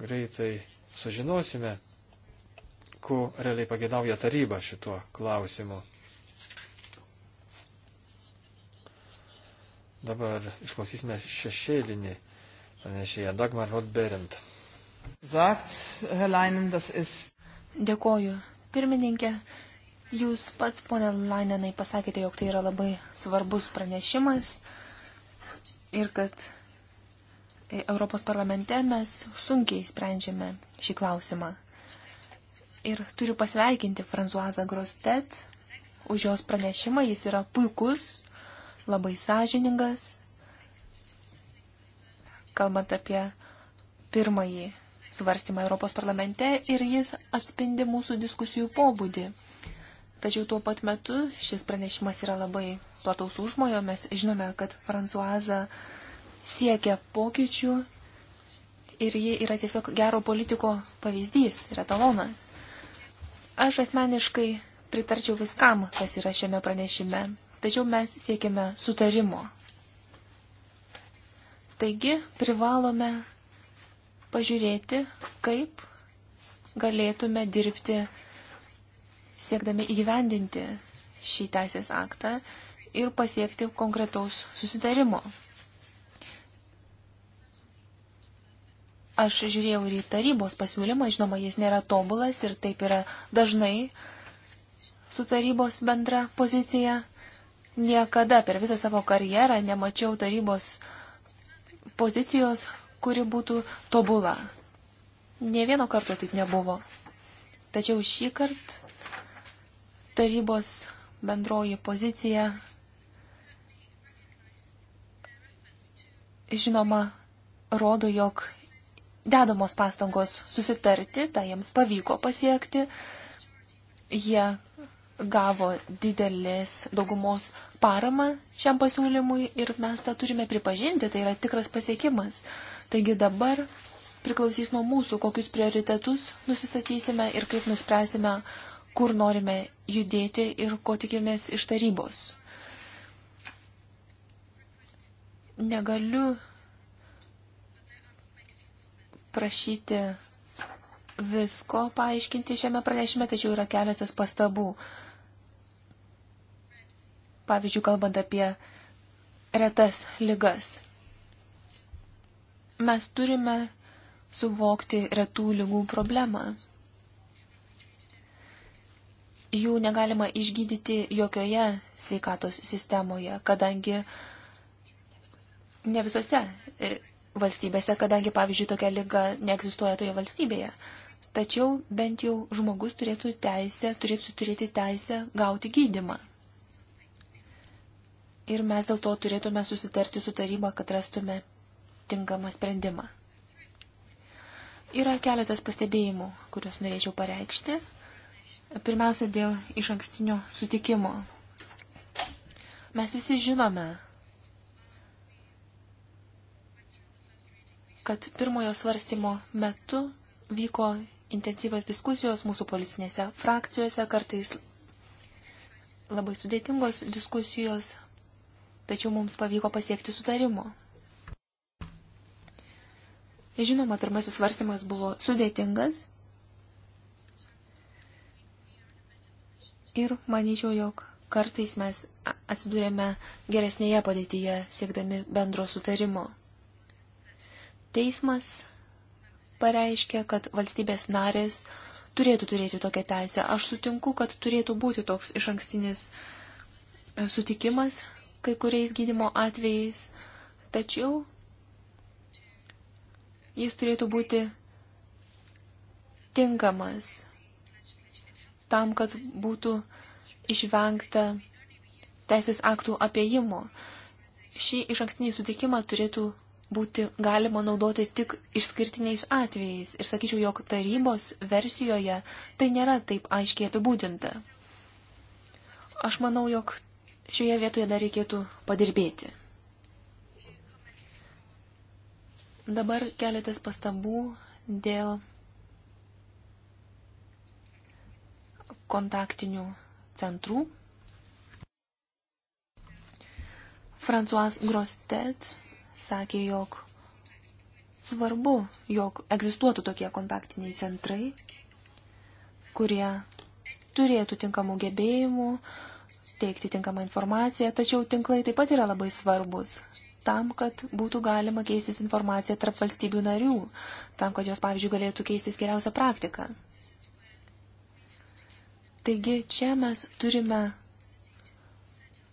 greitai sužinosime, ko realiai pagėdauja taryba šituo klausimu. Dabar išklausysime šešėlinį pranešėją Dagmar Rodberent. Dėkoju, pirmininkė. Jūs pats, ponė Lainenai, pasakėte, jog tai yra labai svarbus pranešimas ir kad Europos parlamente mes sunkiai sprendžiame šį klausimą. Ir turiu pasveikinti Franzuazą Grostet už jos pranešimą. Jis yra puikus, labai sąžiningas. Kalbant apie pirmąjį svarstymą Europos parlamente ir jis atspindi mūsų diskusijų pobūdį. Tačiau tuo pat metu šis pranešimas yra labai plataus užmojo. Mes žinome, kad Franzuaza uh, siekia pokyčių ir ji yra tiesiog gero politiko pavyzdys ir etalonas. Aš asmeniškai pritarčiau viskam, kas yra šiame pranešime, tačiau mes siekime sutarimo. Taigi privalome pažiūrėti, kaip galėtume dirbti siekdami įgyvendinti šį teisės aktą ir pasiekti konkretaus susitarimo. Aš žiūrėjau ir į tarybos pasiūlymą, žinoma, jis nėra tobulas ir taip yra dažnai su tarybos bendra pozicija. Niekada per visą savo karjerą nemačiau tarybos pozicijos, kuri būtų tobula. Ne vieno karto taip nebuvo. Tačiau šį kartą tarybos bendroji pozicija žinoma rodo, jog dedamos pastangos susitarti, tai jiems pavyko pasiekti. Jie gavo didelės daugumos paramą šiam pasiūlymui ir mes tą turime pripažinti, tai yra tikras pasiekimas. Taigi dabar priklausys nuo mūsų, kokius prioritetus nusistatysime ir kaip nuspręsime, kur norime judėti ir ko tikimės iš tarybos. Negaliu prašyti visko paaiškinti šiame pranešime, tačiau yra keletas pastabų. Pavyzdžiui, kalbant apie retas ligas. Mes turime suvokti retų lygų problemą. Jų negalima išgydyti jokioje sveikatos sistemoje, kadangi ne visose e, valstybėse, kadangi, pavyzdžiui, tokia lyga neegzistuoja toje valstybėje. Tačiau bent jau žmogus turėtų teisę, turėtų turėti teisę gauti gydimą. Ir mes dėl to turėtume susitarti su taryba, kad rastume tinkamą sprendimą. Yra keletas pastebėjimų, kuriuos norėčiau pareikšti. Pirmiausia, dėl iš ankstinio sutikimo. Mes visi žinome, kad pirmojo svarstymo metu vyko intensyvas diskusijos mūsų policinėse frakcijose, kartais labai sudėtingos diskusijos, tačiau mums pavyko pasiekti sutarimo. Žinoma, pirmasis svarstymas buvo sudėtingas ir manyčiau, jog kartais mes atsidūrėme geresnėje padėtyje siekdami bendro sutarimo. Teismas pareiškė, kad valstybės narės turėtų turėti tokią teisę. Aš sutinku, kad turėtų būti toks iš ankstinis e, sutikimas kai kuriais gydimo atvejais, tačiau jis turėtų būti tinkamas tam, kad būtų išvengta teisės aktų apiejimo. Šį iš ankstinį sutikimą turėtų būti galima naudoti tik išskirtiniais atvejais ir sakyčiau, jog tarybos versijoje tai nėra taip aiškiai apibūdinta. Aš manau, jog šioje vietoje dar reikėtų padirbėti. Dabar keletas pastabų dėl kontaktinių centrų. François Grostet sakė, jog svarbu, jog egzistuotų tokie kontaktiniai centrai, kurie turėtų tinkamų gebėjimų, teikti tinkamą informaciją, tačiau tinklai taip pat yra labai svarbus tam, kad būtų galima keistis informacija tarp valstybių narių, tam, kad jos, pavyzdžiui, galėtų keistis geriausią praktiką. Taigi čia mes turime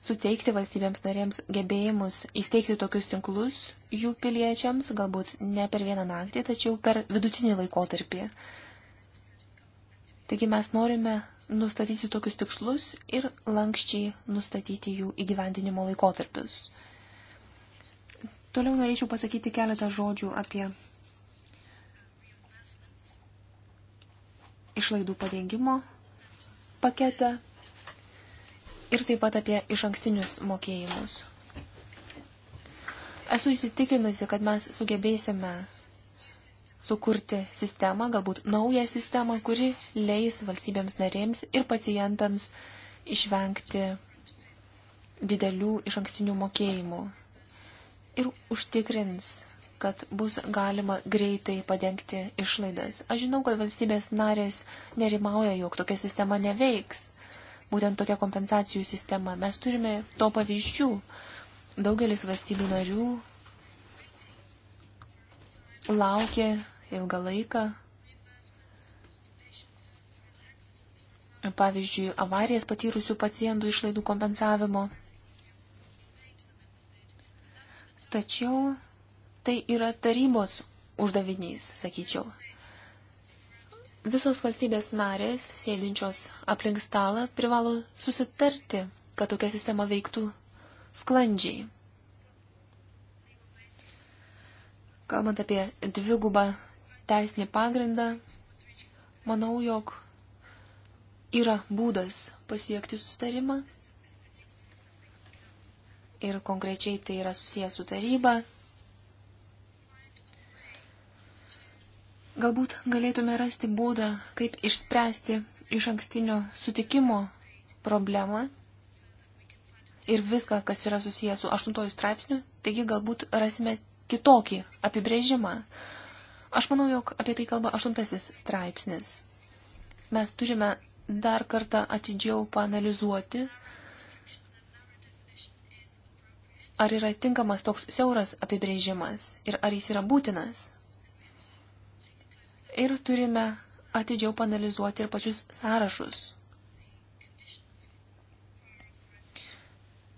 suteikti valstybėms narėms gebėjimus įsteigti tokius tinklus jų piliečiams, galbūt ne per vieną naktį, tačiau per vidutinį laikotarpį. Taigi mes norime nustatyti tokius tikslus ir lankščiai nustatyti jų įgyvendinimo laikotarpius. Toliau norėčiau pasakyti keletą žodžių apie išlaidų padengimo paketą ir taip pat apie iš ankstinius mokėjimus. Esu įsitikinusi, kad mes sugebėsime sukurti sistemą, galbūt naują sistemą, kuri leis valstybėms narėms ir pacientams išvengti didelių iš ankstinių mokėjimų ir užtikrins, kad bus galima greitai padengti išlaidas. Aš žinau, kad valstybės narės nerimauja, jog tokia sistema neveiks būtent tokia kompensacijų sistema. Mes turime to pavyzdžių. Daugelis valstybių narių laukė ilgą laiką. Pavyzdžiui, avarijas patyrusių pacientų išlaidų kompensavimo. Tačiau tai yra tarybos uždavinys, sakyčiau. Visos valstybės narės, sėdinčios aplink stalą, privalo susitarti, kad tokia sistema veiktų sklandžiai. Kalbant apie dvigubą teisinį pagrindą, manau, jog yra būdas pasiekti sustarimą ir konkrečiai tai yra susijęs su taryba Galbūt galėtume rasti būdą, kaip išspręsti iš ankstinio sutikimo problemą ir viską, kas yra susijęs su aštuntoju straipsniu, taigi galbūt rasime kitokį apibrėžimą. Aš manau, jog apie tai kalba aštuntasis straipsnis. Mes turime dar kartą atidžiau panalizuoti, ar yra tinkamas toks siauras apibrėžimas ir ar jis yra būtinas ir turime atidžiau panalizuoti ir pačius sąrašus.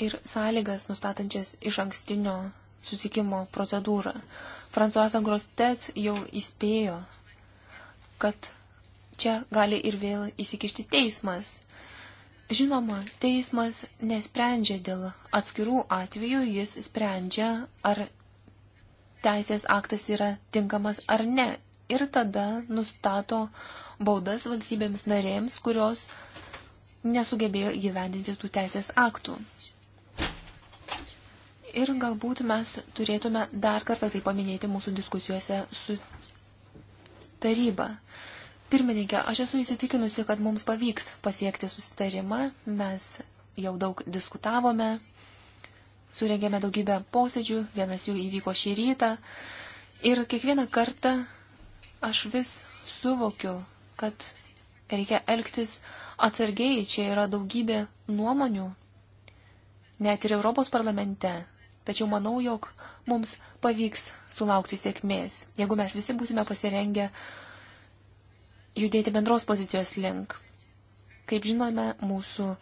Ir sąlygas nustatančias iš ankstinio susikimo procedūrą. Fransuasa Grostet jau įspėjo, kad čia gali ir vėl įsikišti teismas. Žinoma, teismas nesprendžia dėl atskirų atvejų, jis sprendžia, ar teisės aktas yra tinkamas ar ne ir tada nustato baudas valstybėms narėms, kurios nesugebėjo įgyvendinti tų teisės aktų. Ir galbūt mes turėtume dar kartą tai paminėti mūsų diskusijose su taryba. Pirmininkė, aš esu įsitikinusi, kad mums pavyks pasiekti susitarimą, mes jau daug diskutavome, surengėme daugybę posėdžių, vienas jų įvyko šį rytą. Ir kiekvieną kartą aš vis suvokiu, kad reikia elgtis atsargiai, čia yra daugybė nuomonių, net ir Europos parlamente. Tačiau manau, jog mums pavyks sulaukti sėkmės, jeigu mes visi būsime pasirengę judėti bendros pozicijos link. Kaip žinome, mūsų e,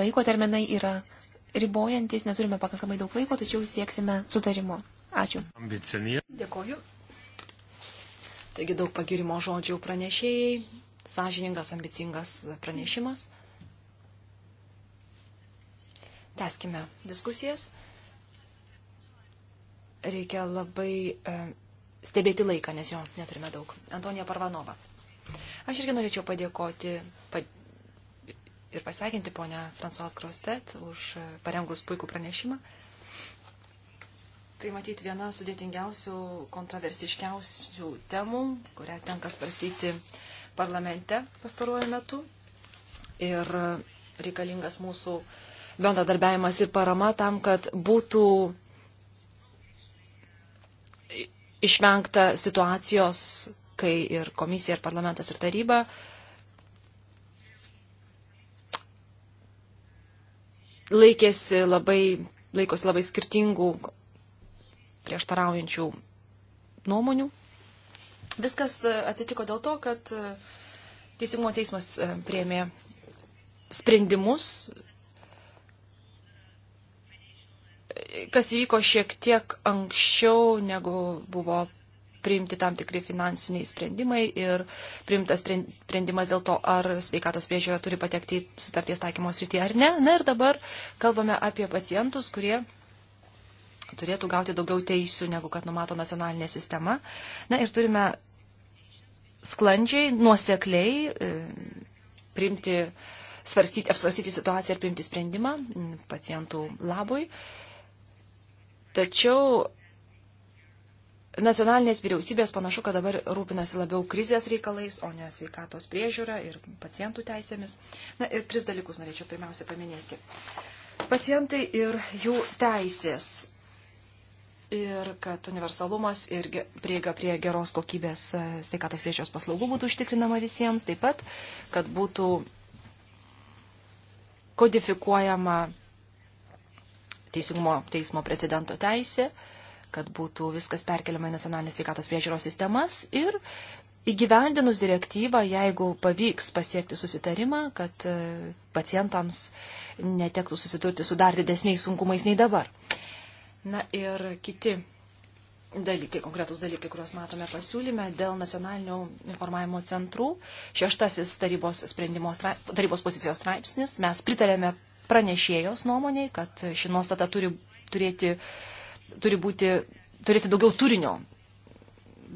laiko terminai yra ribojantis, neturime pakankamai daug laiko, tačiau sieksime sutarimo. Ačiū. Ambicinė. Dėkoju. Taigi daug pagirimo žodžių pranešėjai, sąžiningas, ambicingas pranešimas. Teskime diskusijas. Reikia labai e, stebėti laiką, nes jo neturime daug. Antonija Parvanova. Aš irgi norėčiau padėkoti pad... ir pasveikinti ponę Fransuas Krostet už e, parengus puikų pranešimą. E, Tai matyti viena sudėtingiausių, kontroversiškiausių temų, kurią tenka svarstyti parlamente pastaruoju metu. Ir reikalingas mūsų bendradarbiavimas ir parama tam, kad būtų išvengta situacijos, kai ir komisija, ir parlamentas, ir taryba laikėsi labai, laikosi labai skirtingų prieštaraujančių nuomonių. Viskas e, atsitiko dėl to, kad e, Teisingumo teismas e, prieėmė sprendimus, kas įvyko šiek tiek anksčiau, negu buvo priimti tam tikri finansiniai sprendimai ir priimtas sprendimas dėl to, ar sveikatos priežiūra turi patekti į sutarties taikymos rytį ar ne. Na ir dabar kalbame apie pacientus, kurie turėtų gauti daugiau teisių, negu kad numato nacionalinė sistema. Na ir turime sklandžiai, nuosekliai e, priimti, svarstyti, apsvarstyti situaciją ir priimti sprendimą pacientų labui. Tačiau nacionalinės vyriausybės panašu, kad dabar rūpinasi labiau krizės reikalais, o ne sveikatos priežiūra ir pacientų teisėmis. Na ir tris dalykus norėčiau pirmiausia paminėti. Pacientai ir jų teisės ir kad universalumas ir prieiga prie geros kokybės e, sveikatos priežiūros paslaugų būtų užtikrinama visiems, taip pat, kad būtų kodifikuojama teisingumo teismo precedento teisė, kad būtų viskas perkeliama į nacionalinės sveikatos priežiūros sistemas ir įgyvendinus direktyvą, jeigu pavyks pasiekti susitarimą, kad e, pacientams netektų susidurti su dar didesniais sunkumais nei dabar. Na ir kiti dalykai, konkretus dalykai, kuriuos matome pasiūlyme dėl nacionalinių informavimo centrų. Šeštasis tarybos, tarybos pozicijos straipsnis. Mes pritarėme pranešėjos nuomoniai, kad ši nuostata turi, turėti, turi būti, turėti daugiau turinio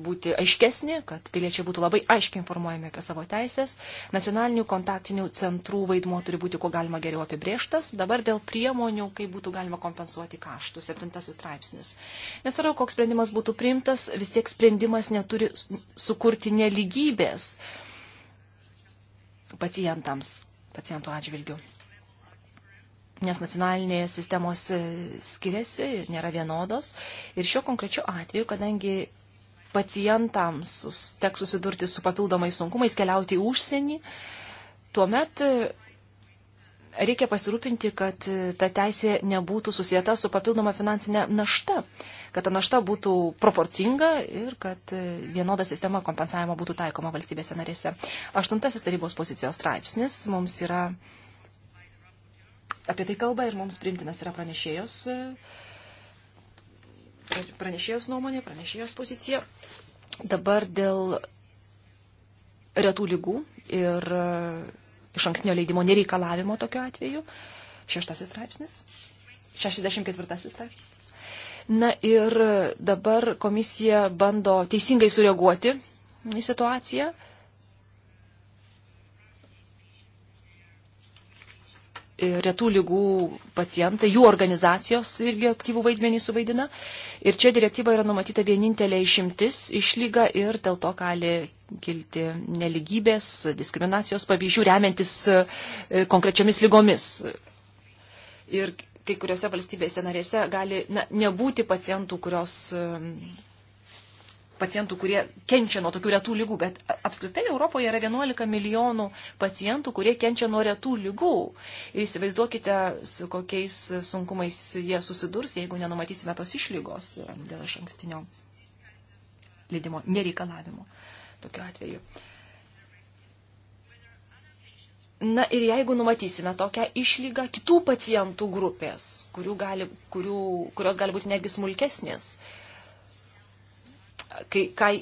būti aiškesnė, kad piliečiai būtų labai aiškiai informuojami apie savo teisės. Nacionalinių kontaktinių centrų vaidmuo turi būti kuo galima geriau apibrieštas. Dabar dėl priemonių, kaip būtų galima kompensuoti kaštų, septintasis straipsnis. Nesvarbu, koks sprendimas būtų priimtas, vis tiek sprendimas neturi sukurti neligybės pacientams, pacientų atžvilgių nes nacionalinės sistemos skiriasi, nėra vienodos. Ir šiuo konkrečiu atveju, kadangi pacientams teks susidurti su papildomais sunkumais keliauti į užsienį, tuomet e, reikia pasirūpinti, kad e, ta teisė nebūtų susijęta su papildoma finansinė našta, kad ta našta būtų proporcinga ir kad e, vienoda sistema kompensavimo būtų taikoma valstybėse narėse. Aštuntasis tarybos pozicijos straipsnis mums yra, apie tai kalba ir mums primtinas yra pranešėjos pranešėjos nuomonė, pranešėjos pozicija. Dabar dėl retų lygų ir e, iš anksnio leidimo nereikalavimo tokiu atveju. Šeštasis straipsnis. 64 straipsnis. Na ir dabar komisija bando teisingai sureaguoti į situaciją retų lygų pacientai, jų organizacijos irgi aktyvų vaidmenį suvaidina. Ir čia direktyva yra numatyta vienintelė išimtis išlyga ir dėl to gali kilti neligybės, diskriminacijos pavyzdžių remiantis e, konkrečiomis lygomis. Ir kai kuriuose valstybėse narėse gali na, nebūti pacientų, kurios e, pacientų, kurie kenčia nuo tokių retų lygų, bet apskritai Europoje yra 11 milijonų pacientų, kurie kenčia nuo retų lygų. Ir įsivaizduokite, su kokiais sunkumais jie susidurs, jeigu nenumatysime tos išlygos dėl iš ankstinio leidimo nereikalavimo. Tokiu atveju. Na ir jeigu numatysime tokią išlygą kitų pacientų grupės, gali, kurių, kurios gali būti netgi smulkesnės, kai, kai,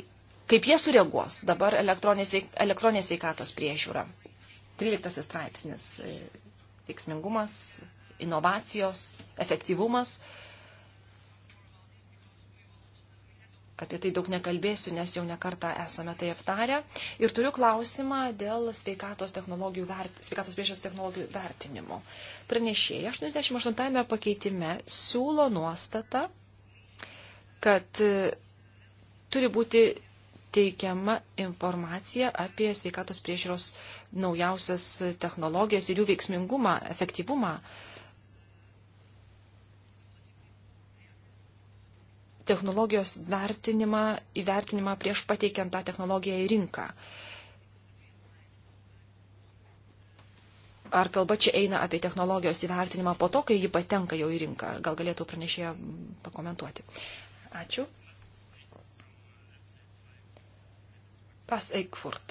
kaip jie sureaguos dabar elektroninės veikatos priežiūra. 13 straipsnis e, - veiksmingumas, inovacijos, efektyvumas. Apie tai daug nekalbėsiu, nes jau nekartą esame tai aptarę. Ir turiu klausimą dėl sveikatos, vert, sveikatos priežios technologijų vertinimo. Pranešėjai 88 pakeitime siūlo nuostatą, kad turi būti teikiama informacija apie sveikatos priežiūros naujausias technologijas ir jų veiksmingumą, efektyvumą. technologijos vertinimą, įvertinimą prieš pateikiant tą technologiją į rinką. Ar kalba čia eina apie technologijos įvertinimą po to, kai ji patenka jau į rinką? Gal galėtų pranešėja pakomentuoti. Ačiū. Pas Eikfurt.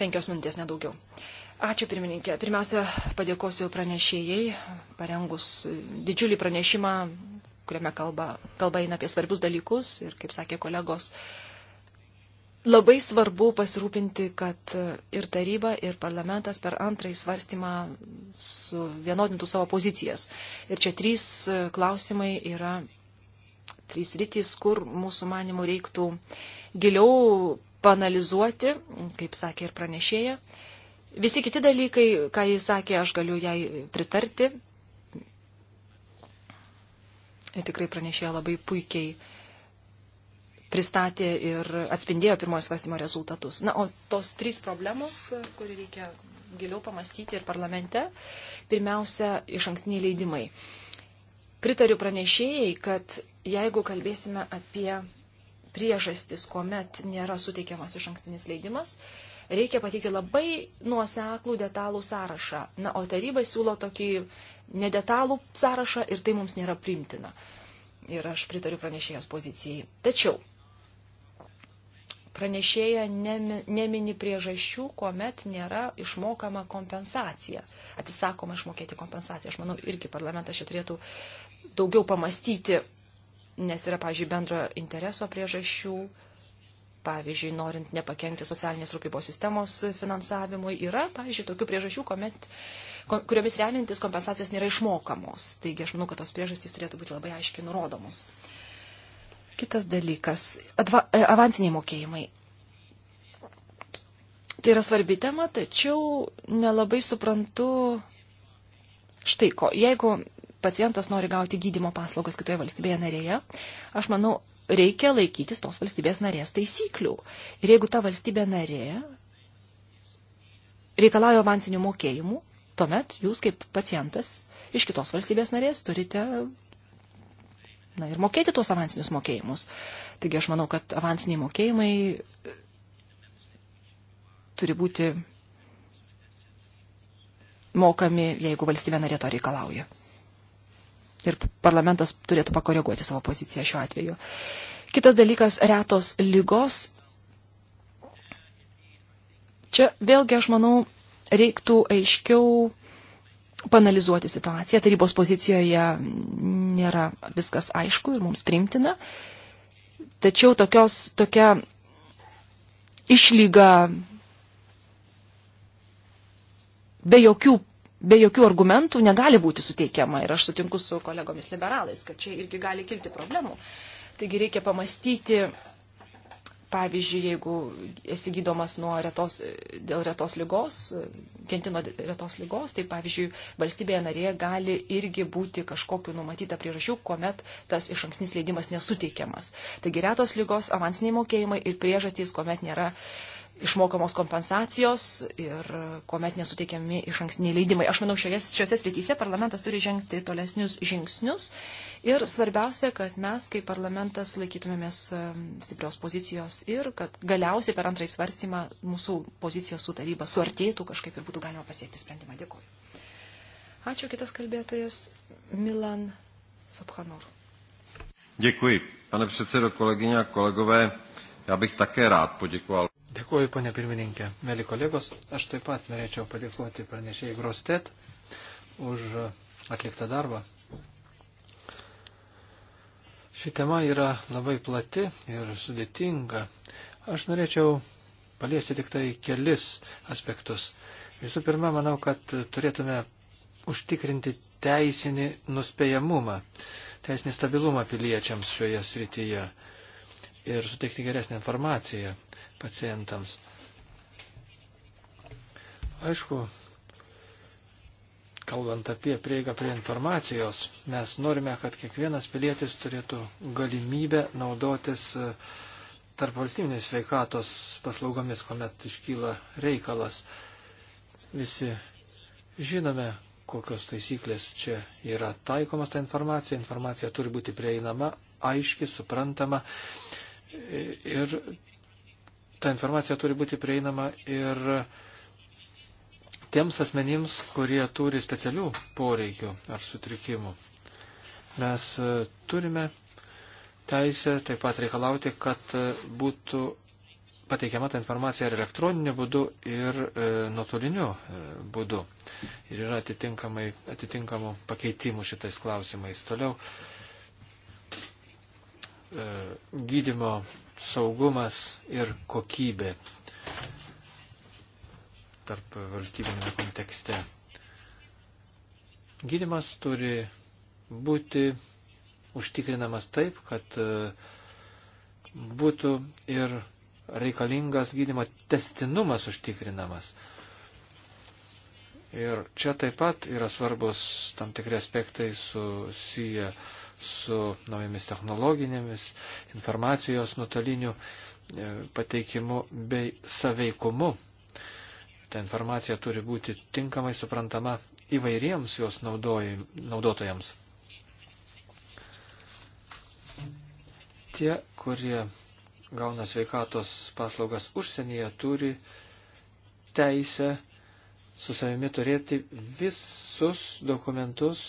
Penkios minties nedaugiau. Ačiū pirmininkė. Pirmiausia, padėkosiu pranešėjai, parengus didžiulį pranešimą, kuriame kalba, kalba eina apie svarbius dalykus ir, kaip sakė kolegos, labai svarbu pasirūpinti, kad ir taryba, ir parlamentas per antrąjį svarstymą suvienodintų savo pozicijas. Ir čia trys klausimai yra trys rytis, kur mūsų manimų reiktų giliau panalizuoti, kaip sakė ir pranešėja. Visi kiti dalykai, ką jis sakė, aš galiu jai pritarti. Ir tikrai pranešėja labai puikiai pristatė ir atspindėjo pirmojo svarstymo rezultatus. Na, o tos trys problemos, kur reikia giliau pamastyti ir parlamente, pirmiausia, iš ankstiniai leidimai. Uh, Pritariu pranešėjai, kad jeigu kalbėsime apie priežastis, kuomet nėra suteikiamas iš ankstinis leidimas, reikia pateikti labai nuoseklų detalų sąrašą. Na, o taryba siūlo tokį nedetalų sąrašą ir tai mums nėra primtina. Ir aš pritariu pranešėjos pozicijai. Tačiau pranešėja nemini priežasčių, kuomet nėra išmokama kompensacija. Atsisakoma išmokėti kompensaciją. Aš manau, irgi parlamentas čia turėtų daugiau pamastyti, nes yra, pavyzdžiui, bendro intereso priežasčių, pavyzdžiui, norint nepakengti socialinės rūpybos sistemos finansavimui, yra, pavyzdžiui, tokių priežasčių, kuomet, kuriomis remiantis kompensacijos nėra išmokamos. Taigi aš manau, kad tos priežastys turėtų būti labai aiškiai nurodomos. Kitas dalykas adva, e, - avansiniai mokėjimai. Tai yra svarbi tema, tačiau nelabai suprantu štai ko. Jeigu pacientas nori gauti gydimo paslaugas kitoje valstybėje narėje, aš manau, reikia laikytis tos valstybės narės taisyklių. Ir jeigu ta valstybė narė reikalauja avansinių mokėjimų, tuomet jūs kaip pacientas iš kitos valstybės narės turite na, ir mokėti tuos avansinius mokėjimus. Taigi aš manau, kad avansiniai mokėjimai e, turi būti mokami, jeigu valstybė narė to reikalauja ir parlamentas turėtų pakoreguoti savo poziciją šiuo atveju. Kitas dalykas - retos lygos. Čia vėlgi, aš manau, reiktų aiškiau panalizuoti situaciją. Tarybos pozicijoje nėra viskas aišku ir mums primtina. Tačiau tokios, tokia išlyga be jokių be jokių argumentų negali būti suteikiama. Ir aš sutinku su kolegomis liberalais, kad čia irgi gali kilti problemų. Taigi reikia pamastyti, pavyzdžiui, jeigu esi gydomas nuo retos, dėl retos lygos, kenti nuo retos lygos, tai pavyzdžiui, valstybėje narėje gali irgi būti kažkokiu numatyta priežasčių, kuomet tas iš anksnis leidimas nesuteikiamas. Taigi retos lygos, avansiniai mokėjimai ir priežastys, kuomet nėra uh, išmokamos kompensacijos ir kuomet nesuteikiami iš ankstiniai leidimai. Aš manau, šioje, šiose srityse parlamentas turi žengti tolesnius žingsnius ir svarbiausia, kad mes kaip parlamentas laikytumėmės um, stiprios pozicijos ir kad galiausiai per antrąjį svarstymą mūsų pozicijos su taryba suartėtų kažkaip ir būtų galima pasiekti sprendimą. Dėkuoju. Ačiū kitas kalbėtojas Milan Saphanor. Děkuji. Pane předsedo, kolegyně a kolegové, já bych také rád poděkoval. Dėkuoju, ponė pirmininkė. Mėly kolegos, aš taip pat norėčiau padėkoti pranešėjai Grostet už atliktą darbą. Ši tema yra labai plati ir sudėtinga. Aš norėčiau paliesti tik tai kelis aspektus. Visų pirma, manau, kad turėtume užtikrinti teisinį nuspėjamumą, teisinį stabilumą piliečiams šioje srityje ir suteikti geresnę informaciją pacientams. Aišku, kalbant apie prieigą prie informacijos, mes norime, kad kiekvienas pilietis turėtų galimybę naudotis e, tarp valstybinės veikatos paslaugomis, kuomet iškyla reikalas. Visi žinome, kokios taisyklės čia yra taikomas ta informacija. Informacija turi būti prieinama, aiški, suprantama e, ir ta informacija turi būti prieinama ir tiems asmenims, kurie turi specialių poreikių ar sutrikimų. Mes e, turime teisę taip pat reikalauti, kad e, būtų pateikiama ta informacija ir elektroniniu būdu, ir e, nuotoliniu e, būdu. Ir yra atitinkamų pakeitimų šitais klausimais. Toliau e, gydimo saugumas ir kokybė tarp valstybinėme kontekste. Gydimas turi būti užtikrinamas taip, kad e, būtų ir reikalingas gydimo testinumas užtikrinamas. Ir čia taip pat yra svarbus tam tikri aspektai susiję su su naujomis technologinėmis, informacijos nuotoliniu e, pateikimu bei saveikumu. Ta informacija turi būti tinkamai suprantama įvairiems jos naudotojams. Tie, kurie gauna sveikatos paslaugas užsienyje, turi teisę su savimi turėti visus dokumentus,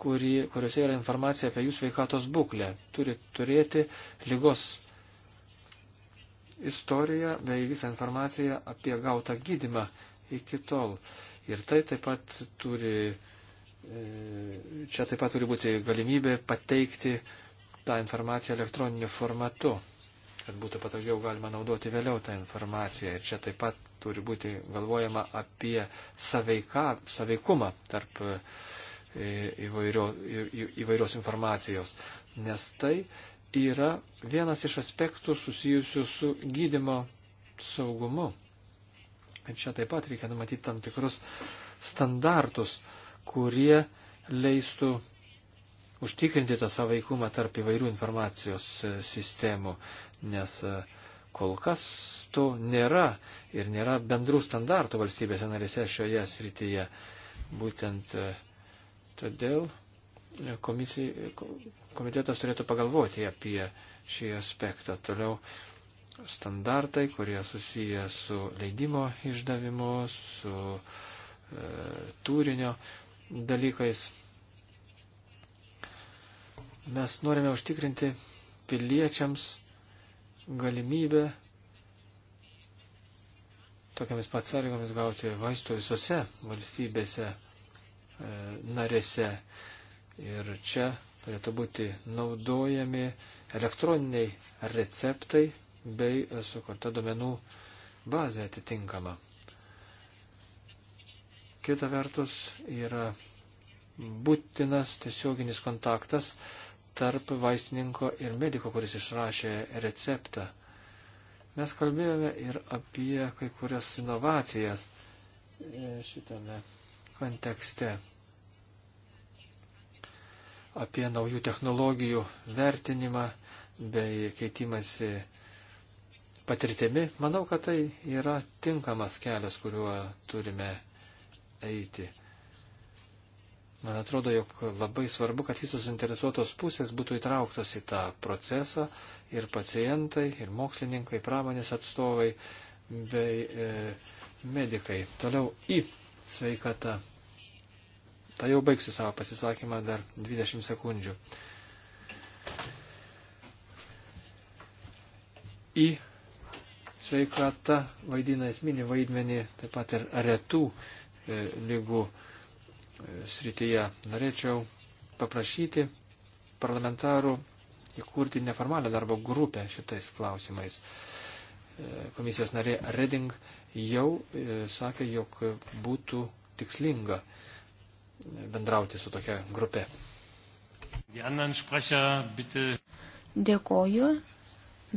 kuri, kuriuose yra informacija apie jų sveikatos būklę. Turi turėti lygos istoriją bei visą informaciją apie gautą gydimą iki tol. Ir tai taip pat turi, e, čia taip pat turi būti galimybė pateikti tą informaciją elektroniniu formatu, kad būtų patogiau galima naudoti vėliau tą informaciją. Ir čia taip pat turi būti galvojama apie saveiką, saveikumą tarp įvairio, į, įvairios informacijos, nes tai yra vienas iš aspektų susijusių su gydimo saugumu. Ir čia taip pat reikia numatyti tam tikrus standartus, kurie leistų užtikrinti tą savaikumą tarp įvairių informacijos e, sistemų, nes e, kol kas to nėra ir nėra bendrų standartų valstybėse narėse šioje srityje. Būtent e, Todėl e, komisija, e, komitetas turėtų pagalvoti apie šį aspektą. Toliau standartai, kurie susiję su leidimo išdavimu, su e, turinio dalykais. Mes norime užtikrinti piliečiams galimybę tokiamis pat sąlygomis gauti vaistų visose valstybėse E, narėse. Ir čia turėtų būti naudojami elektroniniai receptai bei sukurta domenų bazė atitinkama. Kita vertus yra būtinas tiesioginis kontaktas tarp vaistininko ir mediko, kuris išrašė receptą. Mes kalbėjome ir apie kai kurias inovacijas e, šitame kontekste apie naujų technologijų vertinimą bei keitimąsi patirtimi. Manau, kad tai yra tinkamas kelias, kuriuo turime eiti. Man atrodo, jog labai svarbu, kad visos interesuotos pusės būtų įtrauktos į tą procesą ir pacientai, ir mokslininkai, pramonės atstovai bei e, medikai. Toliau į sveikatą. Tai jau baigsiu savo pasisakymą dar 20 sekundžių. Į sveikatą vaidina esminį vaidmenį taip pat ir retų e, lygų e, srityje. Norėčiau paprašyti parlamentarų įkurti neformalią darbo grupę šitais klausimais. E, komisijos narė Reding jau sakė, jog būtų tikslinga bendrauti su tokia grupė. Dėkoju.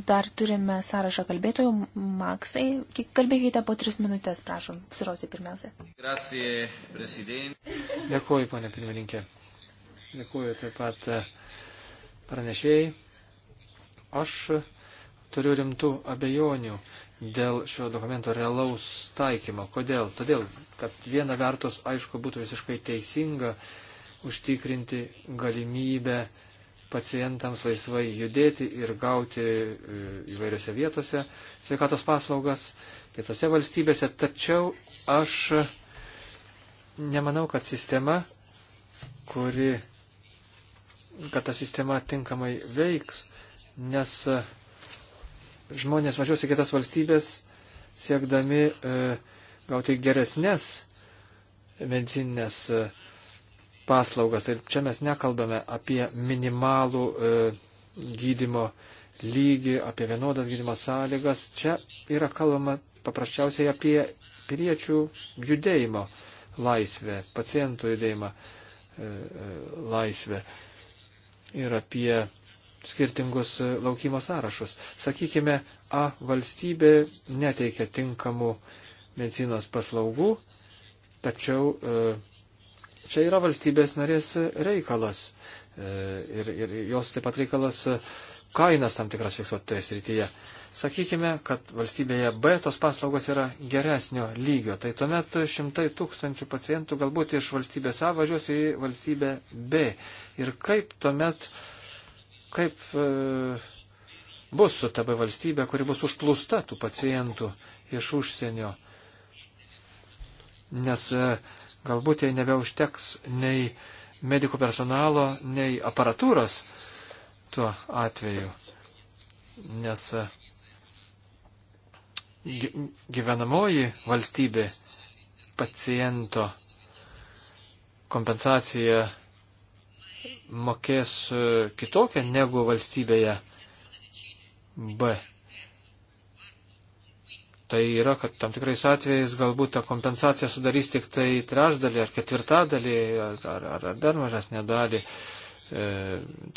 Dar turime sąrašą kalbėtojų. Maksai, kalbėkite po tris minutės, prašom. Sirosiai pirmiausia. Grazie, Dėkoju, ponė pirmininkė. Dėkoju taip pat e, pranešėjai. Aš turiu rimtų abejonių dėl šio dokumento realaus taikymo. Kodėl? Todėl, kad viena vertus, aišku, būtų visiškai teisinga užtikrinti galimybę pacientams laisvai judėti ir gauti e, įvairiose vietose sveikatos paslaugas kitose valstybėse. Tačiau aš nemanau, kad sistema, kuri, kad ta sistema tinkamai veiks, nes žmonės važiuos į kitas valstybės, siekdami e, gauti geresnės medicininės e, paslaugas. Tai čia mes nekalbame apie minimalų e, gydimo lygį, apie vienodas gydimo sąlygas. Čia yra kalbama paprasčiausiai apie piliečių judėjimo laisvę, pacientų judėjimą e, e, laisvę ir apie skirtingus e, laukimo sąrašus. Sakykime, A valstybė neteikia tinkamų medicinos paslaugų, tačiau e, čia yra valstybės narės reikalas e, ir, ir jos taip pat reikalas kainas tam tikras fiksuoti toje srityje. Sakykime, kad valstybėje B tos paslaugos yra geresnio lygio, tai tuomet šimtai tūkstančių pacientų galbūt iš valstybės A važiuos į valstybę B. Ir kaip tuomet uh, Kaip e, bus su tavo valstybė, kuri bus užplūsta tų pacientų iš užsienio? Nes e, galbūt jai nebeužteks nei medikų personalo, nei aparatūros tuo atveju. Nes e, gyvenamoji valstybė paciento kompensacija mokės e, kitokią negu valstybėje B. Tai yra, kad tam tikrais atvejais galbūt ta kompensacija sudarys tik tai trešdalį ar ketvirtadalį ar, ar, ar, ar dar mažesnę dalį e,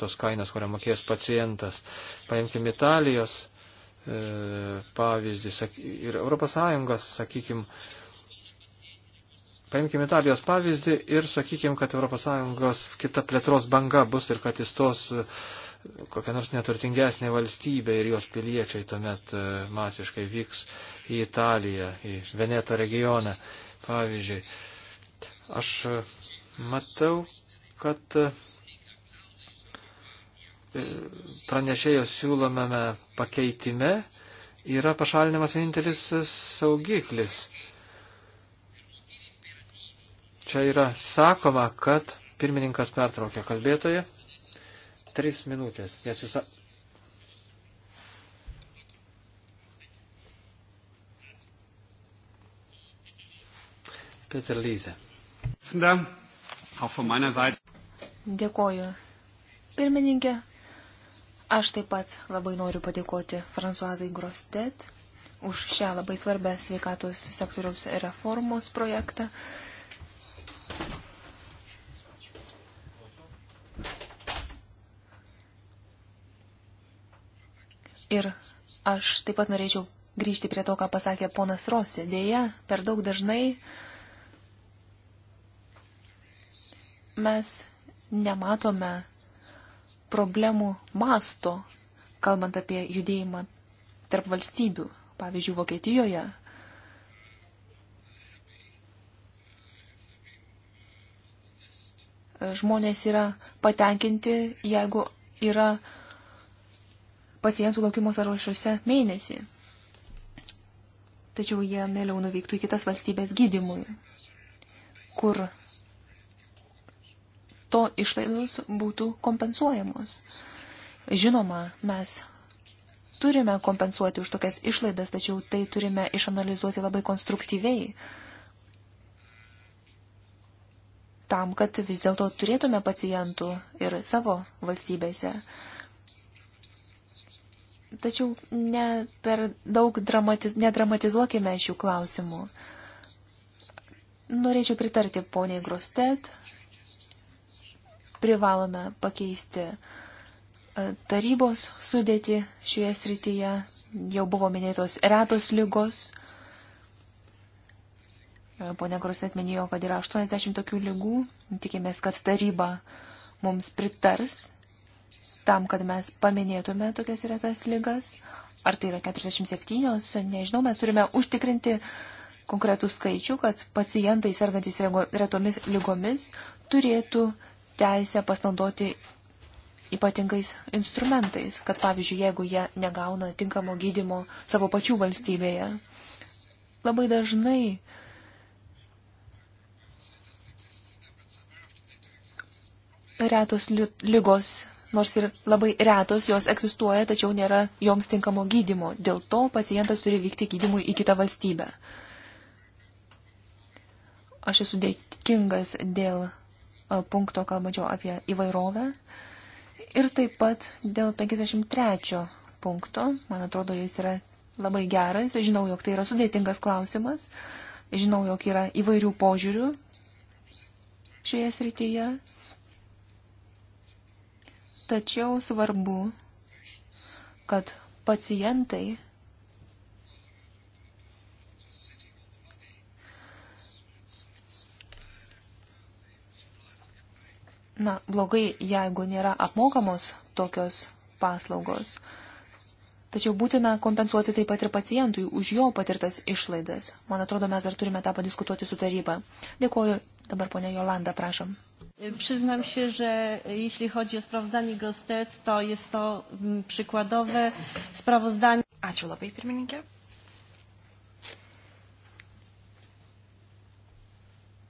tos kainos, kurią mokės pacientas. Paimkime Italijos e, pavyzdį sak, ir ES, sakykime, paimkime Italijos pavyzdį ir sakykime, kad ES kita plėtros banga bus ir kad įstos e, kokia nors neturtingesnė valstybė ir jos piliečiai tuomet e, masiškai vyks į Italiją, į Veneto regioną, pavyzdžiui. Aš e, matau, kad pranešėjos siūlomame pakeitime yra pašalinamas vienintelis saugiklis Čia yra sakoma, kad pirmininkas pertraukė kalbėtoją. Tris minutės, nes jūs. Peter Lyze. Dėkoju. Pirmininkė, aš taip pat labai noriu padėkoti Fransuazai Grostet už šią labai svarbę sveikatos sektoriaus reformos projektą. Uh, Ir aš taip pat norėčiau grįžti prie to, ką pasakė ponas Rosi. Dėja, per daug dažnai mes nematome problemų masto, kalbant apie judėjimą tarp valstybių. Pavyzdžiui, Vokietijoje žmonės yra patenkinti, jeigu yra pacientų laukimo sąrašuose mėnesį. Tačiau jie mėliau nuvyktų į kitas valstybės gydimui, kur to išlaidos būtų kompensuojamos. Žinoma, mes turime kompensuoti už tokias išlaidas, tačiau tai turime išanalizuoti labai konstruktyviai. Tam, kad vis dėlto turėtume pacientų ir savo valstybėse. Tačiau ne per daug dramatiz, nedramatizuokime šių klausimų. Norėčiau pritarti poniai Grostet. Privalome pakeisti e, tarybos sudėti šioje srityje. Jau buvo minėtos retos lygos. E, Pone Grostet minėjo, kad yra 80 tokių lygų. Tikimės, kad taryba mums pritars tam, kad mes paminėtume tokias retas lygas. Ar tai yra 47, nežinau, mes turime užtikrinti konkretų skaičių, kad pacientai sergantys retomis lygomis turėtų teisę pasinaudoti ypatingais instrumentais, kad pavyzdžiui, jeigu jie negauna tinkamo gydimo savo pačių valstybėje. Labai dažnai retos lygos nors ir labai retos jos egzistuoja, tačiau nėra joms tinkamo gydimo. Dėl to pacientas turi vykti gydimui į kitą valstybę. Aš esu dėkingas dėl e, punkto kalbančio apie įvairovę ir taip pat dėl 53 punkto. Man atrodo, jis yra labai geras. Žinau, jog tai yra sudėtingas klausimas. Žinau, jog yra įvairių požiūrių šioje srityje Tačiau svarbu, kad pacientai Na, blogai, jeigu nėra apmokamos tokios paslaugos. Tačiau būtina kompensuoti taip pat ir pacientui už jo patirtas išlaidas. Man atrodo, mes dar turime tą padiskutuoti su taryba. Dėkuoju. Dabar ponia Jolanda, prašom. Przyznam się, że jeśli chodzi o sprawozdanie Grostet, to jest to mm, przykładowe sprawozdanie. Ačiū labai, pirmininkė.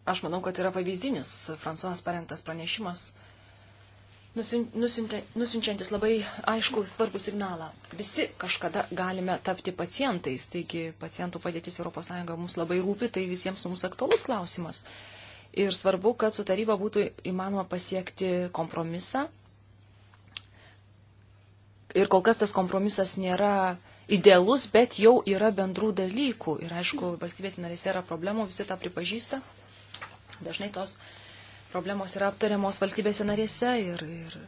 Aš manau, kad yra pavyzdinis Fransuas parengtas pranešimas, nusinčiantis labai aišku svarbų signalą. Visi kažkada galime tapti pacientais, taigi pacientų padėtis ES mums labai rūpi, tai visiems mums aktuolus klausimas ir svarbu, kad su taryba būtų įmanoma pasiekti kompromisą. Ir kol kas tas kompromisas nėra idealus, bet jau yra bendrų dalykų. Ir aišku, valstybės narėse yra problemų, visi tą pripažįsta. Dažnai tos problemos yra aptariamos valstybėse narėse ir, ir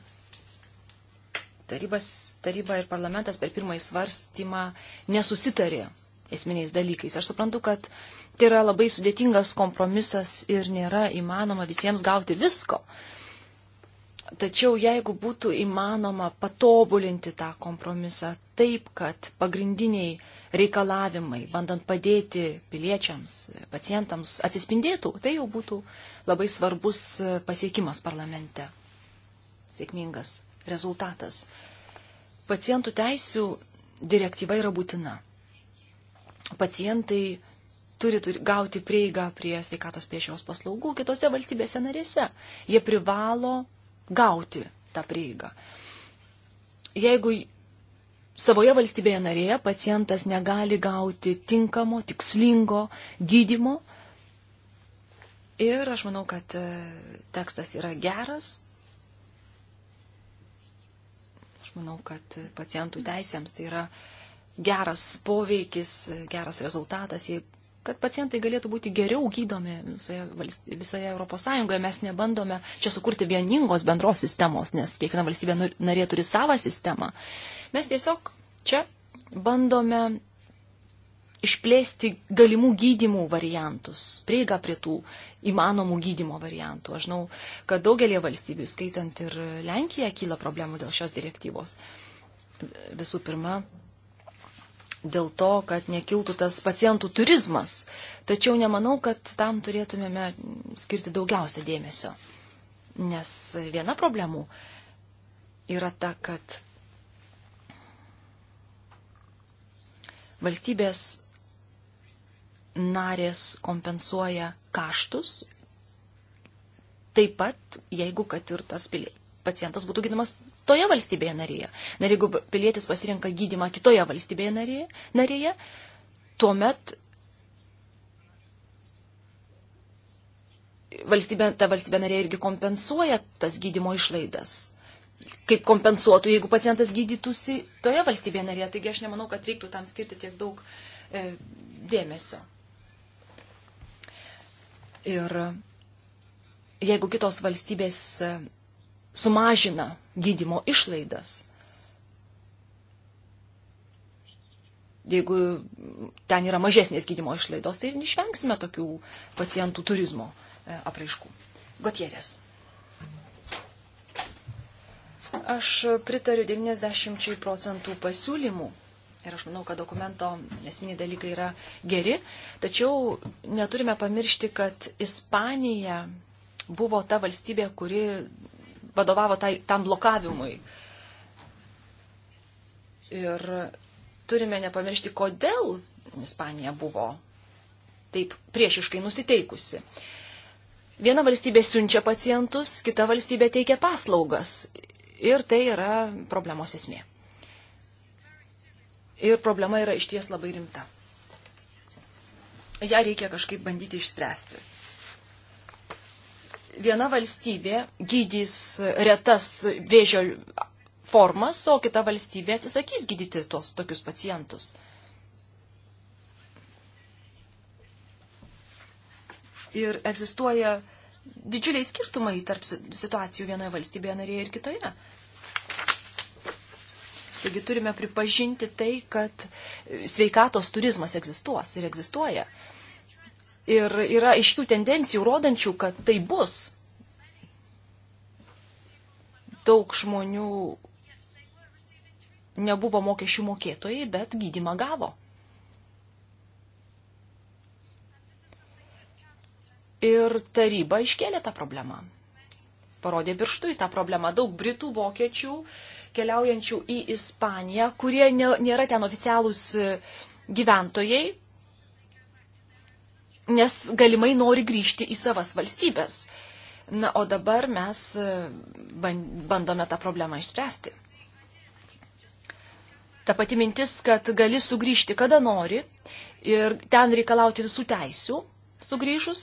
tarybas, taryba ir parlamentas per pirmąjį svarstymą nesusitarė esminiais dalykais. Aš suprantu, kad tai yra labai sudėtingas kompromisas ir nėra įmanoma visiems gauti visko. Tačiau jeigu būtų įmanoma patobulinti tą kompromisą taip, kad pagrindiniai reikalavimai, bandant padėti piliečiams, pacientams atsispindėtų, tai jau būtų labai svarbus pasiekimas parlamente. Sėkmingas rezultatas. Pacientų teisių direktyva yra būtina pacientai turi, turi gauti prieigą prie sveikatos priežiūros paslaugų kitose valstybėse narėse. Jie privalo gauti tą prieigą. Jeigu savoje valstybėje narėje pacientas negali gauti tinkamo, tikslingo gydimo, ir aš manau, kad e, tekstas yra geras, aš manau, kad pacientų teisėms tai yra uh, geras poveikis, geras rezultatas, kad pacientai galėtų būti geriau gydomi visoje, visoje Europos Sąjungoje. Mes nebandome čia sukurti vieningos bendros sistemos, nes kiekviena valstybė narė turi savo sistemą. Mes tiesiog čia bandome išplėsti galimų gydimų variantus, prieigą prie tų įmanomų gydimo variantų. Aš žinau, kad daugelie valstybių, skaitant ir Lenkiją, kyla problemų dėl šios direktyvos. Visų pirma, dėl to, kad nekiltų tas pacientų turizmas. Tačiau nemanau, kad tam turėtumėme skirti daugiausia dėmesio. Nes viena problemų yra ta, kad valstybės narės kompensuoja kaštus, taip pat jeigu kad ir tas pacientas būtų gydamas toje valstybėje narėje. Na ir jeigu pilietis pasirenka gydimą kitoje valstybėje narėje, narėje tuomet valstybė, ta valstybė narė irgi kompensuoja tas gydimo išlaidas. Kaip kompensuotų, jeigu pacientas gydytųsi toje valstybėje narėje. Taigi aš nemanau, kad reiktų tam skirti tiek daug e, dėmesio. Ir jeigu kitos valstybės sumažina gydimo išlaidas. Jeigu ten yra mažesnės gydimo išlaidos, tai ir išvengsime tokių pacientų turizmo e, apraiškų. Gotierės. Aš pritariu 90 procentų pasiūlymų ir aš manau, kad dokumento esminiai dalykai yra geri, tačiau neturime pamiršti, kad Ispanija buvo ta valstybė, kuri vadovavo tai, tam blokavimui. Ir turime nepamiršti, kodėl Ispanija buvo taip priešiškai nusiteikusi. Viena valstybė siunčia pacientus, kita valstybė teikia paslaugas. Ir tai yra problemos esmė. Ir problema yra išties labai rimta. Ja reikia kažkaip bandyti išspręsti viena valstybė gydys retas vėžio formas, o kita valstybė atsisakys gydyti tuos tokius pacientus. Ir egzistuoja didžiuliai skirtumai tarp situacijų vienoje valstybėje narėje ir kitoje. Taigi turime pripažinti tai, kad sveikatos turizmas egzistuos ir egzistuoja. Ir yra aiškių tendencijų rodančių, kad tai bus. Daug žmonių nebuvo mokesčių mokėtojai, bet gydimą gavo. Ir taryba iškėlė tą problemą. Parodė pirštų į tą problemą. Daug britų, vokiečių keliaujančių į Ispaniją, kurie nėra ten oficialūs e, gyventojai, nes galimai nori grįžti į savas valstybės. Na, o dabar mes e, bandome tą problemą išspręsti. Ta pati mintis, kad gali sugrįžti kada nori ir ten reikalauti visų teisių sugrįžus.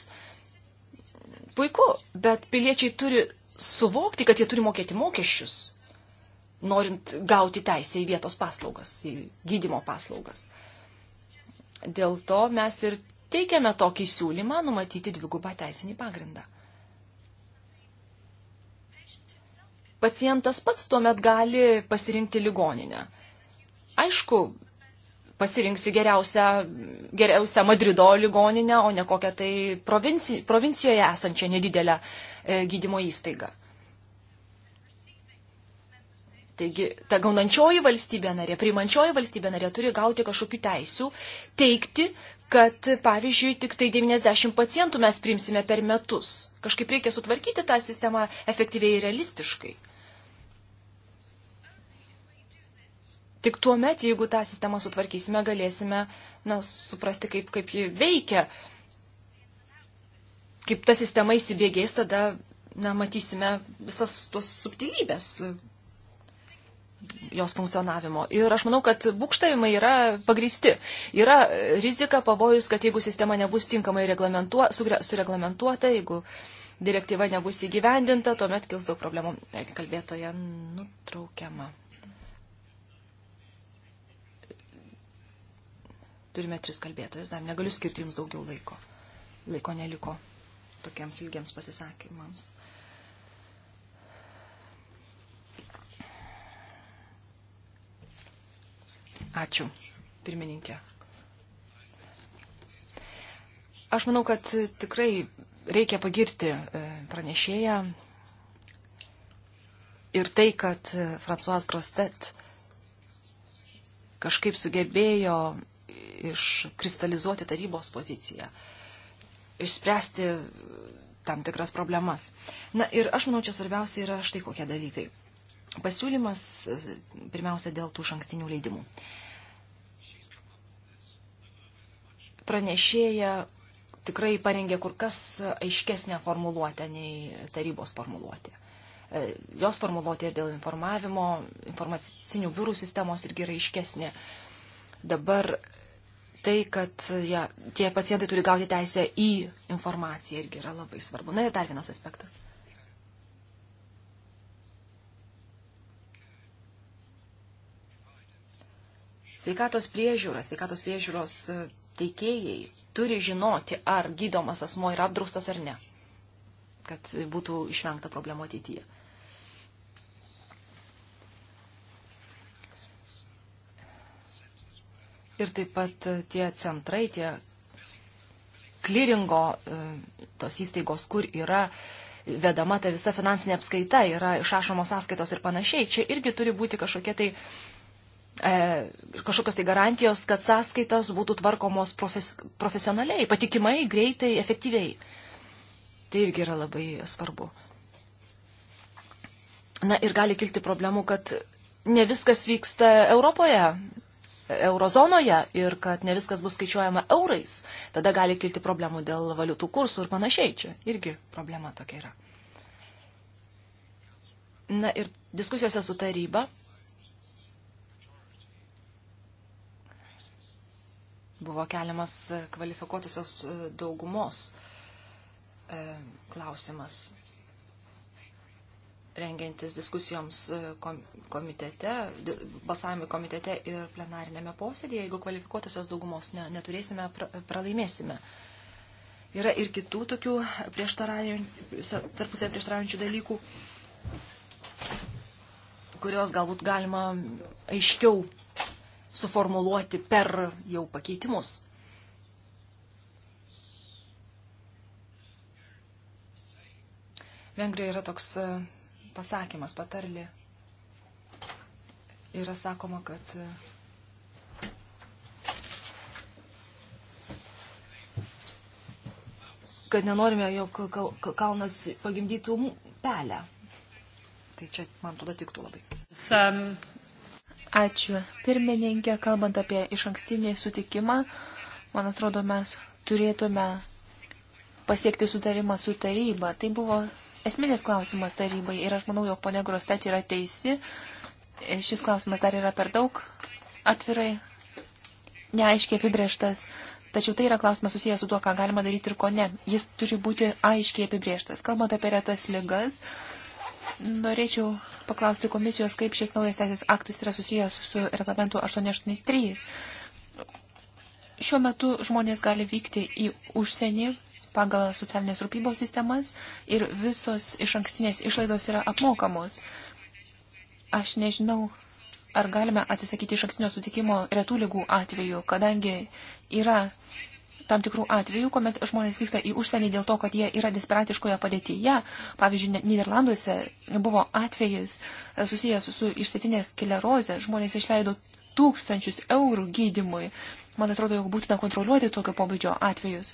Puiku, bet piliečiai turi suvokti, kad jie turi mokėti mokesčius, norint gauti teisę į vietos paslaugas, į gydimo paslaugas. Dėl to mes ir teikiame tokį siūlymą numatyti dvigubą teisinį pagrindą. Pacientas pats tuomet gali pasirinkti ligoninę. Aišku, pasirinksi geriausią, geriausią Madrido ligoninę, o ne kokią tai provinci, provincijoje esančią nedidelę e, gydimo įstaigą. Taigi, ta gaunančioji valstybė narė, priimančioji valstybė narė turi gauti kažkokių teisių, teikti kad, pavyzdžiui, tik tai 90 pacientų mes priimsime per metus. Kažkaip reikia sutvarkyti tą sistemą efektyviai ir realistiškai. Tik tuo met, jeigu tą sistemą sutvarkysime, galėsime na, suprasti, kaip, kaip ji veikia. Kaip ta sistema įsibėgės, tada na, matysime visas tos subtilybės, jos funkcionavimo. Ir aš manau, kad būkštavimai yra pagristi. Yra rizika, pavojus, kad jeigu sistema nebus tinkamai sureglamentuota, jeigu direktyva nebus įgyvendinta, tuomet kils daug problemų. Kalbėtoje nutraukiama. Turime tris kalbėtojus, dar negaliu skirti jums daugiau laiko. Laiko neliko tokiems ilgiems pasisakymams. Ačiū, pirmininkė. Aš manau, kad tikrai reikia pagirti e, pranešėją ir tai, kad e, Fransuas Grostet kažkaip sugebėjo iškristalizuoti tarybos poziciją, išspręsti tam tikras problemas. Na ir aš manau, čia svarbiausia yra štai kokie dalykai. Pasiūlymas e, pirmiausia dėl tų šankstinių leidimų. pranešėja tikrai parengė kur kas aiškesnę formuluotę nei tarybos formuluotė. E, jos formuluotė ir dėl informavimo, informacinių biurų sistemos irgi yra aiškesnė. Dabar tai, kad ja, tie pacientai turi gauti teisę į informaciją irgi yra labai svarbu. Na ir dar vienas aspektas. Sveikatos priežiūra, sveikatos priežiūros teikėjai turi žinoti, ar gydomas asmo yra apdraustas ar ne, kad būtų išvengta problemų ateityje. Ir taip pat tie centrai, tie kliringo e, tos įstaigos, kur yra vedama ta visa finansinė apskaita, yra išrašomos sąskaitos ir panašiai, čia irgi turi būti kažkokie tai E, kažkokios tai garantijos, kad sąskaitos būtų tvarkomos profes, profesionaliai, patikimai, greitai, efektyviai. Tai irgi yra labai svarbu. Na ir gali kilti problemų, kad ne viskas vyksta Europoje, eurozonoje ir kad ne viskas bus skaičiuojama eurais. Tada gali kilti problemų dėl valiutų kursų ir panašiai. Čia irgi problema tokia yra. Na ir diskusijose su taryba buvo keliamas kvalifikuotusios e, daugumos e, klausimas rengiantis diskusijoms e, komitete, balsavimui komitete ir plenarinėme posėdėje, jeigu kvalifikuotosios daugumos neturėsime, pralaimėsime. Yra ir kitų tokių tarpusai prieštaraujančių dalykų, kurios galbūt galima aiškiau suformuluoti per jau pakeitimus. Vengrija yra toks e, pasakymas, patarlė. Yra sakoma, kad e, kad nenorime, jog kalnas pagimdytų pelę. Tai čia, man atrodo, tiktų labai. Some... Ačiū. Pirmininkė, kalbant apie iš ankstinį sutikimą, man atrodo, mes turėtume pasiekti sutarimą su taryba. Tai buvo esminės klausimas tarybai ir aš manau, jog ponė Grostet yra teisi. Šis klausimas dar yra per daug atvirai, neaiškiai apibrieštas. Tačiau tai yra klausimas susijęs su tuo, ką galima daryti ir ko ne. Jis turi būti aiškiai apibrieštas. Kalbant apie retas ligas, Norėčiau paklausti komisijos, kaip šis naujas teisės aktas yra susijęs su reglamentu 883. Šiuo metu žmonės gali vykti į užsienį pagal socialinės rūpybos sistemas ir visos iš ankstinės išlaidos yra apmokamos. Aš nežinau, ar galime atsisakyti iš ankstinio sutikimo retų lygų atveju, kadangi yra tam tikrų atvejų, kuomet žmonės vyksta į užsienį dėl to, kad jie yra desperatiškoje padėtyje. Pavyzdžiui, Niderlanduose buvo atvejis e, susijęs su išsėtinės klerozė. Žmonės išleido tūkstančius eurų gydimui. Man atrodo, jog būtina kontroliuoti tokio pobūdžio atvejus.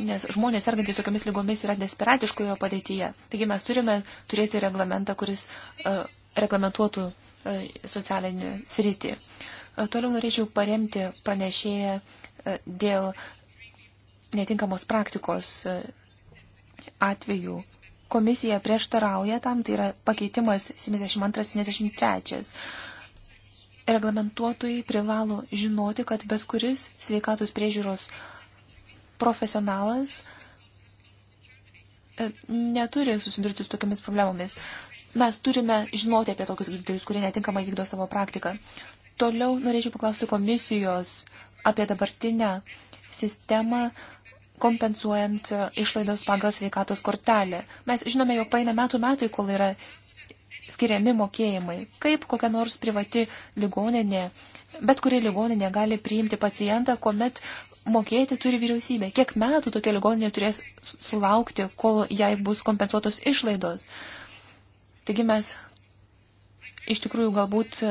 Nes žmonės sergantis tokiamis lygomis yra desperatiškoje padėtyje. Taigi mes turime turėti reglamentą, kuris uh, reglamentuotų uh, e, socialinį sritį. Uh, toliau norėčiau paremti pranešėją uh, E, dėl netinkamos praktikos e, atvejų. Komisija prieštarauja tam, tai yra pakeitimas 72-73. Reglamentuotojai privalo žinoti, kad bet kuris sveikatos priežiūros profesionalas e, neturi susidurti su tokiamis problemomis. Mes turime žinoti apie tokius gydytojus, kurie netinkamai vykdo savo praktiką. Toliau norėčiau paklausti komisijos uh, apie dabartinę sistemą kompensuojant e, išlaidas pagal sveikatos kortelę. Mes žinome, jog praeina metų metai, kol yra skiriami mokėjimai. Kaip kokia nors privati ligoninė, bet kuri ligoninė gali priimti pacientą, kuomet mokėti turi vyriausybė. Kiek metų tokia ligoninė turės sulaukti, kol jai bus kompensuotos išlaidos. Taigi mes iš tikrųjų galbūt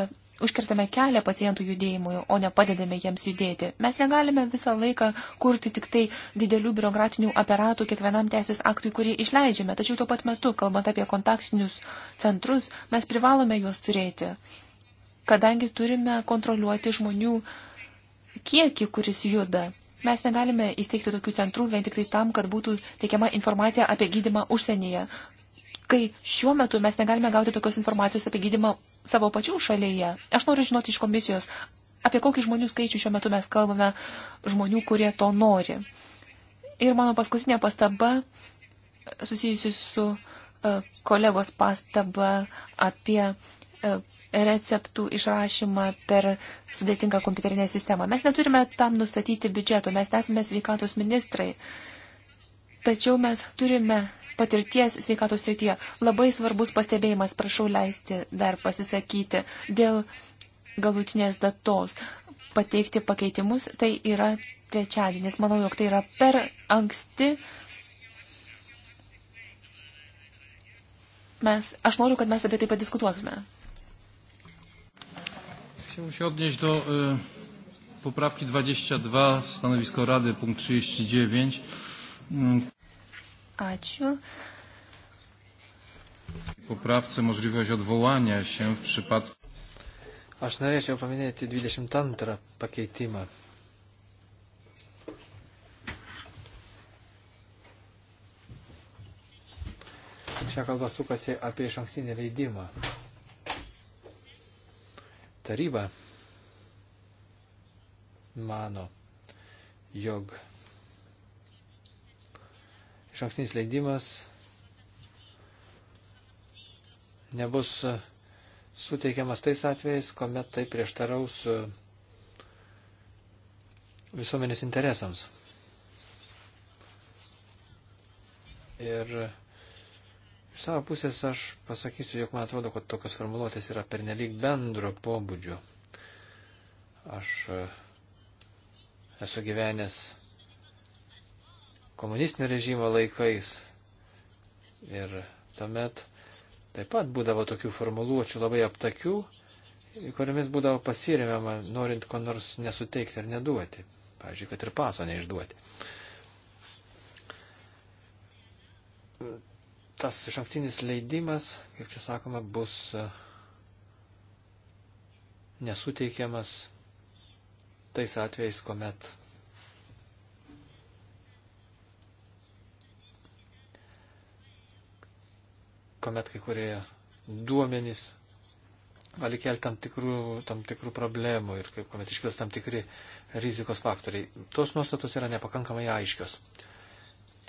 užkirtame kelią pacientų judėjimui, o ne padedame jiems judėti. Mes negalime visą laiką kurti tik tai didelių biurokratinių aparatų kiekvienam teisės aktui, kurį išleidžiame. Tačiau tuo pat metu, kalbant apie kontaktinius centrus, mes privalome juos turėti, kadangi turime kontroliuoti žmonių kiekį, kuris juda. Mes negalime įsteigti tokių centrų vien tik tai tam, kad būtų teikiama informacija apie gydimą užsienyje kai šiuo metu mes negalime gauti tokios informacijos apie gydimą savo pačių šalyje. Aš noriu žinoti iš komisijos, apie kokį žmonių skaičių šiuo metu mes kalbame žmonių, kurie to nori. Ir mano paskutinė pastaba susijusi su e, kolegos pastaba apie e, receptų išrašymą per sudėtingą kompiuterinę sistemą. Mes neturime tam nustatyti biudžeto, mes nesame sveikatos ministrai. Tačiau mes turime patirties sveikatos srityje. Labai svarbus pastebėjimas, prašau leisti dar pasisakyti dėl galutinės datos. Pateikti pakeitimus tai yra trečiadienis. Manau, jog tai yra per anksti. Mes, aš noriu, kad mes apie tai padiskutuotume. Chciałbym się odnieść do y, e, poprawki 22, stanowisko Rady, punkt 39. Ačiū. Poprawce możliwość odwołania się w przypadku. Aš norėčiau paminėti 22 pakeitimą. Čia kalba sukasi apie iš ankstinį leidimą. Taryba mano, jog šankstinis leidimas nebus e, suteikiamas tais atvejais, kuomet tai prieštaraus e, visuomenės interesams. Ir e, iš savo pusės aš pasakysiu, jog man atrodo, kad tokios formuluotės yra pernelyg bendro pobūdžio. Aš esu gyvenęs komunistinio režimo laikais. Ir tuomet taip pat būdavo tokių formuluočių labai aptakių, kuriomis būdavo pasiremiama, norint ko nors nesuteikti ar neduoti. Pavyzdžiui, kad ir paso neišduoti. Tas išankstinis leidimas, kaip čia sakoma, bus e, nesuteikiamas tais atvejais, kuomet kuomet kai kurie duomenys gali kelti tam tikrų, tam tikrų problemų ir kaip, kuomet iškils tam tikri rizikos faktoriai. Tos nuostatos yra nepakankamai aiškios.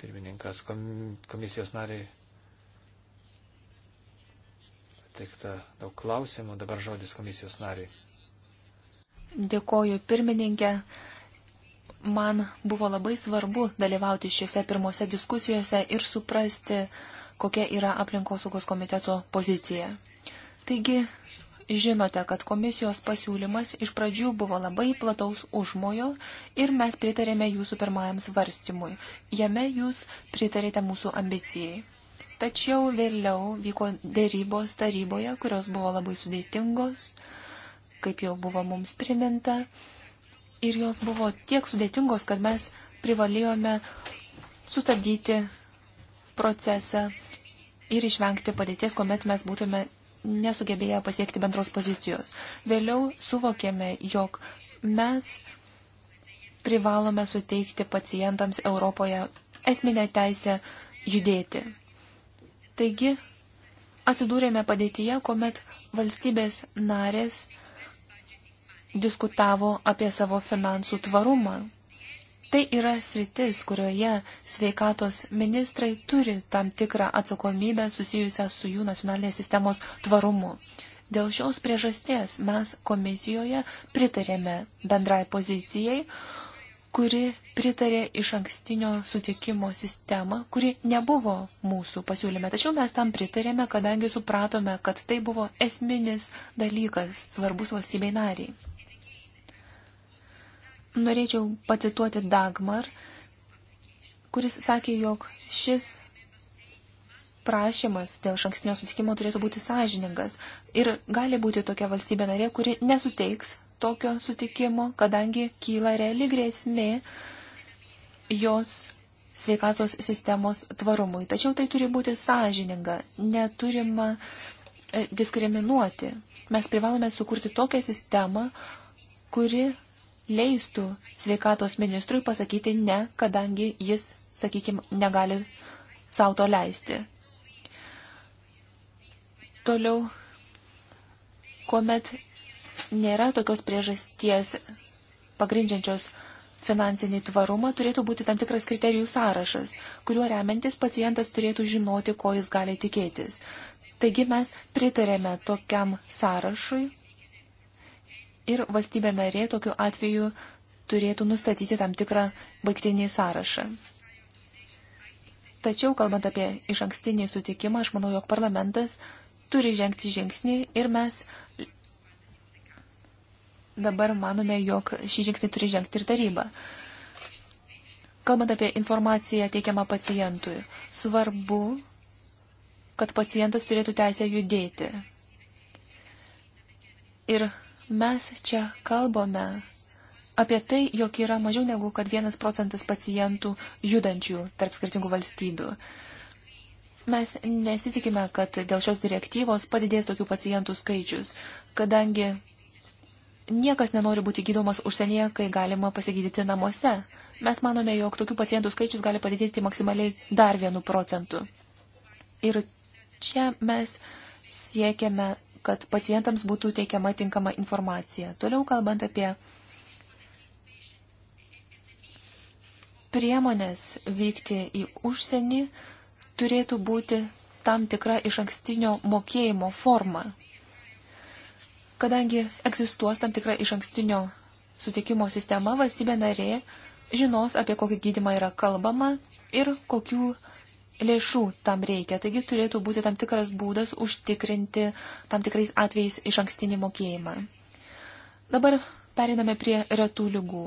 Pirmininkas komisijos nariai pateikta daug klausimų, dabar žodis komisijos nariai. Dėkoju pirmininkė. Man buvo labai svarbu dalyvauti šiuose pirmose diskusijose ir suprasti, uh, kokia yra aplinkosaugos komiteto pozicija. Taigi, žinote, kad komisijos pasiūlymas iš pradžių buvo labai plataus užmojo ir mes pritarėme jūsų pirmajam svarstymui. Jame jūs pritarėte mūsų ambicijai. Tačiau vėliau vyko dėrybos taryboje, kurios buvo labai sudėtingos, kaip jau buvo mums priminta. Ir jos buvo tiek sudėtingos, kad mes privalėjome sustabdyti procesą ir išvengti padėties, kuomet mes būtume nesugebėję pasiekti bendros pozicijos. Vėliau suvokėme, jog mes privalome suteikti pacientams Europoje esminę teisę judėti. Taigi, atsidūrėme padėtyje, kuomet valstybės narės diskutavo apie savo finansų tvarumą. Tai yra sritis, kurioje sveikatos ministrai turi tam tikrą atsakomybę susijusią su jų nacionalinės sistemos tvarumu. Dėl šios priežasties mes komisijoje pritarėme bendrai pozicijai, kuri pritarė iš ankstinio sutikimo sistemą, kuri nebuvo mūsų pasiūlyme. Tačiau mes tam pritarėme, kadangi supratome, kad tai buvo esminis dalykas svarbus valstybei nariai. Norėčiau pacituoti Dagmar, kuris sakė, jog šis prašymas dėl šankstinio sutikimo turėtų būti sąžiningas ir gali būti tokia valstybė narė, kuri nesuteiks tokio sutikimo, kadangi kyla reali grėsmė jos sveikatos sistemos tvarumui. Tačiau tai turi būti sąžininga, neturima e, diskriminuoti. Mes privalome sukurti tokią sistemą, kuri leistų sveikatos ministrui pasakyti ne, kadangi jis, sakykime, negali savo to leisti. Toliau, kuomet nėra tokios priežasties pagrindžiančios finansinį tvarumą, turėtų būti tam tikras kriterijų sąrašas, kuriuo remiantis pacientas turėtų žinoti, ko jis gali tikėtis. Taigi mes pritarėme tokiam sąrašui, ir valstybė narė tokiu atveju turėtų nustatyti tam tikrą baigtinį sąrašą. Tačiau, kalbant apie iš ankstinį sutikimą, aš manau, jog parlamentas turi žengti žingsnį ir mes dabar manome, jog šį žingsnį turi žengti ir taryba. Kalbant apie informaciją teikiamą pacientui, svarbu, kad pacientas turėtų teisę judėti. Ir Mes čia kalbame apie tai, jog yra mažiau negu kad vienas procentas pacientų judančių tarp skirtingų valstybių. Mes nesitikime, kad dėl šios direktyvos padidės tokių pacientų skaičius, kadangi niekas nenori būti gydomas užsienyje, kai galima pasigydyti namuose. Mes manome, jog tokių pacientų skaičius gali padidėti maksimaliai dar vienu procentu. Ir čia mes siekiame kad pacientams būtų teikiama tinkama informacija. Toliau kalbant apie priemonės vykti į užsienį, turėtų būti tam tikra iš ankstinio mokėjimo forma. Kadangi egzistuos tam tikra iš ankstinio sutikimo sistema, valstybė narė žinos, apie kokį gydimą yra kalbama ir kokių lėšų tam reikia. Taigi turėtų būti tam tikras būdas užtikrinti tam tikrais atvejais iš ankstinį mokėjimą. Dabar periname prie retų lygų.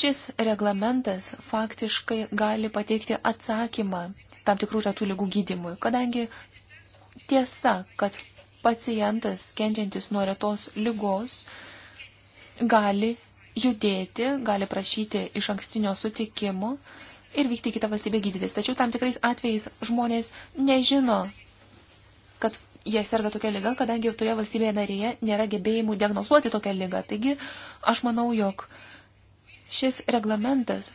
Šis reglamentas faktiškai gali pateikti atsakymą tam tikrų retų lygų gydimui, kadangi tiesa, kad pacientas kenčiantis nuo retos lygos gali judėti, gali prašyti iš ankstinio sutikimo ir vykti į kitą valstybę gydytis. Tačiau tam tikrais atvejais žmonės nežino, kad jie serga tokia lyga, kadangi toje valstybėje narėje nėra gebėjimų diagnozuoti tokią lygą. Taigi aš manau, jog šis reglamentas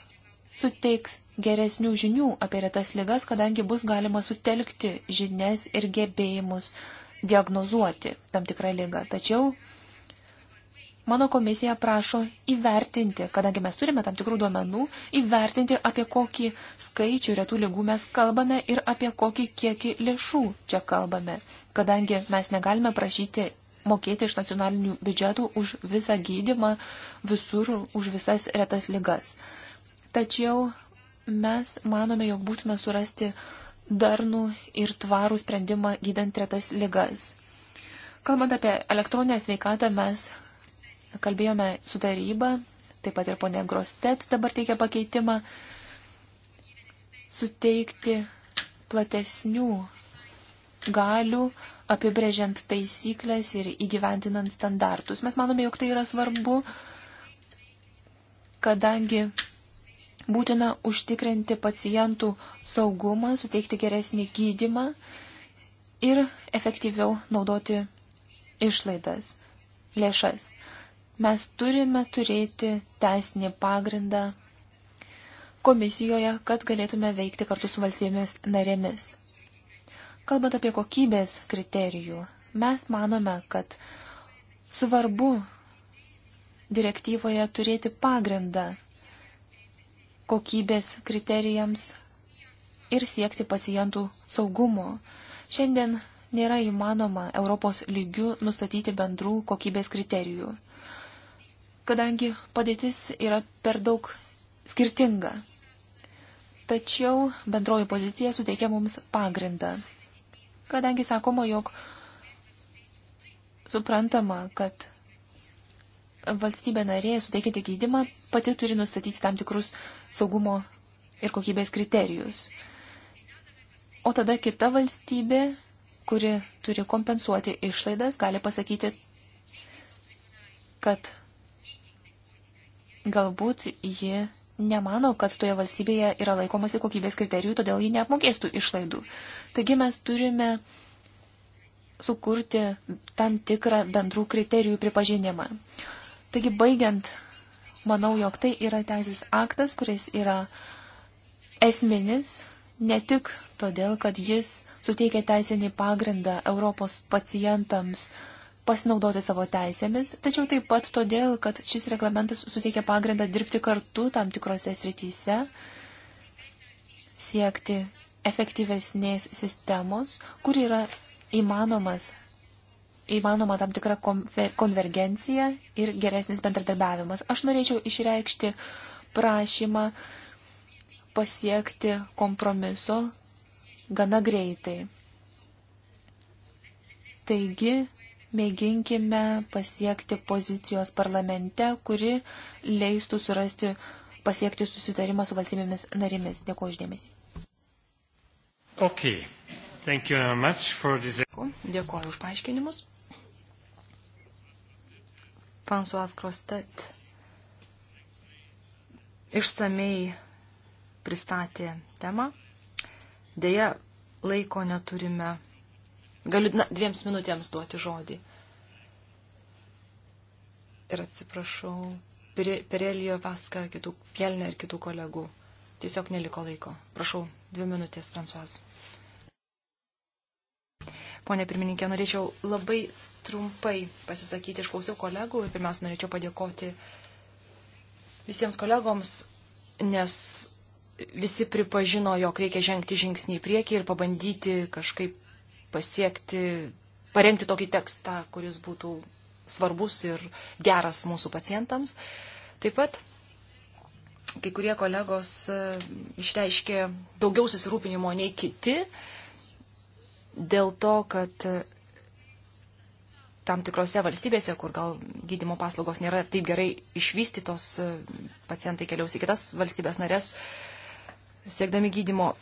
suteiks geresnių žinių apie retas lygas, kadangi bus galima sutelkti žinias ir gebėjimus diagnozuoti tam tikrą lygą. Tačiau mano komisija prašo įvertinti, kadangi mes turime tam tikrų duomenų, įvertinti, apie kokį skaičių retų lygų mes kalbame ir apie kokį kiekį lėšų čia kalbame, kadangi mes negalime prašyti mokėti iš nacionalinių biudžetų už visą gydimą visur, už visas retas lygas. Tačiau mes manome, jog būtina surasti darnų ir tvarų sprendimą gydant retas lygas. Kalbant apie elektroninę sveikatą, mes kalbėjome su taryba, taip pat ir ponė Grostet dabar teikia pakeitimą, suteikti platesnių galių, apibrėžiant taisyklės ir įgyventinant standartus. Mes manome, jog tai yra svarbu, kadangi būtina užtikrinti pacientų saugumą, suteikti geresnį gydimą ir efektyviau naudoti išlaidas, lėšas. Mes turime turėti teisinį pagrindą komisijoje, kad galėtume veikti kartu su valstybėmis narėmis. Kalbant apie kokybės kriterijų, mes manome, kad svarbu direktyvoje turėti pagrindą kokybės kriterijams ir siekti pacientų saugumo. Šiandien nėra įmanoma Europos lygių nustatyti bendrų kokybės kriterijų kadangi padėtis yra per daug skirtinga. Tačiau bendroji pozicija suteikia mums pagrindą, kadangi sakoma, jog suprantama, kad valstybė narė suteikianti gydimą pati turi nustatyti tam tikrus saugumo ir kokybės kriterijus. O tada kita valstybė, kuri turi kompensuoti išlaidas, gali pasakyti, kad galbūt ji nemano, kad toje valstybėje yra laikomasi kokybės kriterijų, todėl ji neapmokėstų išlaidų. Taigi mes turime sukurti tam tikrą bendrų kriterijų pripažinimą. Taigi baigiant, manau, jog tai yra teisės aktas, kuris yra esminis, ne tik todėl, kad jis suteikia teisinį pagrindą Europos pacientams, uh, pasinaudoti savo teisėmis, tačiau taip pat todėl, kad šis reglamentas suteikia pagrindą dirbti kartu tam tikrose srityse, siekti efektyvesnės sistemos, kur yra įmanomas, įmanoma tam tikra konvergencija ir geresnis bendradarbiavimas. Aš norėčiau išreikšti prašymą pasiekti kompromiso gana greitai. Taigi, mėginkime pasiekti pozicijos parlamente, kuri leistų surasti, pasiekti susitarimą su valstybėmis narimis. Dėkuoju uždėmesį. Okay. Thank you very much for this. Dėkuoju už paaiškinimus. François Krostet išsamei pristatė temą. Deja, laiko neturime Galiu na, dviems minutėms duoti žodį. Ir atsiprašau, Perelijo, Vaska, kitų, Fielne ir kitų kolegų. Tiesiog neliko laiko. Prašau, dvi minutės, Fransuas. Pone pirmininkė, norėčiau labai trumpai pasisakyti, išklausiau kolegų ir pirmiausia norėčiau padėkoti visiems kolegoms, nes visi pripažino, jog reikia žengti žingsnį į priekį ir pabandyti kažkaip pasiekti, parengti tokį tekstą, kuris būtų svarbus ir geras mūsų pacientams. Taip pat kai kurie kolegos e, išreiškė daugiau susirūpinimo nei kiti dėl to, kad e, tam tikrose valstybėse, kur gal gydimo paslaugos nėra taip gerai išvystytos, e, pacientai keliaus į kitas valstybės narės, siekdami gydimo,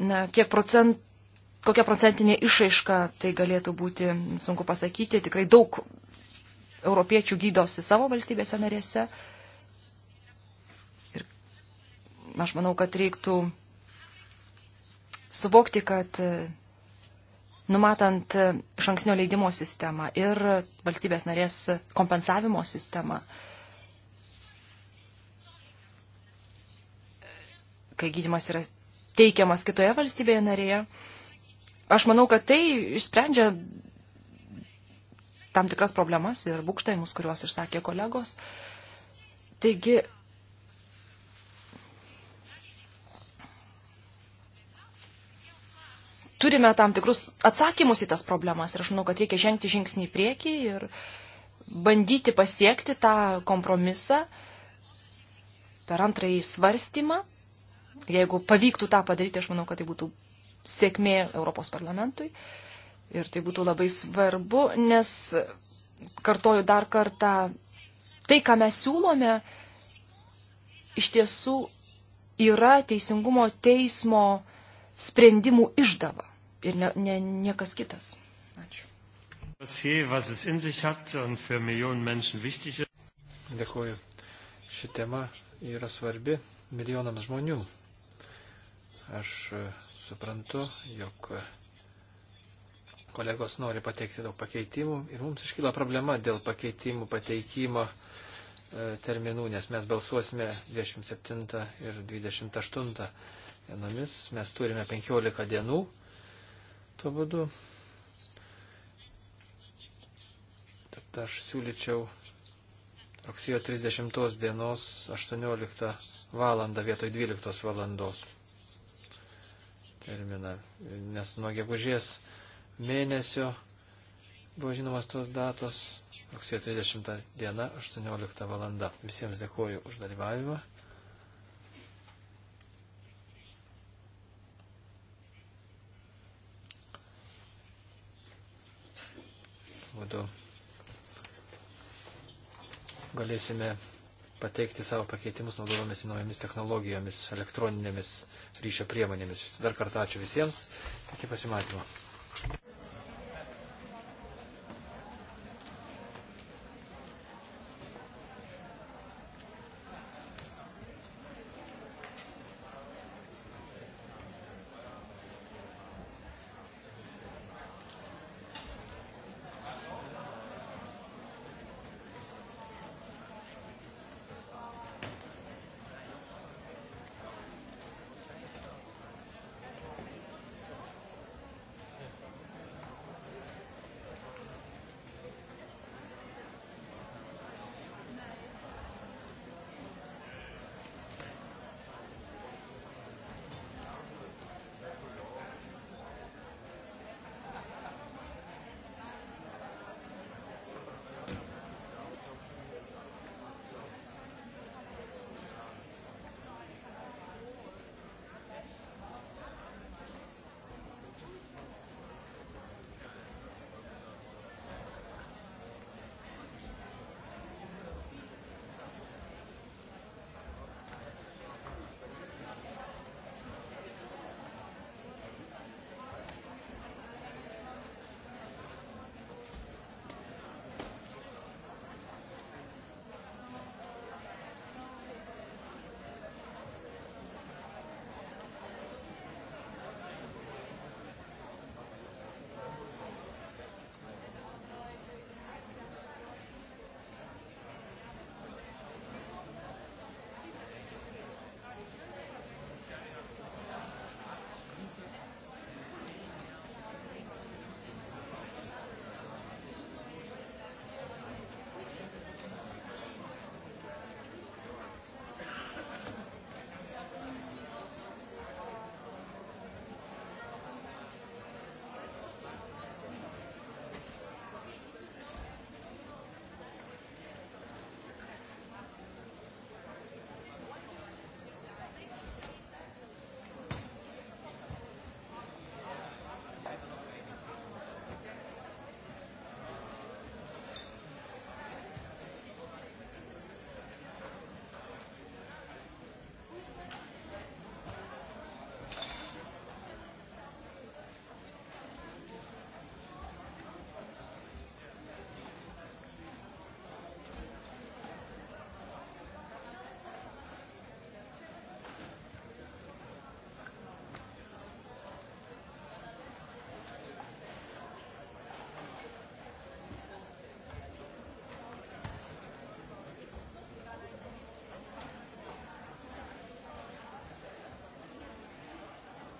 na, kiek procent, kokia procentinė išaiška tai galėtų būti, sunku pasakyti, tikrai daug europiečių gydosi savo valstybėse narėse. Ir aš manau, kad reiktų suvokti, kad e, numatant e, šanksnio leidimo sistemą ir valstybės narės kompensavimo sistemą, kai gydimas yra teikiamas kitoje valstybėje narėje, Aš manau, kad tai išsprendžia tam tikras problemas ir būkštaimus, kuriuos išsakė kolegos. Taigi, turime tam tikrus atsakymus į tas problemas ir aš manau, kad reikia žengti žingsnį į priekį ir bandyti pasiekti tą kompromisą per antrąjį svarstymą. Jeigu pavyktų tą padaryti, aš manau, kad tai būtų sėkmė Europos parlamentui. Ir tai būtų labai svarbu, nes, kartoju dar kartą, tai, ką mes siūlome, iš tiesų yra teisingumo teismo sprendimų išdava ir ne, ne, niekas kitas. Ačiū. Dėkuoju. Ši tema yra svarbi milijonams žmonių. Aš Suprantu, jog kolegos nori pateikti daug pakeitimų ir mums iškyla problema dėl pakeitimų pateikimo e, terminų, nes mes balsuosime 27 ir 28 dienomis, mes turime 15 dienų tuo būdu. Tad aš siūlyčiau rugsėjo 30 dienos 18 valandą vietoj 12 valandos terminą, nes nuo gegužės mėnesio buvo žinomas tos datos, rugsėjo 30 diena, 18 valanda. Visiems dėkuoju už dalyvavimą. Būdu galėsime pateikti savo pakeitimus naudodamėsi naujomis technologijomis, elektroninėmis ryšio priemonėmis. Dar kartą ačiū visiems. Iki pasimatymo.